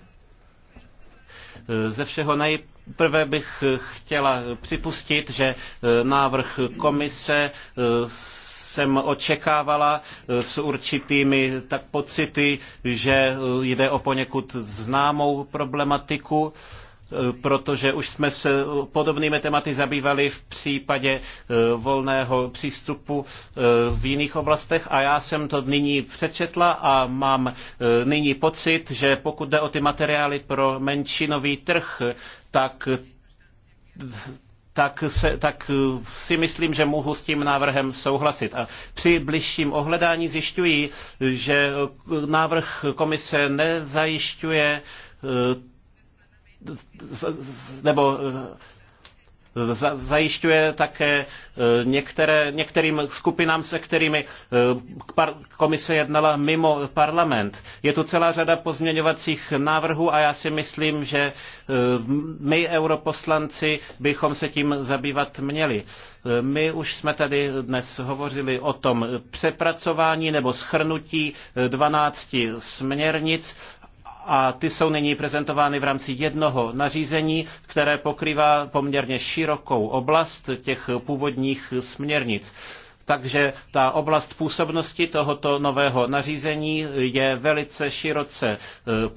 Ze všeho nej Nejprve bych eh, chtěla připustit, že eh, návrh komise eh, jsem očekávala s určitými tak pocity, že jde o poněkud známou problematiku protože už jsme se podobnými tématy zabývali v případě volného přístupu v jiných oblastech a já jsem to nyní přečetla a mám nyní pocit, že pokud jde o ty materiály pro menšinový trh, tak tak, se, tak si myslím, že mohu s tím návrhem souhlasit. A při bližším ohledání zjišťuji, že návrh komise nezajišťuje eh, nebo eh, zajišťuje také e, některé, některým skupinám, se kterými e, komise jednala mimo parlament. Je tu celá řada pozměňovacích návrhů a já si myslím, že e, my, europoslanci, bychom se tím zabývat měli. My už jsme tady dnes hovořili o tom přepracování nebo schrnutí 12 směrnic a ty jsou nyní prezentovány v rámci jednoho nařízení, které pokrývá poměrně širokou oblast těch původních směrnic. Takže ta oblast působnosti tohoto nového nařízení je velice široce e,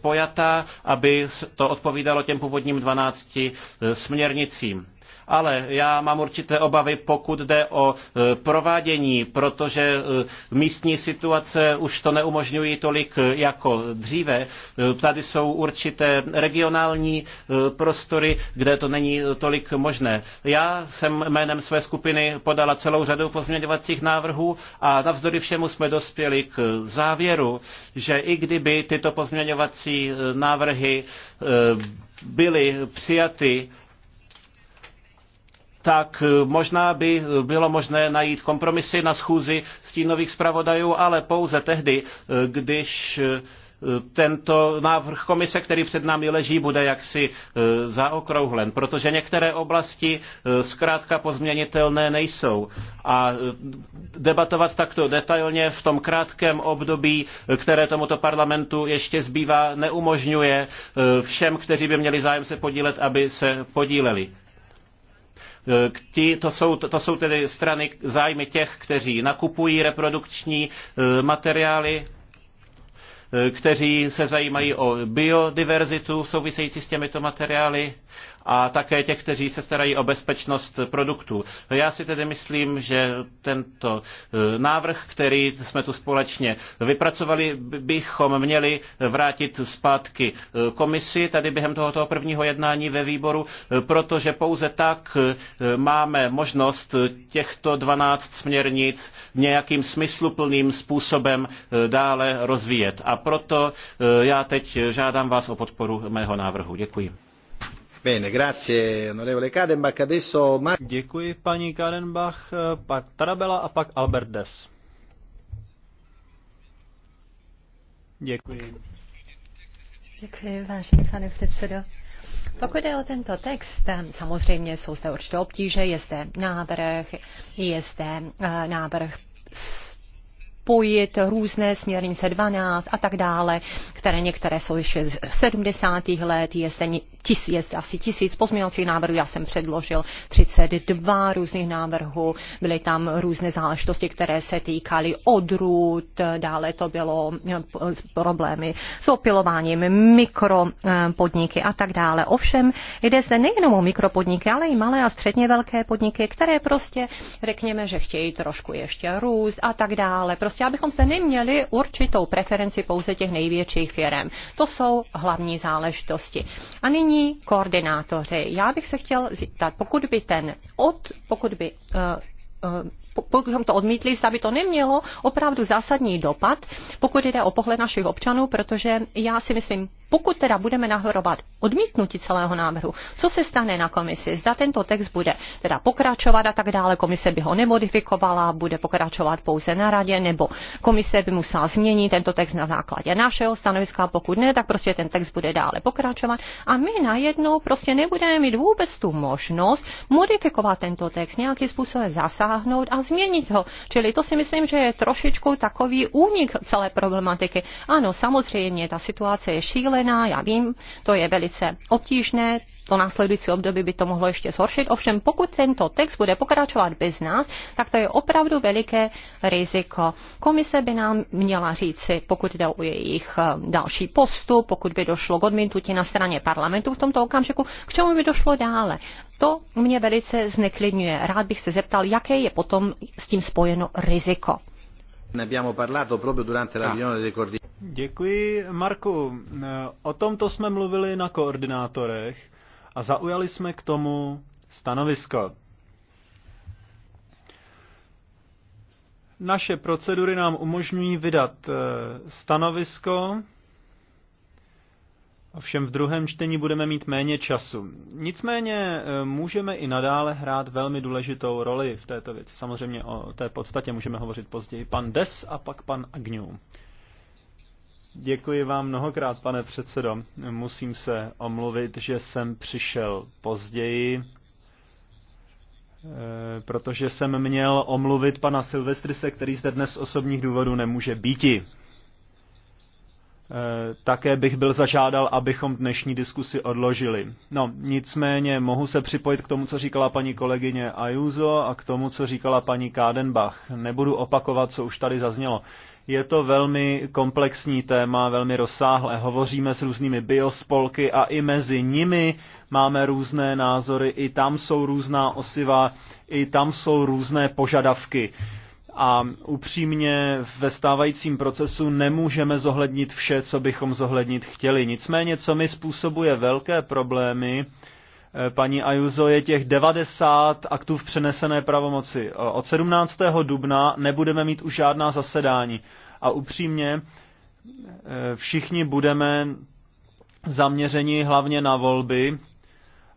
pojatá, aby to odpovídalo těm původním 12 e, směrnicím ale já mám určité obavy, pokud jde o e, provádění, protože e, místní situace už to neumožňují tolik jako dříve. E, tady jsou určité regionální prostory, kde to není tolik možné. Já jsem jménem své skupiny podala celou řadu pozměňovacích návrhů a navzdory všemu jsme dospěli k závěru, že i kdyby tyto pozměňovací návrhy byly přijaty, tak eh, možná by eh, bylo možné najít kompromisy na schůzi stínových zpravodajů, ale pouze tehdy, eh, když tento návrh komise, který před námi leží, bude jaksi zaokrouhlen, protože některé oblasti zkrátka pozměnitelné nejsou. A debatovat takto detailně v tom krátkém období, které tomuto parlamentu ještě zbývá, neumožňuje všem, kteří by měli zájem se podílet, aby se podíleli. Ti, to, jsou, to jsou tedy strany zájmy těch, kteří nakupují reprodukční e, materiály, e, kteří se zajímají o biodiverzitu související s těmito materiály a také těch, kteří se starají o bezpečnost produktů. Já si tedy myslím, že tento eh, návrh, který jsme tu společně vypracovali, bychom měli vrátit zpátky eh, komisi tady během tohoto prvního jednání ve výboru, eh, protože pouze tak máme možnost těchto 12 směrnic nějakým smysluplným způsobem dále rozvíjet. A proto já teď žádám vás o podporu mého návrhu. Děkuji. Děkuji paní Kadenbach, pak Tarabela a pak Albert Des. Děkuji. Děkuji, vážený pane předsedo. Pokud jde o tento text, samozřejmě jsou zde určité obtíže, je zde návrh, je zde eh, návrh s spojit různé směrnice 12 a tak dále, které některé jsou ještě z 70. let, je stejně tis, je asi tisíc pozměňovacích návrhů, já jsem předložil 32 různých návrhů, byly tam různé záležitosti, které se týkaly odrůd, dále to bylo eh, problémy s opilováním, mikropodniky a tak dále. Ovšem, jde zde nejenom o mikropodniky, ale i malé a středně velké podniky, které prostě řekněme, že chtějí trošku ještě růst a tak dále. Prostě prostě, abychom se neměli určitou preferenci pouze těch největších firm. To jsou hlavní záležitosti. A nyní koordinátoři. Já bych se chtěl zeptat, pokud by ten od, pokud by uh, pokud bychom to odmítli, aby to nemělo opravdu zásadní dopad, pokud jde o pohled našich občanů, protože já si myslím, pokud teda budeme nahorovat odmítnutí celého návrhu, co se stane na komisi? Zda tento text bude teda pokračovat a tak dále, komise by ho nemodifikovala, bude pokračovat pouze na radě, nebo komise by musela změnit tento text na základě našeho stanoviska, pokud ne, tak prostě ten text bude dále pokračovat a my najednou prostě nebudeme mít vůbec tu možnost modifikovat tento text, nějakým způsobem zasáhnout a změnit ho. Čili to si myslím, že je trošičku takový únik celé problematiky. Ano, samozřejmě, ta situace je šílená, spokojená, já vím, to je velice obtížné, to následující období by to mohlo ještě zhoršit. Ovšem, pokud tento text bude pokračovat bez nás, tak to je opravdu veliké riziko. Komise by nám měla říci, pokud jde o jejich eh, další postup, pokud by došlo k odmítnutí na straně parlamentu v tomto okamžiku, k čemu by došlo dále. To mě velice zneklidňuje. Rád bych se zeptal, jaké je potom s tím spojeno riziko. Ah. Děkuji, Marku. Eh, o tomto jsme mluvili na koordinátorech a zaujali jsme k tomu stanovisko. Naše procedury nám umožňují vydat eh, stanovisko Ovšem v druhém čtení budeme mít méně času. Nicméně eh, můžeme i nadále hrát velmi důležitou roli v této věci. Samozřejmě o té podstatě můžeme hovořit později. Pan Des a pak pan Agňu. Děkuji vám mnohokrát, pane předsedo. Musím se omluvit, že jsem přišel později, eh, protože jsem měl omluvit pana Silvestrise, který zde dnes z osobních důvodů nemůže býti. Eh, také bych byl zažádal, abychom dnešní diskusi odložili. No, nicméně mohu se připojit k tomu, co říkala paní kolegyně Ajuzo a k tomu, co říkala paní Kádenbach. Nebudu opakovat, co už tady zaznělo. Je to velmi komplexní téma, velmi rozsáhlé. Hovoříme s různými biospolky a i mezi nimi máme různé názory, i tam jsou různá osiva, i tam jsou různé požadavky a upřímně ve stávajícím procesu nemůžeme zohlednit vše, co bychom zohlednit chtěli. Nicméně, co mi způsobuje velké problémy, eh, paní Ajuzo, je těch 90 aktů v přenesené pravomoci. Od 17. dubna nebudeme mít už žádná zasedání. A upřímně, eh, všichni budeme zaměřeni hlavně na volby,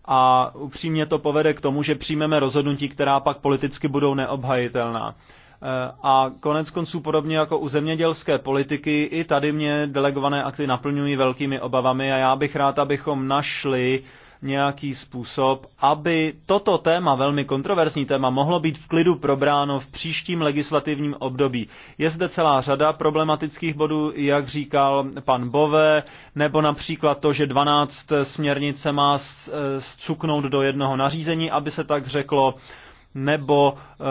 a upřímně to povede k tomu, že přijmeme rozhodnutí, která pak politicky budou neobhajitelná. A konec konců podobně jako u zemědělské politiky, i tady mě delegované akty naplňují velkými obavami a já bych rád, abychom našli nějaký způsob, aby toto téma, velmi kontroverzní téma, mohlo být v klidu probráno v příštím legislativním období. Je zde celá řada problematických bodů, jak říkal pan Bové, nebo například to, že 12 směrnice má zcuknout e, do jednoho nařízení, aby se tak řeklo, nebo e,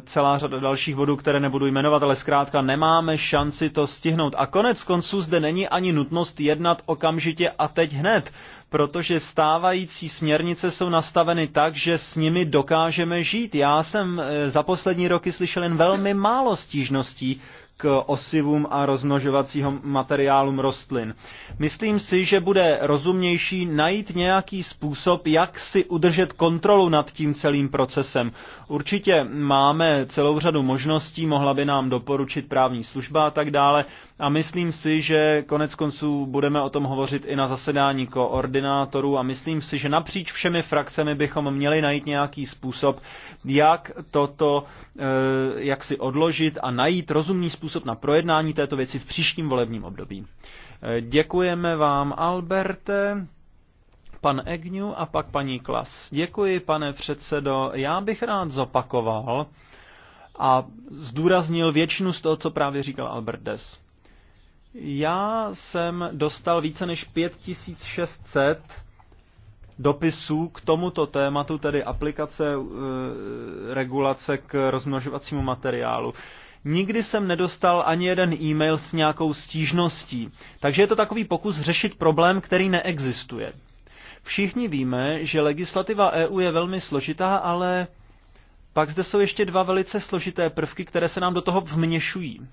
celá řada dalších bodů, které nebudu jmenovat, ale zkrátka nemáme šanci to stihnout. A konec konců zde není ani nutnost jednat okamžitě a teď hned, protože stávající směrnice jsou nastaveny tak, že s nimi dokážeme žít. Já jsem eh, za poslední roky slyšel jen velmi málo stížností, k osivům a rozmnožovacího materiálům rostlin. Myslím si, že bude rozumnější najít nějaký způsob, jak si udržet kontrolu nad tím celým procesem. Určitě máme celou řadu možností, mohla by nám doporučit právní služba a tak dále. A myslím si, že konec konců budeme o tom hovořit i na zasedání koordinátorů a myslím si, že napříč všemi frakcemi bychom měli najít nějaký způsob, jak toto, eh, jak si odložit a najít rozumný způsob, způsob na projednání této věci v příštím volebním období. Eh, děkujeme vám, Alberte pan Egňu a pak paní Klas. Děkuji, pane předsedo. Já bych rád zopakoval a zdůraznil většinu z toho, co právě říkal Albert Des. Já jsem dostal více než 5600 dopisů k tomuto tématu, tedy aplikace e, regulace k rozmnožovacímu materiálu nikdy jsem nedostal ani jeden e-mail s nějakou stížností. Takže je to takový pokus řešit problém, který neexistuje. Všichni víme, že legislativa EU je velmi složitá, ale pak zde jsou ještě dva velice složité prvky, které se nám do toho vměšují. E,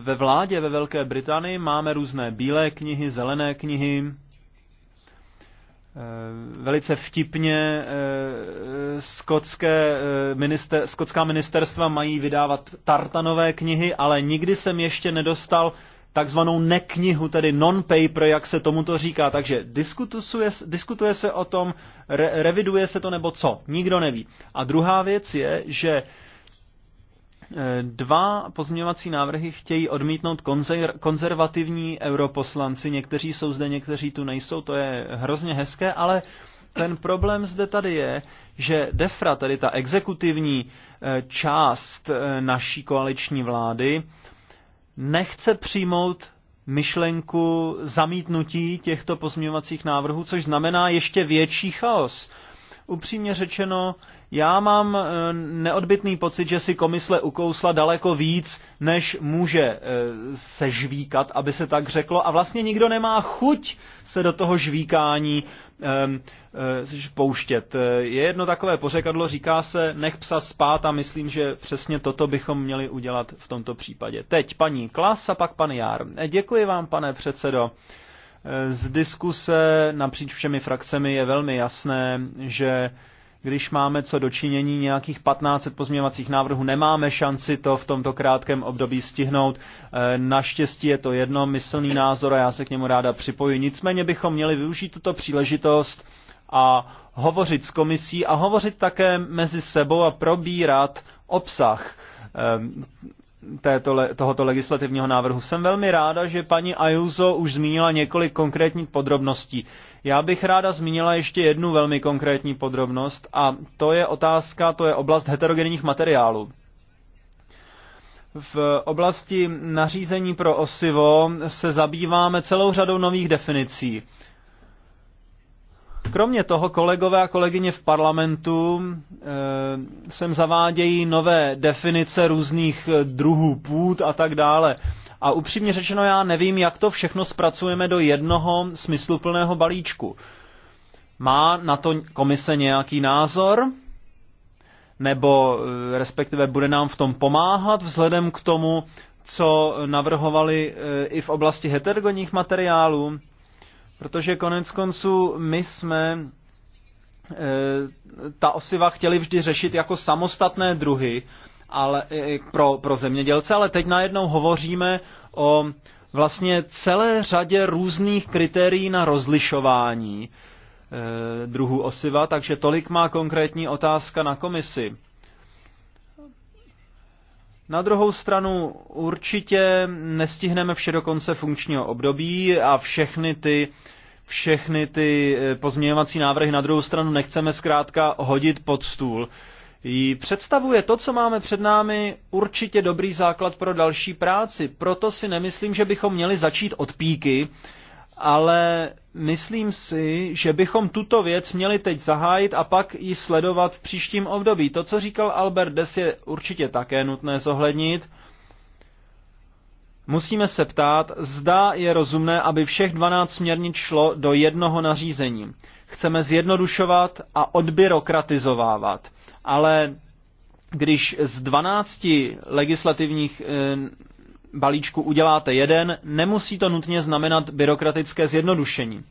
ve vládě ve Velké Británii máme různé bílé knihy, zelené knihy, Eh, velice vtipně eh, skotské eh, minister, skotská ministerstva mají vydávat tartanové knihy, ale nikdy jsem ještě nedostal takzvanou neknihu, tedy non-paper, jak se tomuto říká. Takže diskutuje, diskutuje se o tom, re, reviduje se to nebo co, nikdo neví. A druhá věc je, že Dva pozměňovací návrhy chtějí odmítnout konzer- konzervativní europoslanci. Někteří jsou zde, někteří tu nejsou. To je hrozně hezké, ale ten problém zde tady je, že DEFRA, tedy ta exekutivní eh, část eh, naší koaliční vlády, nechce přijmout myšlenku zamítnutí těchto pozměňovacích návrhů, což znamená ještě větší chaos upřímně řečeno, já mám eh, neodbitný pocit, že si komisle ukousla daleko víc, než může eh, se žvíkat, aby se tak řeklo. A vlastně nikdo nemá chuť se do toho žvíkání ehm, eh, pouštět. Je jedno takové pořekadlo, říká se nech psa spát a myslím, že přesně toto bychom měli udělat v tomto případě. Teď paní Klas a pak pan Jár. Děkuji vám, pane předsedo. Z diskuse napříč všemi frakcemi je velmi jasné, že když máme co dočinění nějakých 1500 pozměňovacích návrhů, nemáme šanci to v tomto krátkém období stihnout. E, naštěstí je to jednomyslný názor a já se k němu ráda připoju. Nicméně bychom měli využít tuto příležitost a hovořit s komisí a hovořit také mezi sebou a probírat obsah e, této, tohoto legislativního návrhu. Jsem velmi ráda, že paní Ayuso už zmínila několik konkrétních podrobností. Já bych ráda zmínila ještě jednu velmi konkrétní podrobnost a to je otázka, to je oblast heterogenních materiálů. V oblasti nařízení pro osivo se zabýváme celou řadou nových definicí. Kromě toho kolegové a kolegyně v parlamentu e, sem zavádějí nové definice různých eh, druhů půd a tak dále. A upřímně řečeno, já nevím, jak to všechno zpracujeme do jednoho smysluplného balíčku. Má na to komise nějaký názor? Nebo eh, respektive bude nám v tom pomáhat vzhledem k tomu, co navrhovali i v oblasti heterogenních materiálů? Protože konec konců my jsme eh, ta osiva chtěli vždy řešit jako samostatné druhy ale, eh, pro, pro zemědělce, ale teď najednou hovoříme o vlastně celé řadě různých kritérií na rozlišování e, eh, druhů osiva, takže tolik má konkrétní otázka na komisi. Na druhou stranu určitě nestihneme vše do konce funkčního období a všechny ty eh, všechny ty eh, pozměňovací návrhy na druhou stranu nechceme zkrátka hodit pod stůl. Jí představuje to, co máme před námi, určitě dobrý základ pro další práci. Proto si nemyslím, že bychom měli začít od píky, ale myslím si, že bychom tuto věc měli teď zahájit a pak ji sledovat v příštím období. To, co říkal Albert Des, je určitě také nutné zohlednit Musíme se ptát, zda je rozumné, aby všech 12 směrnic šlo do jednoho nařízení. Chceme zjednodušovat a odbyrokratizovávat, ale když z 12 legislativních eh, balíčku uděláte jeden, nemusí to nutně znamenat byrokratické zjednodušení.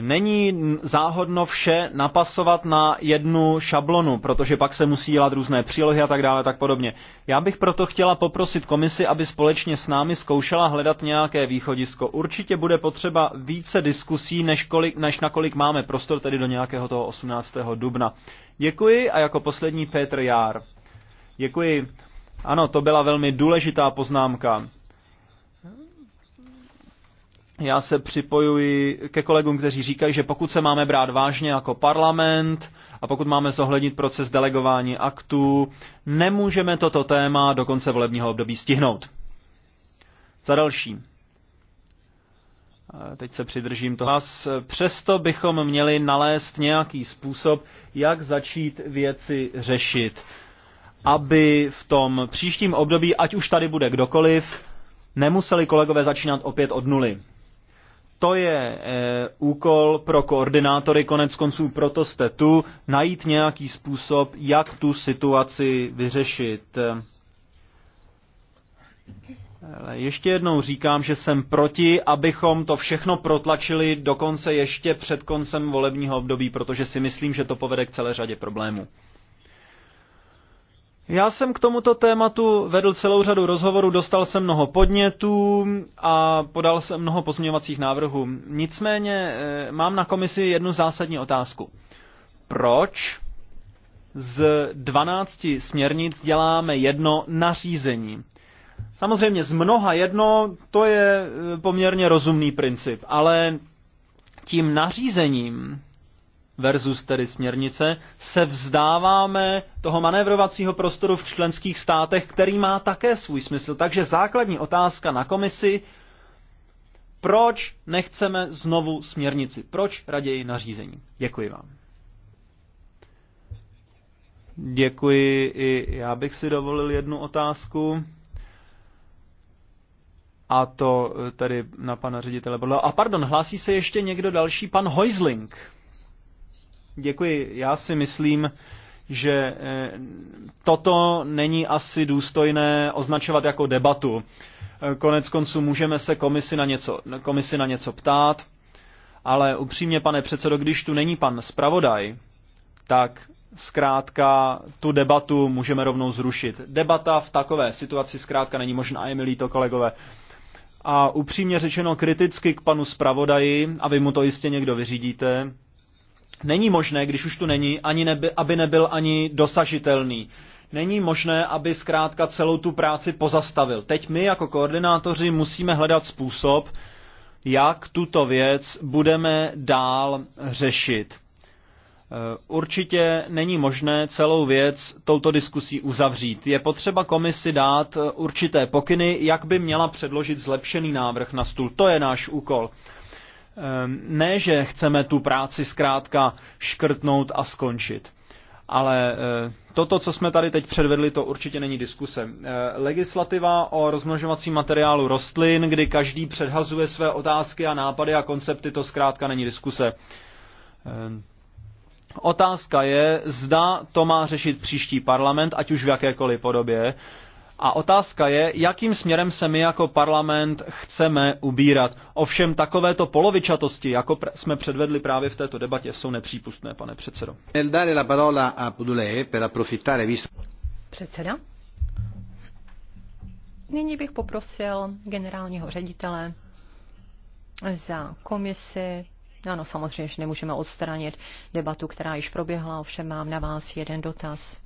Není záhodno vše napasovat na jednu šablonu, protože pak se musí dělat různé přílohy a tak dále, tak podobně. Já bych proto chtěla poprosit komisi, aby společně s námi zkoušela hledat nějaké východisko. Určitě bude potřeba více diskusí, než, kolik, než nakolik máme prostor, tedy do nějakého toho 18. dubna. Děkuji a jako poslední Petr Jár. Děkuji. Ano, to byla velmi důležitá poznámka. Já se připojuji ke kolegům, kteří říkají, že pokud se máme brát vážně jako parlament a pokud máme zohlednit proces delegování aktů, nemůžeme toto téma do konce volebního období stihnout. Za další. Teď se přidržím toho. Přesto bychom měli nalézt nějaký způsob, jak začít věci řešit, aby v tom příštím období, ať už tady bude kdokoliv, nemuseli kolegové začínat opět od nuly. To je eh, úkol pro koordinátory, konec konců proto jste tu, najít nějaký způsob, jak tu situaci vyřešit. Ještě jednou říkám, že jsem proti, abychom to všechno protlačili dokonce ještě před koncem volebního období, protože si myslím, že to povede k celé řadě problémů. Já jsem k tomuto tématu vedl celou řadu rozhovorů, dostal jsem mnoho podnětů a podal jsem mnoho pozměňovacích návrhů. Nicméně eh, mám na komisi jednu zásadní otázku. Proč z 12 směrnic děláme jedno nařízení? Samozřejmě z mnoha jedno, to je eh, poměrně rozumný princip, ale tím nařízením versus tedy směrnice, se vzdáváme toho manévrovacího prostoru v členských státech, který má také svůj smysl. Takže základní otázka na komisi, proč nechceme znovu směrnici? Proč raději nařízení? Děkuji vám. Děkuji. I já bych si dovolil jednu otázku. A to eh, tady na pana ředitele Bodla. A pardon, hlásí se ještě někdo další? Pan Heusling. Děkuji. Já si myslím, že eh, toto není asi důstojné označovat jako debatu. Eh, konec konců můžeme se komisi na něco, komisi na něco ptát, ale upřímně, pane předsedo, když tu není pan zpravodaj, tak zkrátka tu debatu můžeme rovnou zrušit. Debata v takové situaci zkrátka není možná, je milí to kolegové. A upřímně řečeno kriticky k panu zpravodaji, a vy mu to jistě někdo vyřídíte, Není možné, když už tu není, ani neby, aby nebyl ani dosažitelný. Není možné, aby zkrátka celou tu práci pozastavil. Teď my jako koordinátoři musíme hledat způsob, jak tuto věc budeme dál řešit. Eh, určitě není možné celou věc touto diskusí uzavřít. Je potřeba komisi dát eh, určité pokyny, jak by měla předložit zlepšený návrh na stůl. To je náš úkol. Ehm, ne, že chceme tu práci zkrátka škrtnout a skončit. Ale eh, toto, co jsme tady teď předvedli, to určitě není diskuse. Eh, legislativa o rozmnožovacím materiálu rostlin, kdy každý předhazuje své otázky a nápady a koncepty, to zkrátka není diskuse. Ehm, otázka je, zda to má řešit příští parlament, ať už v jakékoliv podobě, a otázka je, jakým směrem se my jako parlament chceme ubírat. Ovšem takovéto polovičatosti, jako pr- jsme předvedli právě v této debatě, jsou nepřípustné, pane předsedo. Předseda? Nyní bych poprosil generálního ředitele za komisi. Ano, samozřejmě, že nemůžeme odstranit debatu, která již proběhla, ovšem mám na vás jeden dotaz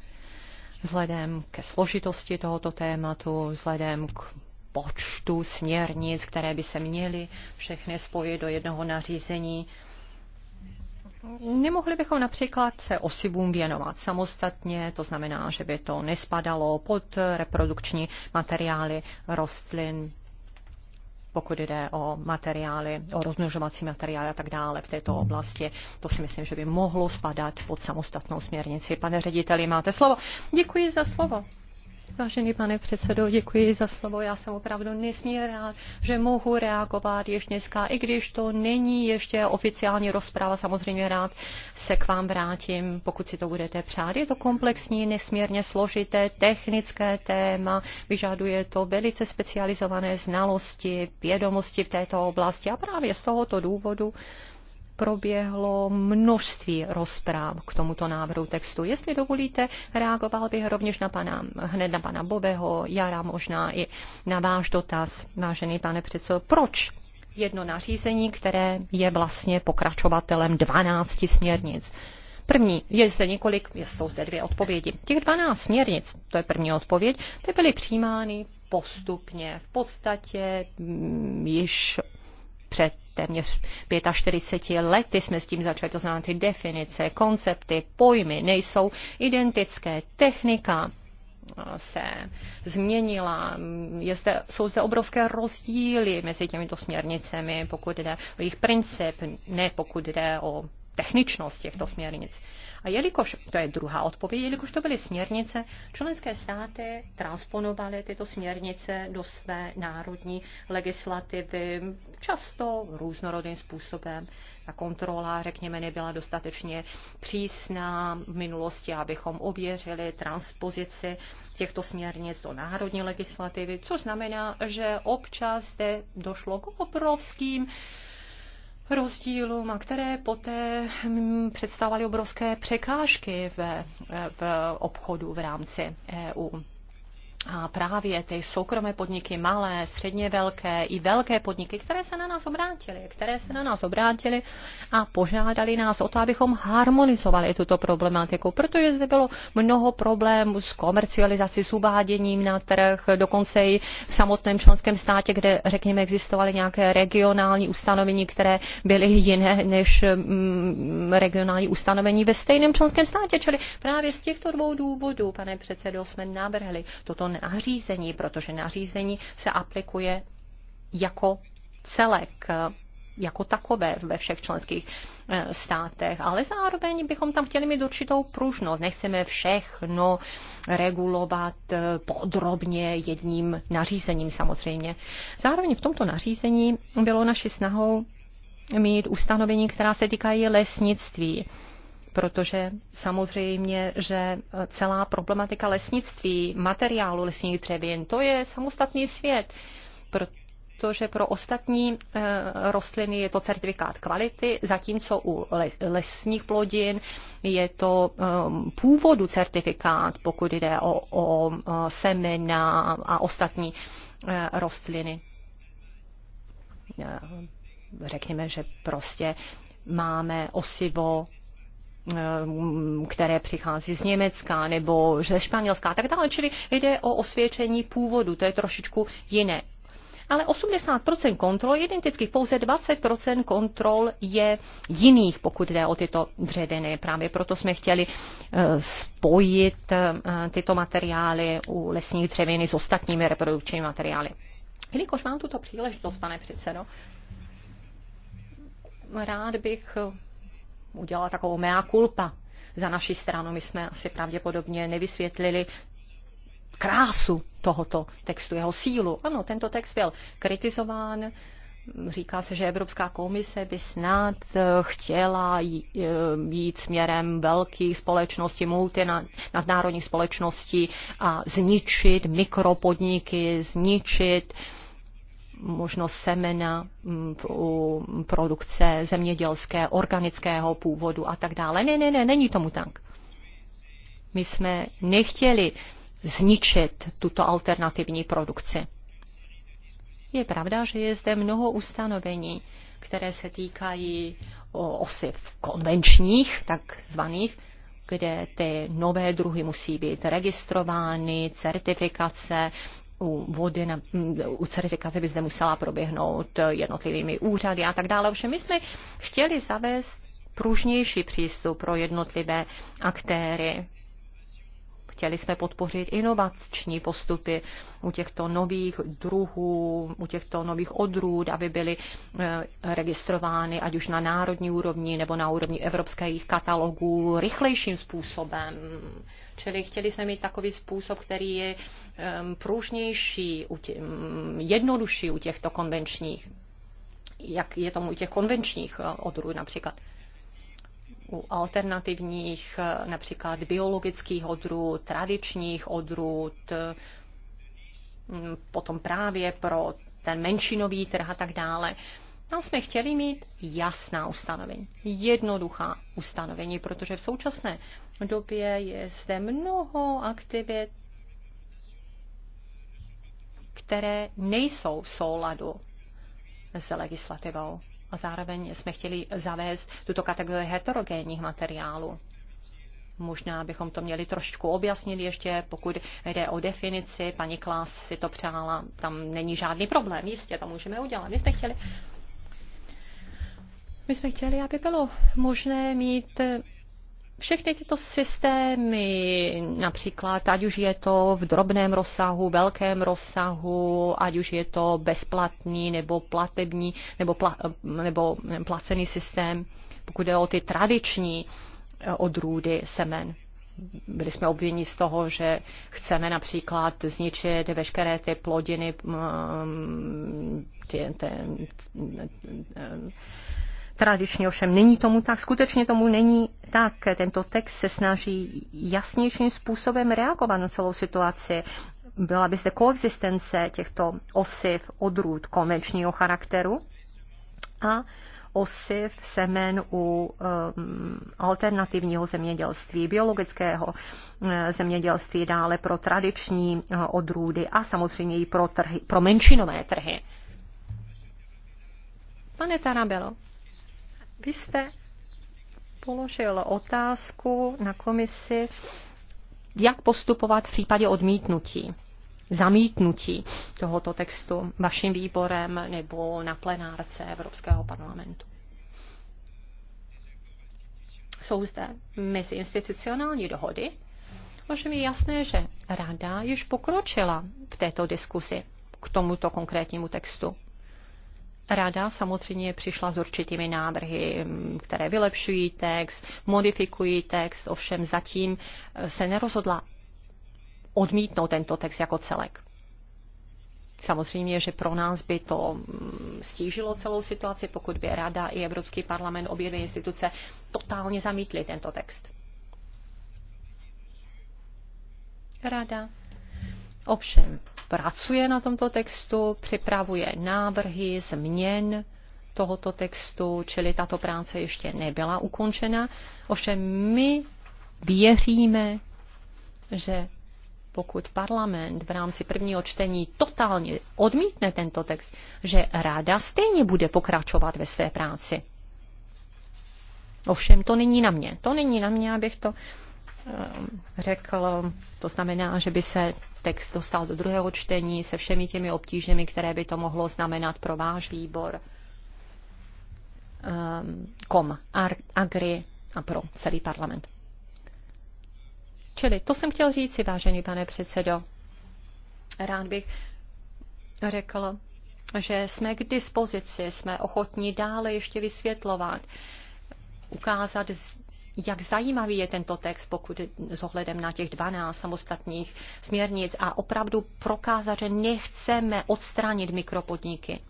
vzhledem ke složitosti tohoto tématu, vzhledem k počtu směrnic, které by se měly všechny spojit do jednoho nařízení. Nemohli bychom například se osivům věnovat samostatně, to znamená, že by to nespadalo pod reprodukční materiály rostlin pokud jde o materiály, o rozmnožovací materiály a tak dále v této hmm. oblasti. To si myslím, že by mohlo spadat pod samostatnou směrnici. Pane řediteli, máte slovo. Děkuji za slovo. Vážený pane předsedo, děkuji za slovo. Já jsem opravdu nesmírně rád, že mohu reagovat ještě dneska, i když to není ještě oficiální rozpráva. Samozřejmě rád se k vám vrátím, pokud si to budete přát. Je to komplexní, nesmírně složité, technické téma. Vyžaduje to velice specializované znalosti, vědomosti v této oblasti a právě z tohoto důvodu proběhlo množství rozpráv k tomuto návrhu textu. Jestli dovolíte, reagoval bych rovněž na pana, hned na pana Bobeho, Jara možná i na váš dotaz, vážený pane předsedo, proč jedno nařízení, které je vlastně pokračovatelem 12 směrnic. První, je zde několik, jsou zde dvě odpovědi. Těch 12 směrnic, to je první odpověď, ty byly přijímány postupně. V podstatě mm, již před téměř 45 lety jsme s tím začali, to znamená ty definice, koncepty, pojmy nejsou identické, technika se změnila. Je zde, jsou zde obrovské rozdíly mezi těmito směrnicemi, pokud jde o jejich princip, ne pokud jde o techničnost těchto směrnic. A jelikož, to je druhá odpověď, jelikož to byly směrnice, členské státy transponovaly tyto směrnice do své národní legislativy, často různorodým způsobem. Ta kontrola, řekněme, nebyla dostatečně přísná v minulosti, abychom ověřili transpozici těchto směrnic do národní legislativy, což znamená, že občas zde došlo k obrovským uh, rozdílům a které poté mm, představovaly obrovské překážky v, v obchodu v rámci EU. A právě ty soukromé podniky, malé, středně velké i velké podniky, které se na nás obrátily, které se na nás obrátily a požádali nás o to, abychom harmonizovali tuto problematiku, protože zde bylo mnoho problémů s komercializací, s uváděním na trh, dokonce i v samotném členském státě, kde, řekněme, existovaly nějaké regionální ustanovení, které byly jiné než mm, regionální ustanovení ve stejném členském státě. Čili právě z těchto dvou důvodů, pane předsedo, jsme navrhli toto nařízení, protože nařízení se aplikuje jako celek jako takové ve všech členských eh, státech, ale zároveň bychom tam chtěli mít určitou pružnost. Nechceme všechno regulovat eh, podrobně jedním nařízením samozřejmě. Zároveň v tomto nařízení bylo naši snahou mít ustanovení, která se týkají lesnictví protože samozřejmě, že eh, celá problematika lesnictví, materiálu lesních dřevin, to je samostatný svět, protože pro ostatní eh, rostliny je to certifikát kvality, zatímco u lesních plodin je to eh, původu certifikát, pokud jde o, o semena a ostatní rostliny. Řekněme, že prostě máme osivo Eh, které přichází z Německa nebo ze Španělska a tak dále. Čili jde o osvědčení původu, to je trošičku jiné. Ale 80% kontrol je identických, pouze 20% kontrol je jiných, pokud jde o tyto dřeviny. Právě proto jsme chtěli eh, spojit eh, tyto materiály u lesních dřeviny s ostatními reprodukčními materiály. Jelikož mám tuto příležitost, pane předsedo, rád bych udělala takovou mea culpa za naší stranu. My jsme asi pravděpodobně nevysvětlili krásu tohoto textu, jeho sílu. Ano, tento text byl kritizován, Říká se, že Evropská komise by snad eh, chtěla eh, jít směrem velkých společností, multinárodních společností a zničit mikropodniky, zničit uh, možnost semena mm, u produkce zemědělské, organického původu a tak dále. Ne, ne, ne, není tomu tak. My jsme nechtěli zničit tuto alternativní produkci. Je pravda, že je zde mnoho ustanovení, které se týkají osiv konvenčních, takzvaných, kde ty nové druhy musí být registrovány, certifikace, u vody, na, u certifikace by zde musela proběhnout jednotlivými úřady a tak dále. Ovšem my jsme chtěli zavést pružnější přístup pro jednotlivé aktéry Chtěli jsme podpořit inovační postupy u těchto nových druhů, u těchto nových odrůd, aby byly eh, registrovány ať už na národní úrovni nebo na úrovni evropských katalogů rychlejším způsobem. Čili chtěli jsme mít takový způsob, který je ehm, pružnější, mm, jednodušší u těchto konvenčních jak je tomu u těch konvenčních eh, odrůd například u alternativních, eh, například biologických odrůd, tradičních odrůd, eh, mm, potom právě pro ten menšinový trh a tak dále. Tam jsme chtěli mít jasná ustanovení, jednoduchá ustanovení, protože v současné době je zde mnoho aktivit, které nejsou v souladu s legislativou a zároveň jsme chtěli zavést tuto kategorii heterogénních materiálů. Možná bychom to měli trošku objasnit ještě, pokud jde o definici. Paní Klás si to přála, tam není žádný problém, jistě, to můžeme udělat. My jsme chtěli, my jsme chtěli aby bylo možné mít všechny tyto systémy, například ať už je to v drobném rozsahu, velkém rozsahu, ať už je to bezplatný nebo platební nebo, pla, nebo placený systém, pokud jde o ty tradiční eh, odrůdy semen. Byli jsme obviněni z toho, že chceme například zničit veškeré ty plodiny, mm, ty, ty, Tradičně ovšem není tomu tak, skutečně tomu není tak. Tento text se snaží jasnějším způsobem reagovat na celou situaci. Byla by zde koexistence těchto osiv odrůd konvenčního charakteru a osiv semen u um, alternativního zemědělství, biologického uh, zemědělství, dále pro tradiční uh, odrůdy a samozřejmě i pro, trhy, pro menšinové trhy. Pane Tarabelo, vy jste položil otázku na komisi, jak postupovat v případě odmítnutí, zamítnutí tohoto textu vaším výborem nebo na plenárce Evropského parlamentu. Jsou zde meziinstitucionální dohody, Možná je jasné, že Rada již pokročila v této diskusi k tomuto konkrétnímu textu. Rada samozřejmě přišla s určitými návrhy, mm, které vylepšují text, modifikují text, ovšem zatím eh, se nerozhodla odmítnout tento text jako celek. Samozřejmě, že pro nás by to mm, stížilo celou situaci, pokud by Rada i Evropský parlament, obě dvě instituce, totálně zamítly tento text. Rada ovšem pracuje na tomto textu, připravuje návrhy změn tohoto textu, čili tato práce ještě nebyla ukončena. Ovšem my věříme, že pokud parlament v rámci prvního čtení totálně odmítne tento text, že ráda stejně bude pokračovat ve své práci. Ovšem, to není na mě. To není na mě, abych to um, řekl. To znamená, že by se text dostal do druhého čtení se všemi těmi obtížemi, které by to mohlo znamenat pro váš výbor, ehm, kom, agri a pro celý parlament. Čili to jsem chtěl říct si, vážený pane předsedo. Rád bych řekl, že jsme k dispozici, jsme ochotní dále ještě vysvětlovat, ukázat jak zajímavý je tento text, pokud s ohledem na těch 12 samostatných směrnic a opravdu prokázat, že nechceme odstranit mikropodniky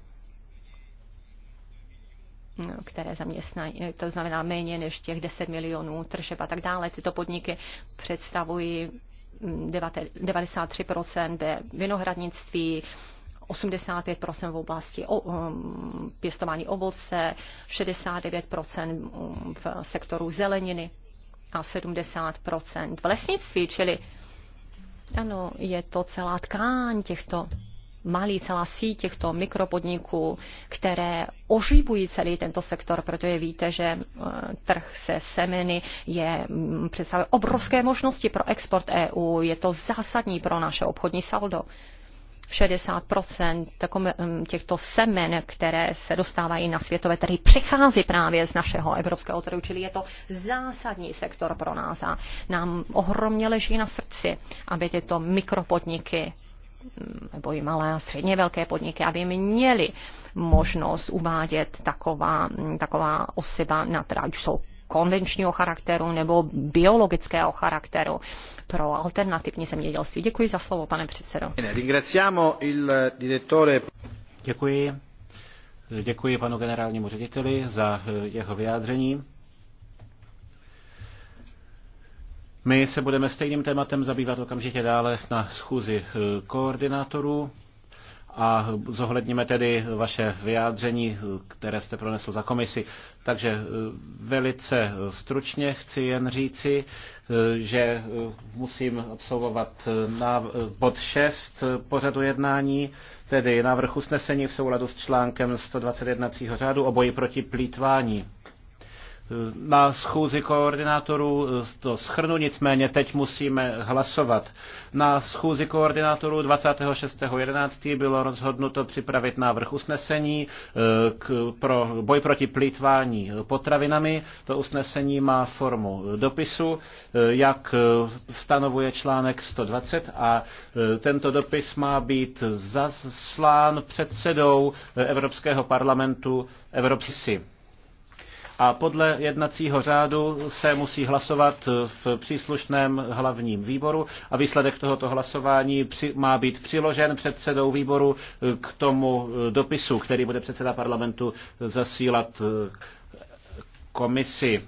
no, které zaměstnají, to znamená méně než těch 10 milionů tržeb a tak dále. Tyto podniky představují 93% mm, ve vinohradnictví, 85% v oblasti um, pěstování ovoce, 69% um, v sektoru zeleniny a 70% v lesnictví, čili ano, je to celá tkáň těchto malý, celá síť těchto mikropodniků, které oživují celý tento sektor, protože víte, že uh, trh se semeny je mm, představuje obrovské možnosti pro export EU, je to zásadní pro naše obchodní saldo. 60 hm, těchto semen, které se dostávají na světové trhy, přichází právě z našeho evropského trhu, čili je to zásadní sektor pro nás a nám ohromně leží na srdci, aby tyto mikropodniky hm, nebo i malé a středně velké podniky, aby měli možnost uvádět taková, hm, taková osiva na trh, jsou konvenčního charakteru nebo biologického charakteru pro alternativní zemědělství. Děkuji za slovo, pane předsedo. Děkuji. Děkuji panu generálnímu řediteli za jeho vyjádření. My se budeme stejným tématem zabývat okamžitě dále na schůzi koordinátorů a zohledníme tedy vaše vyjádření, které jste pronesl za komisi. Takže e, velice stručně chci jen říci, e, že e, musím absolvovat na bod 6 pořadu jednání, tedy návrh usnesení v souladu s článkem 121. řádu o boji proti plítvání. Na schůzi koordinátorů eh, to schrnu, nicméně teď musíme hlasovat. Na schůzi koordinátorů 26.11. bylo rozhodnuto připravit návrh usnesení eh, k, pro boj proti plýtvání potravinami. To usnesení má formu dopisu, eh, jak stanovuje článek 120 a tento dopis má být zaslán předsedou Evropského parlamentu Evropsi a podle jednacího řádu se musí hlasovat v příslušném hlavním výboru a výsledek tohoto hlasování má být přiložen předsedou výboru k tomu dopisu, který bude předseda parlamentu zasílat eh, komisi.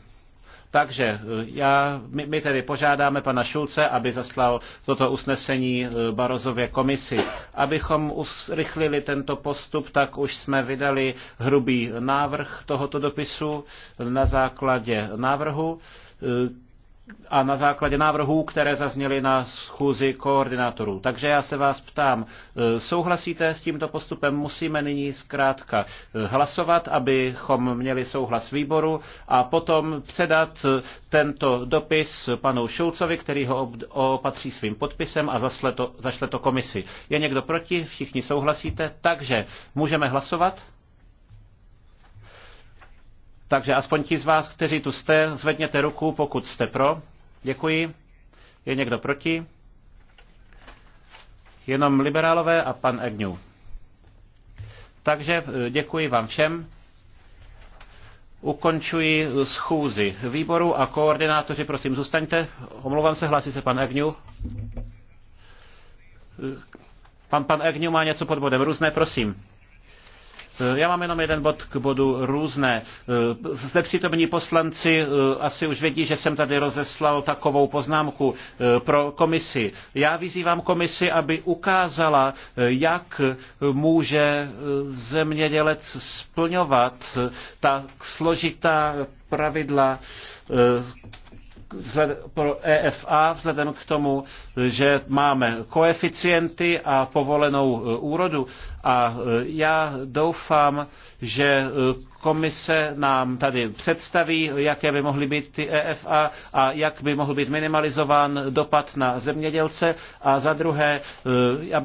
Takže eh, já, my, my tedy požádáme pana Šulce, aby zaslal toto usnesení eh, Barozově komisi. Abychom usrychlili tento postup, tak už jsme vydali hrubý návrh tohoto dopisu na základě návrhu eh, a na základě návrhů, které zazněly na schůzi koordinátorů. Takže já se vás ptám, e, souhlasíte s tímto postupem? Musíme nyní zkrátka e, hlasovat, abychom měli souhlas výboru a potom předat e, tento dopis panu Šulcovi, který ho opatří svým podpisem a zašle to, zašle to komisi. Je někdo proti? Všichni souhlasíte? Takže můžeme hlasovat? Takže aspoň ti z vás, kteří tu jste, zvedněte ruku, pokud jste pro. Děkuji. Je někdo proti? Jenom liberálové a pan Agnew. Takže eh, děkuji vám všem. Ukončuji eh, schůzi výboru a koordinátoři, prosím, zůstaňte. Omlouvám se, hlásí se pan Agnew. Eh, pan, pan Agnew má něco pod bodem různé, prosím. Eh, já mám jenom jeden bod k bodu různé. Eh, zde přítomní poslanci eh, asi už vědí, že jsem tady rozeslal takovou poznámku pro komisi. Já vyzývám komisi, aby ukázala, jak může zemědělec splňovat ta složitá pravidla pro EFA vzhledem k tomu, že máme koeficienty a povolenou úrodu, a e, já doufám, že e, komise nám tady představí, jaké by mohly být ty EFA a jak by mohl být minimalizován dopad na zemědělce. A za druhé, e, já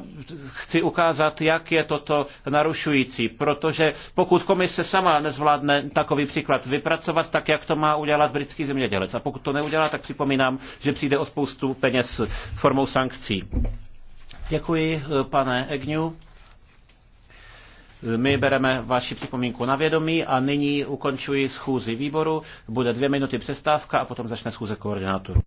chci ukázat, jak je toto narušující, protože pokud komise sama nezvládne takový příklad vypracovat, tak jak to má udělat britský zemědělec. A pokud to neudělá, tak připomínám, že přijde o spoustu peněz formou sankcí. Děkuji, pane Egňu. My bereme vaši připomínku na vědomí a nyní ukončuji schůzi výboru. Bude dvě minuty přestávka a potom začne schůze koordinátorů.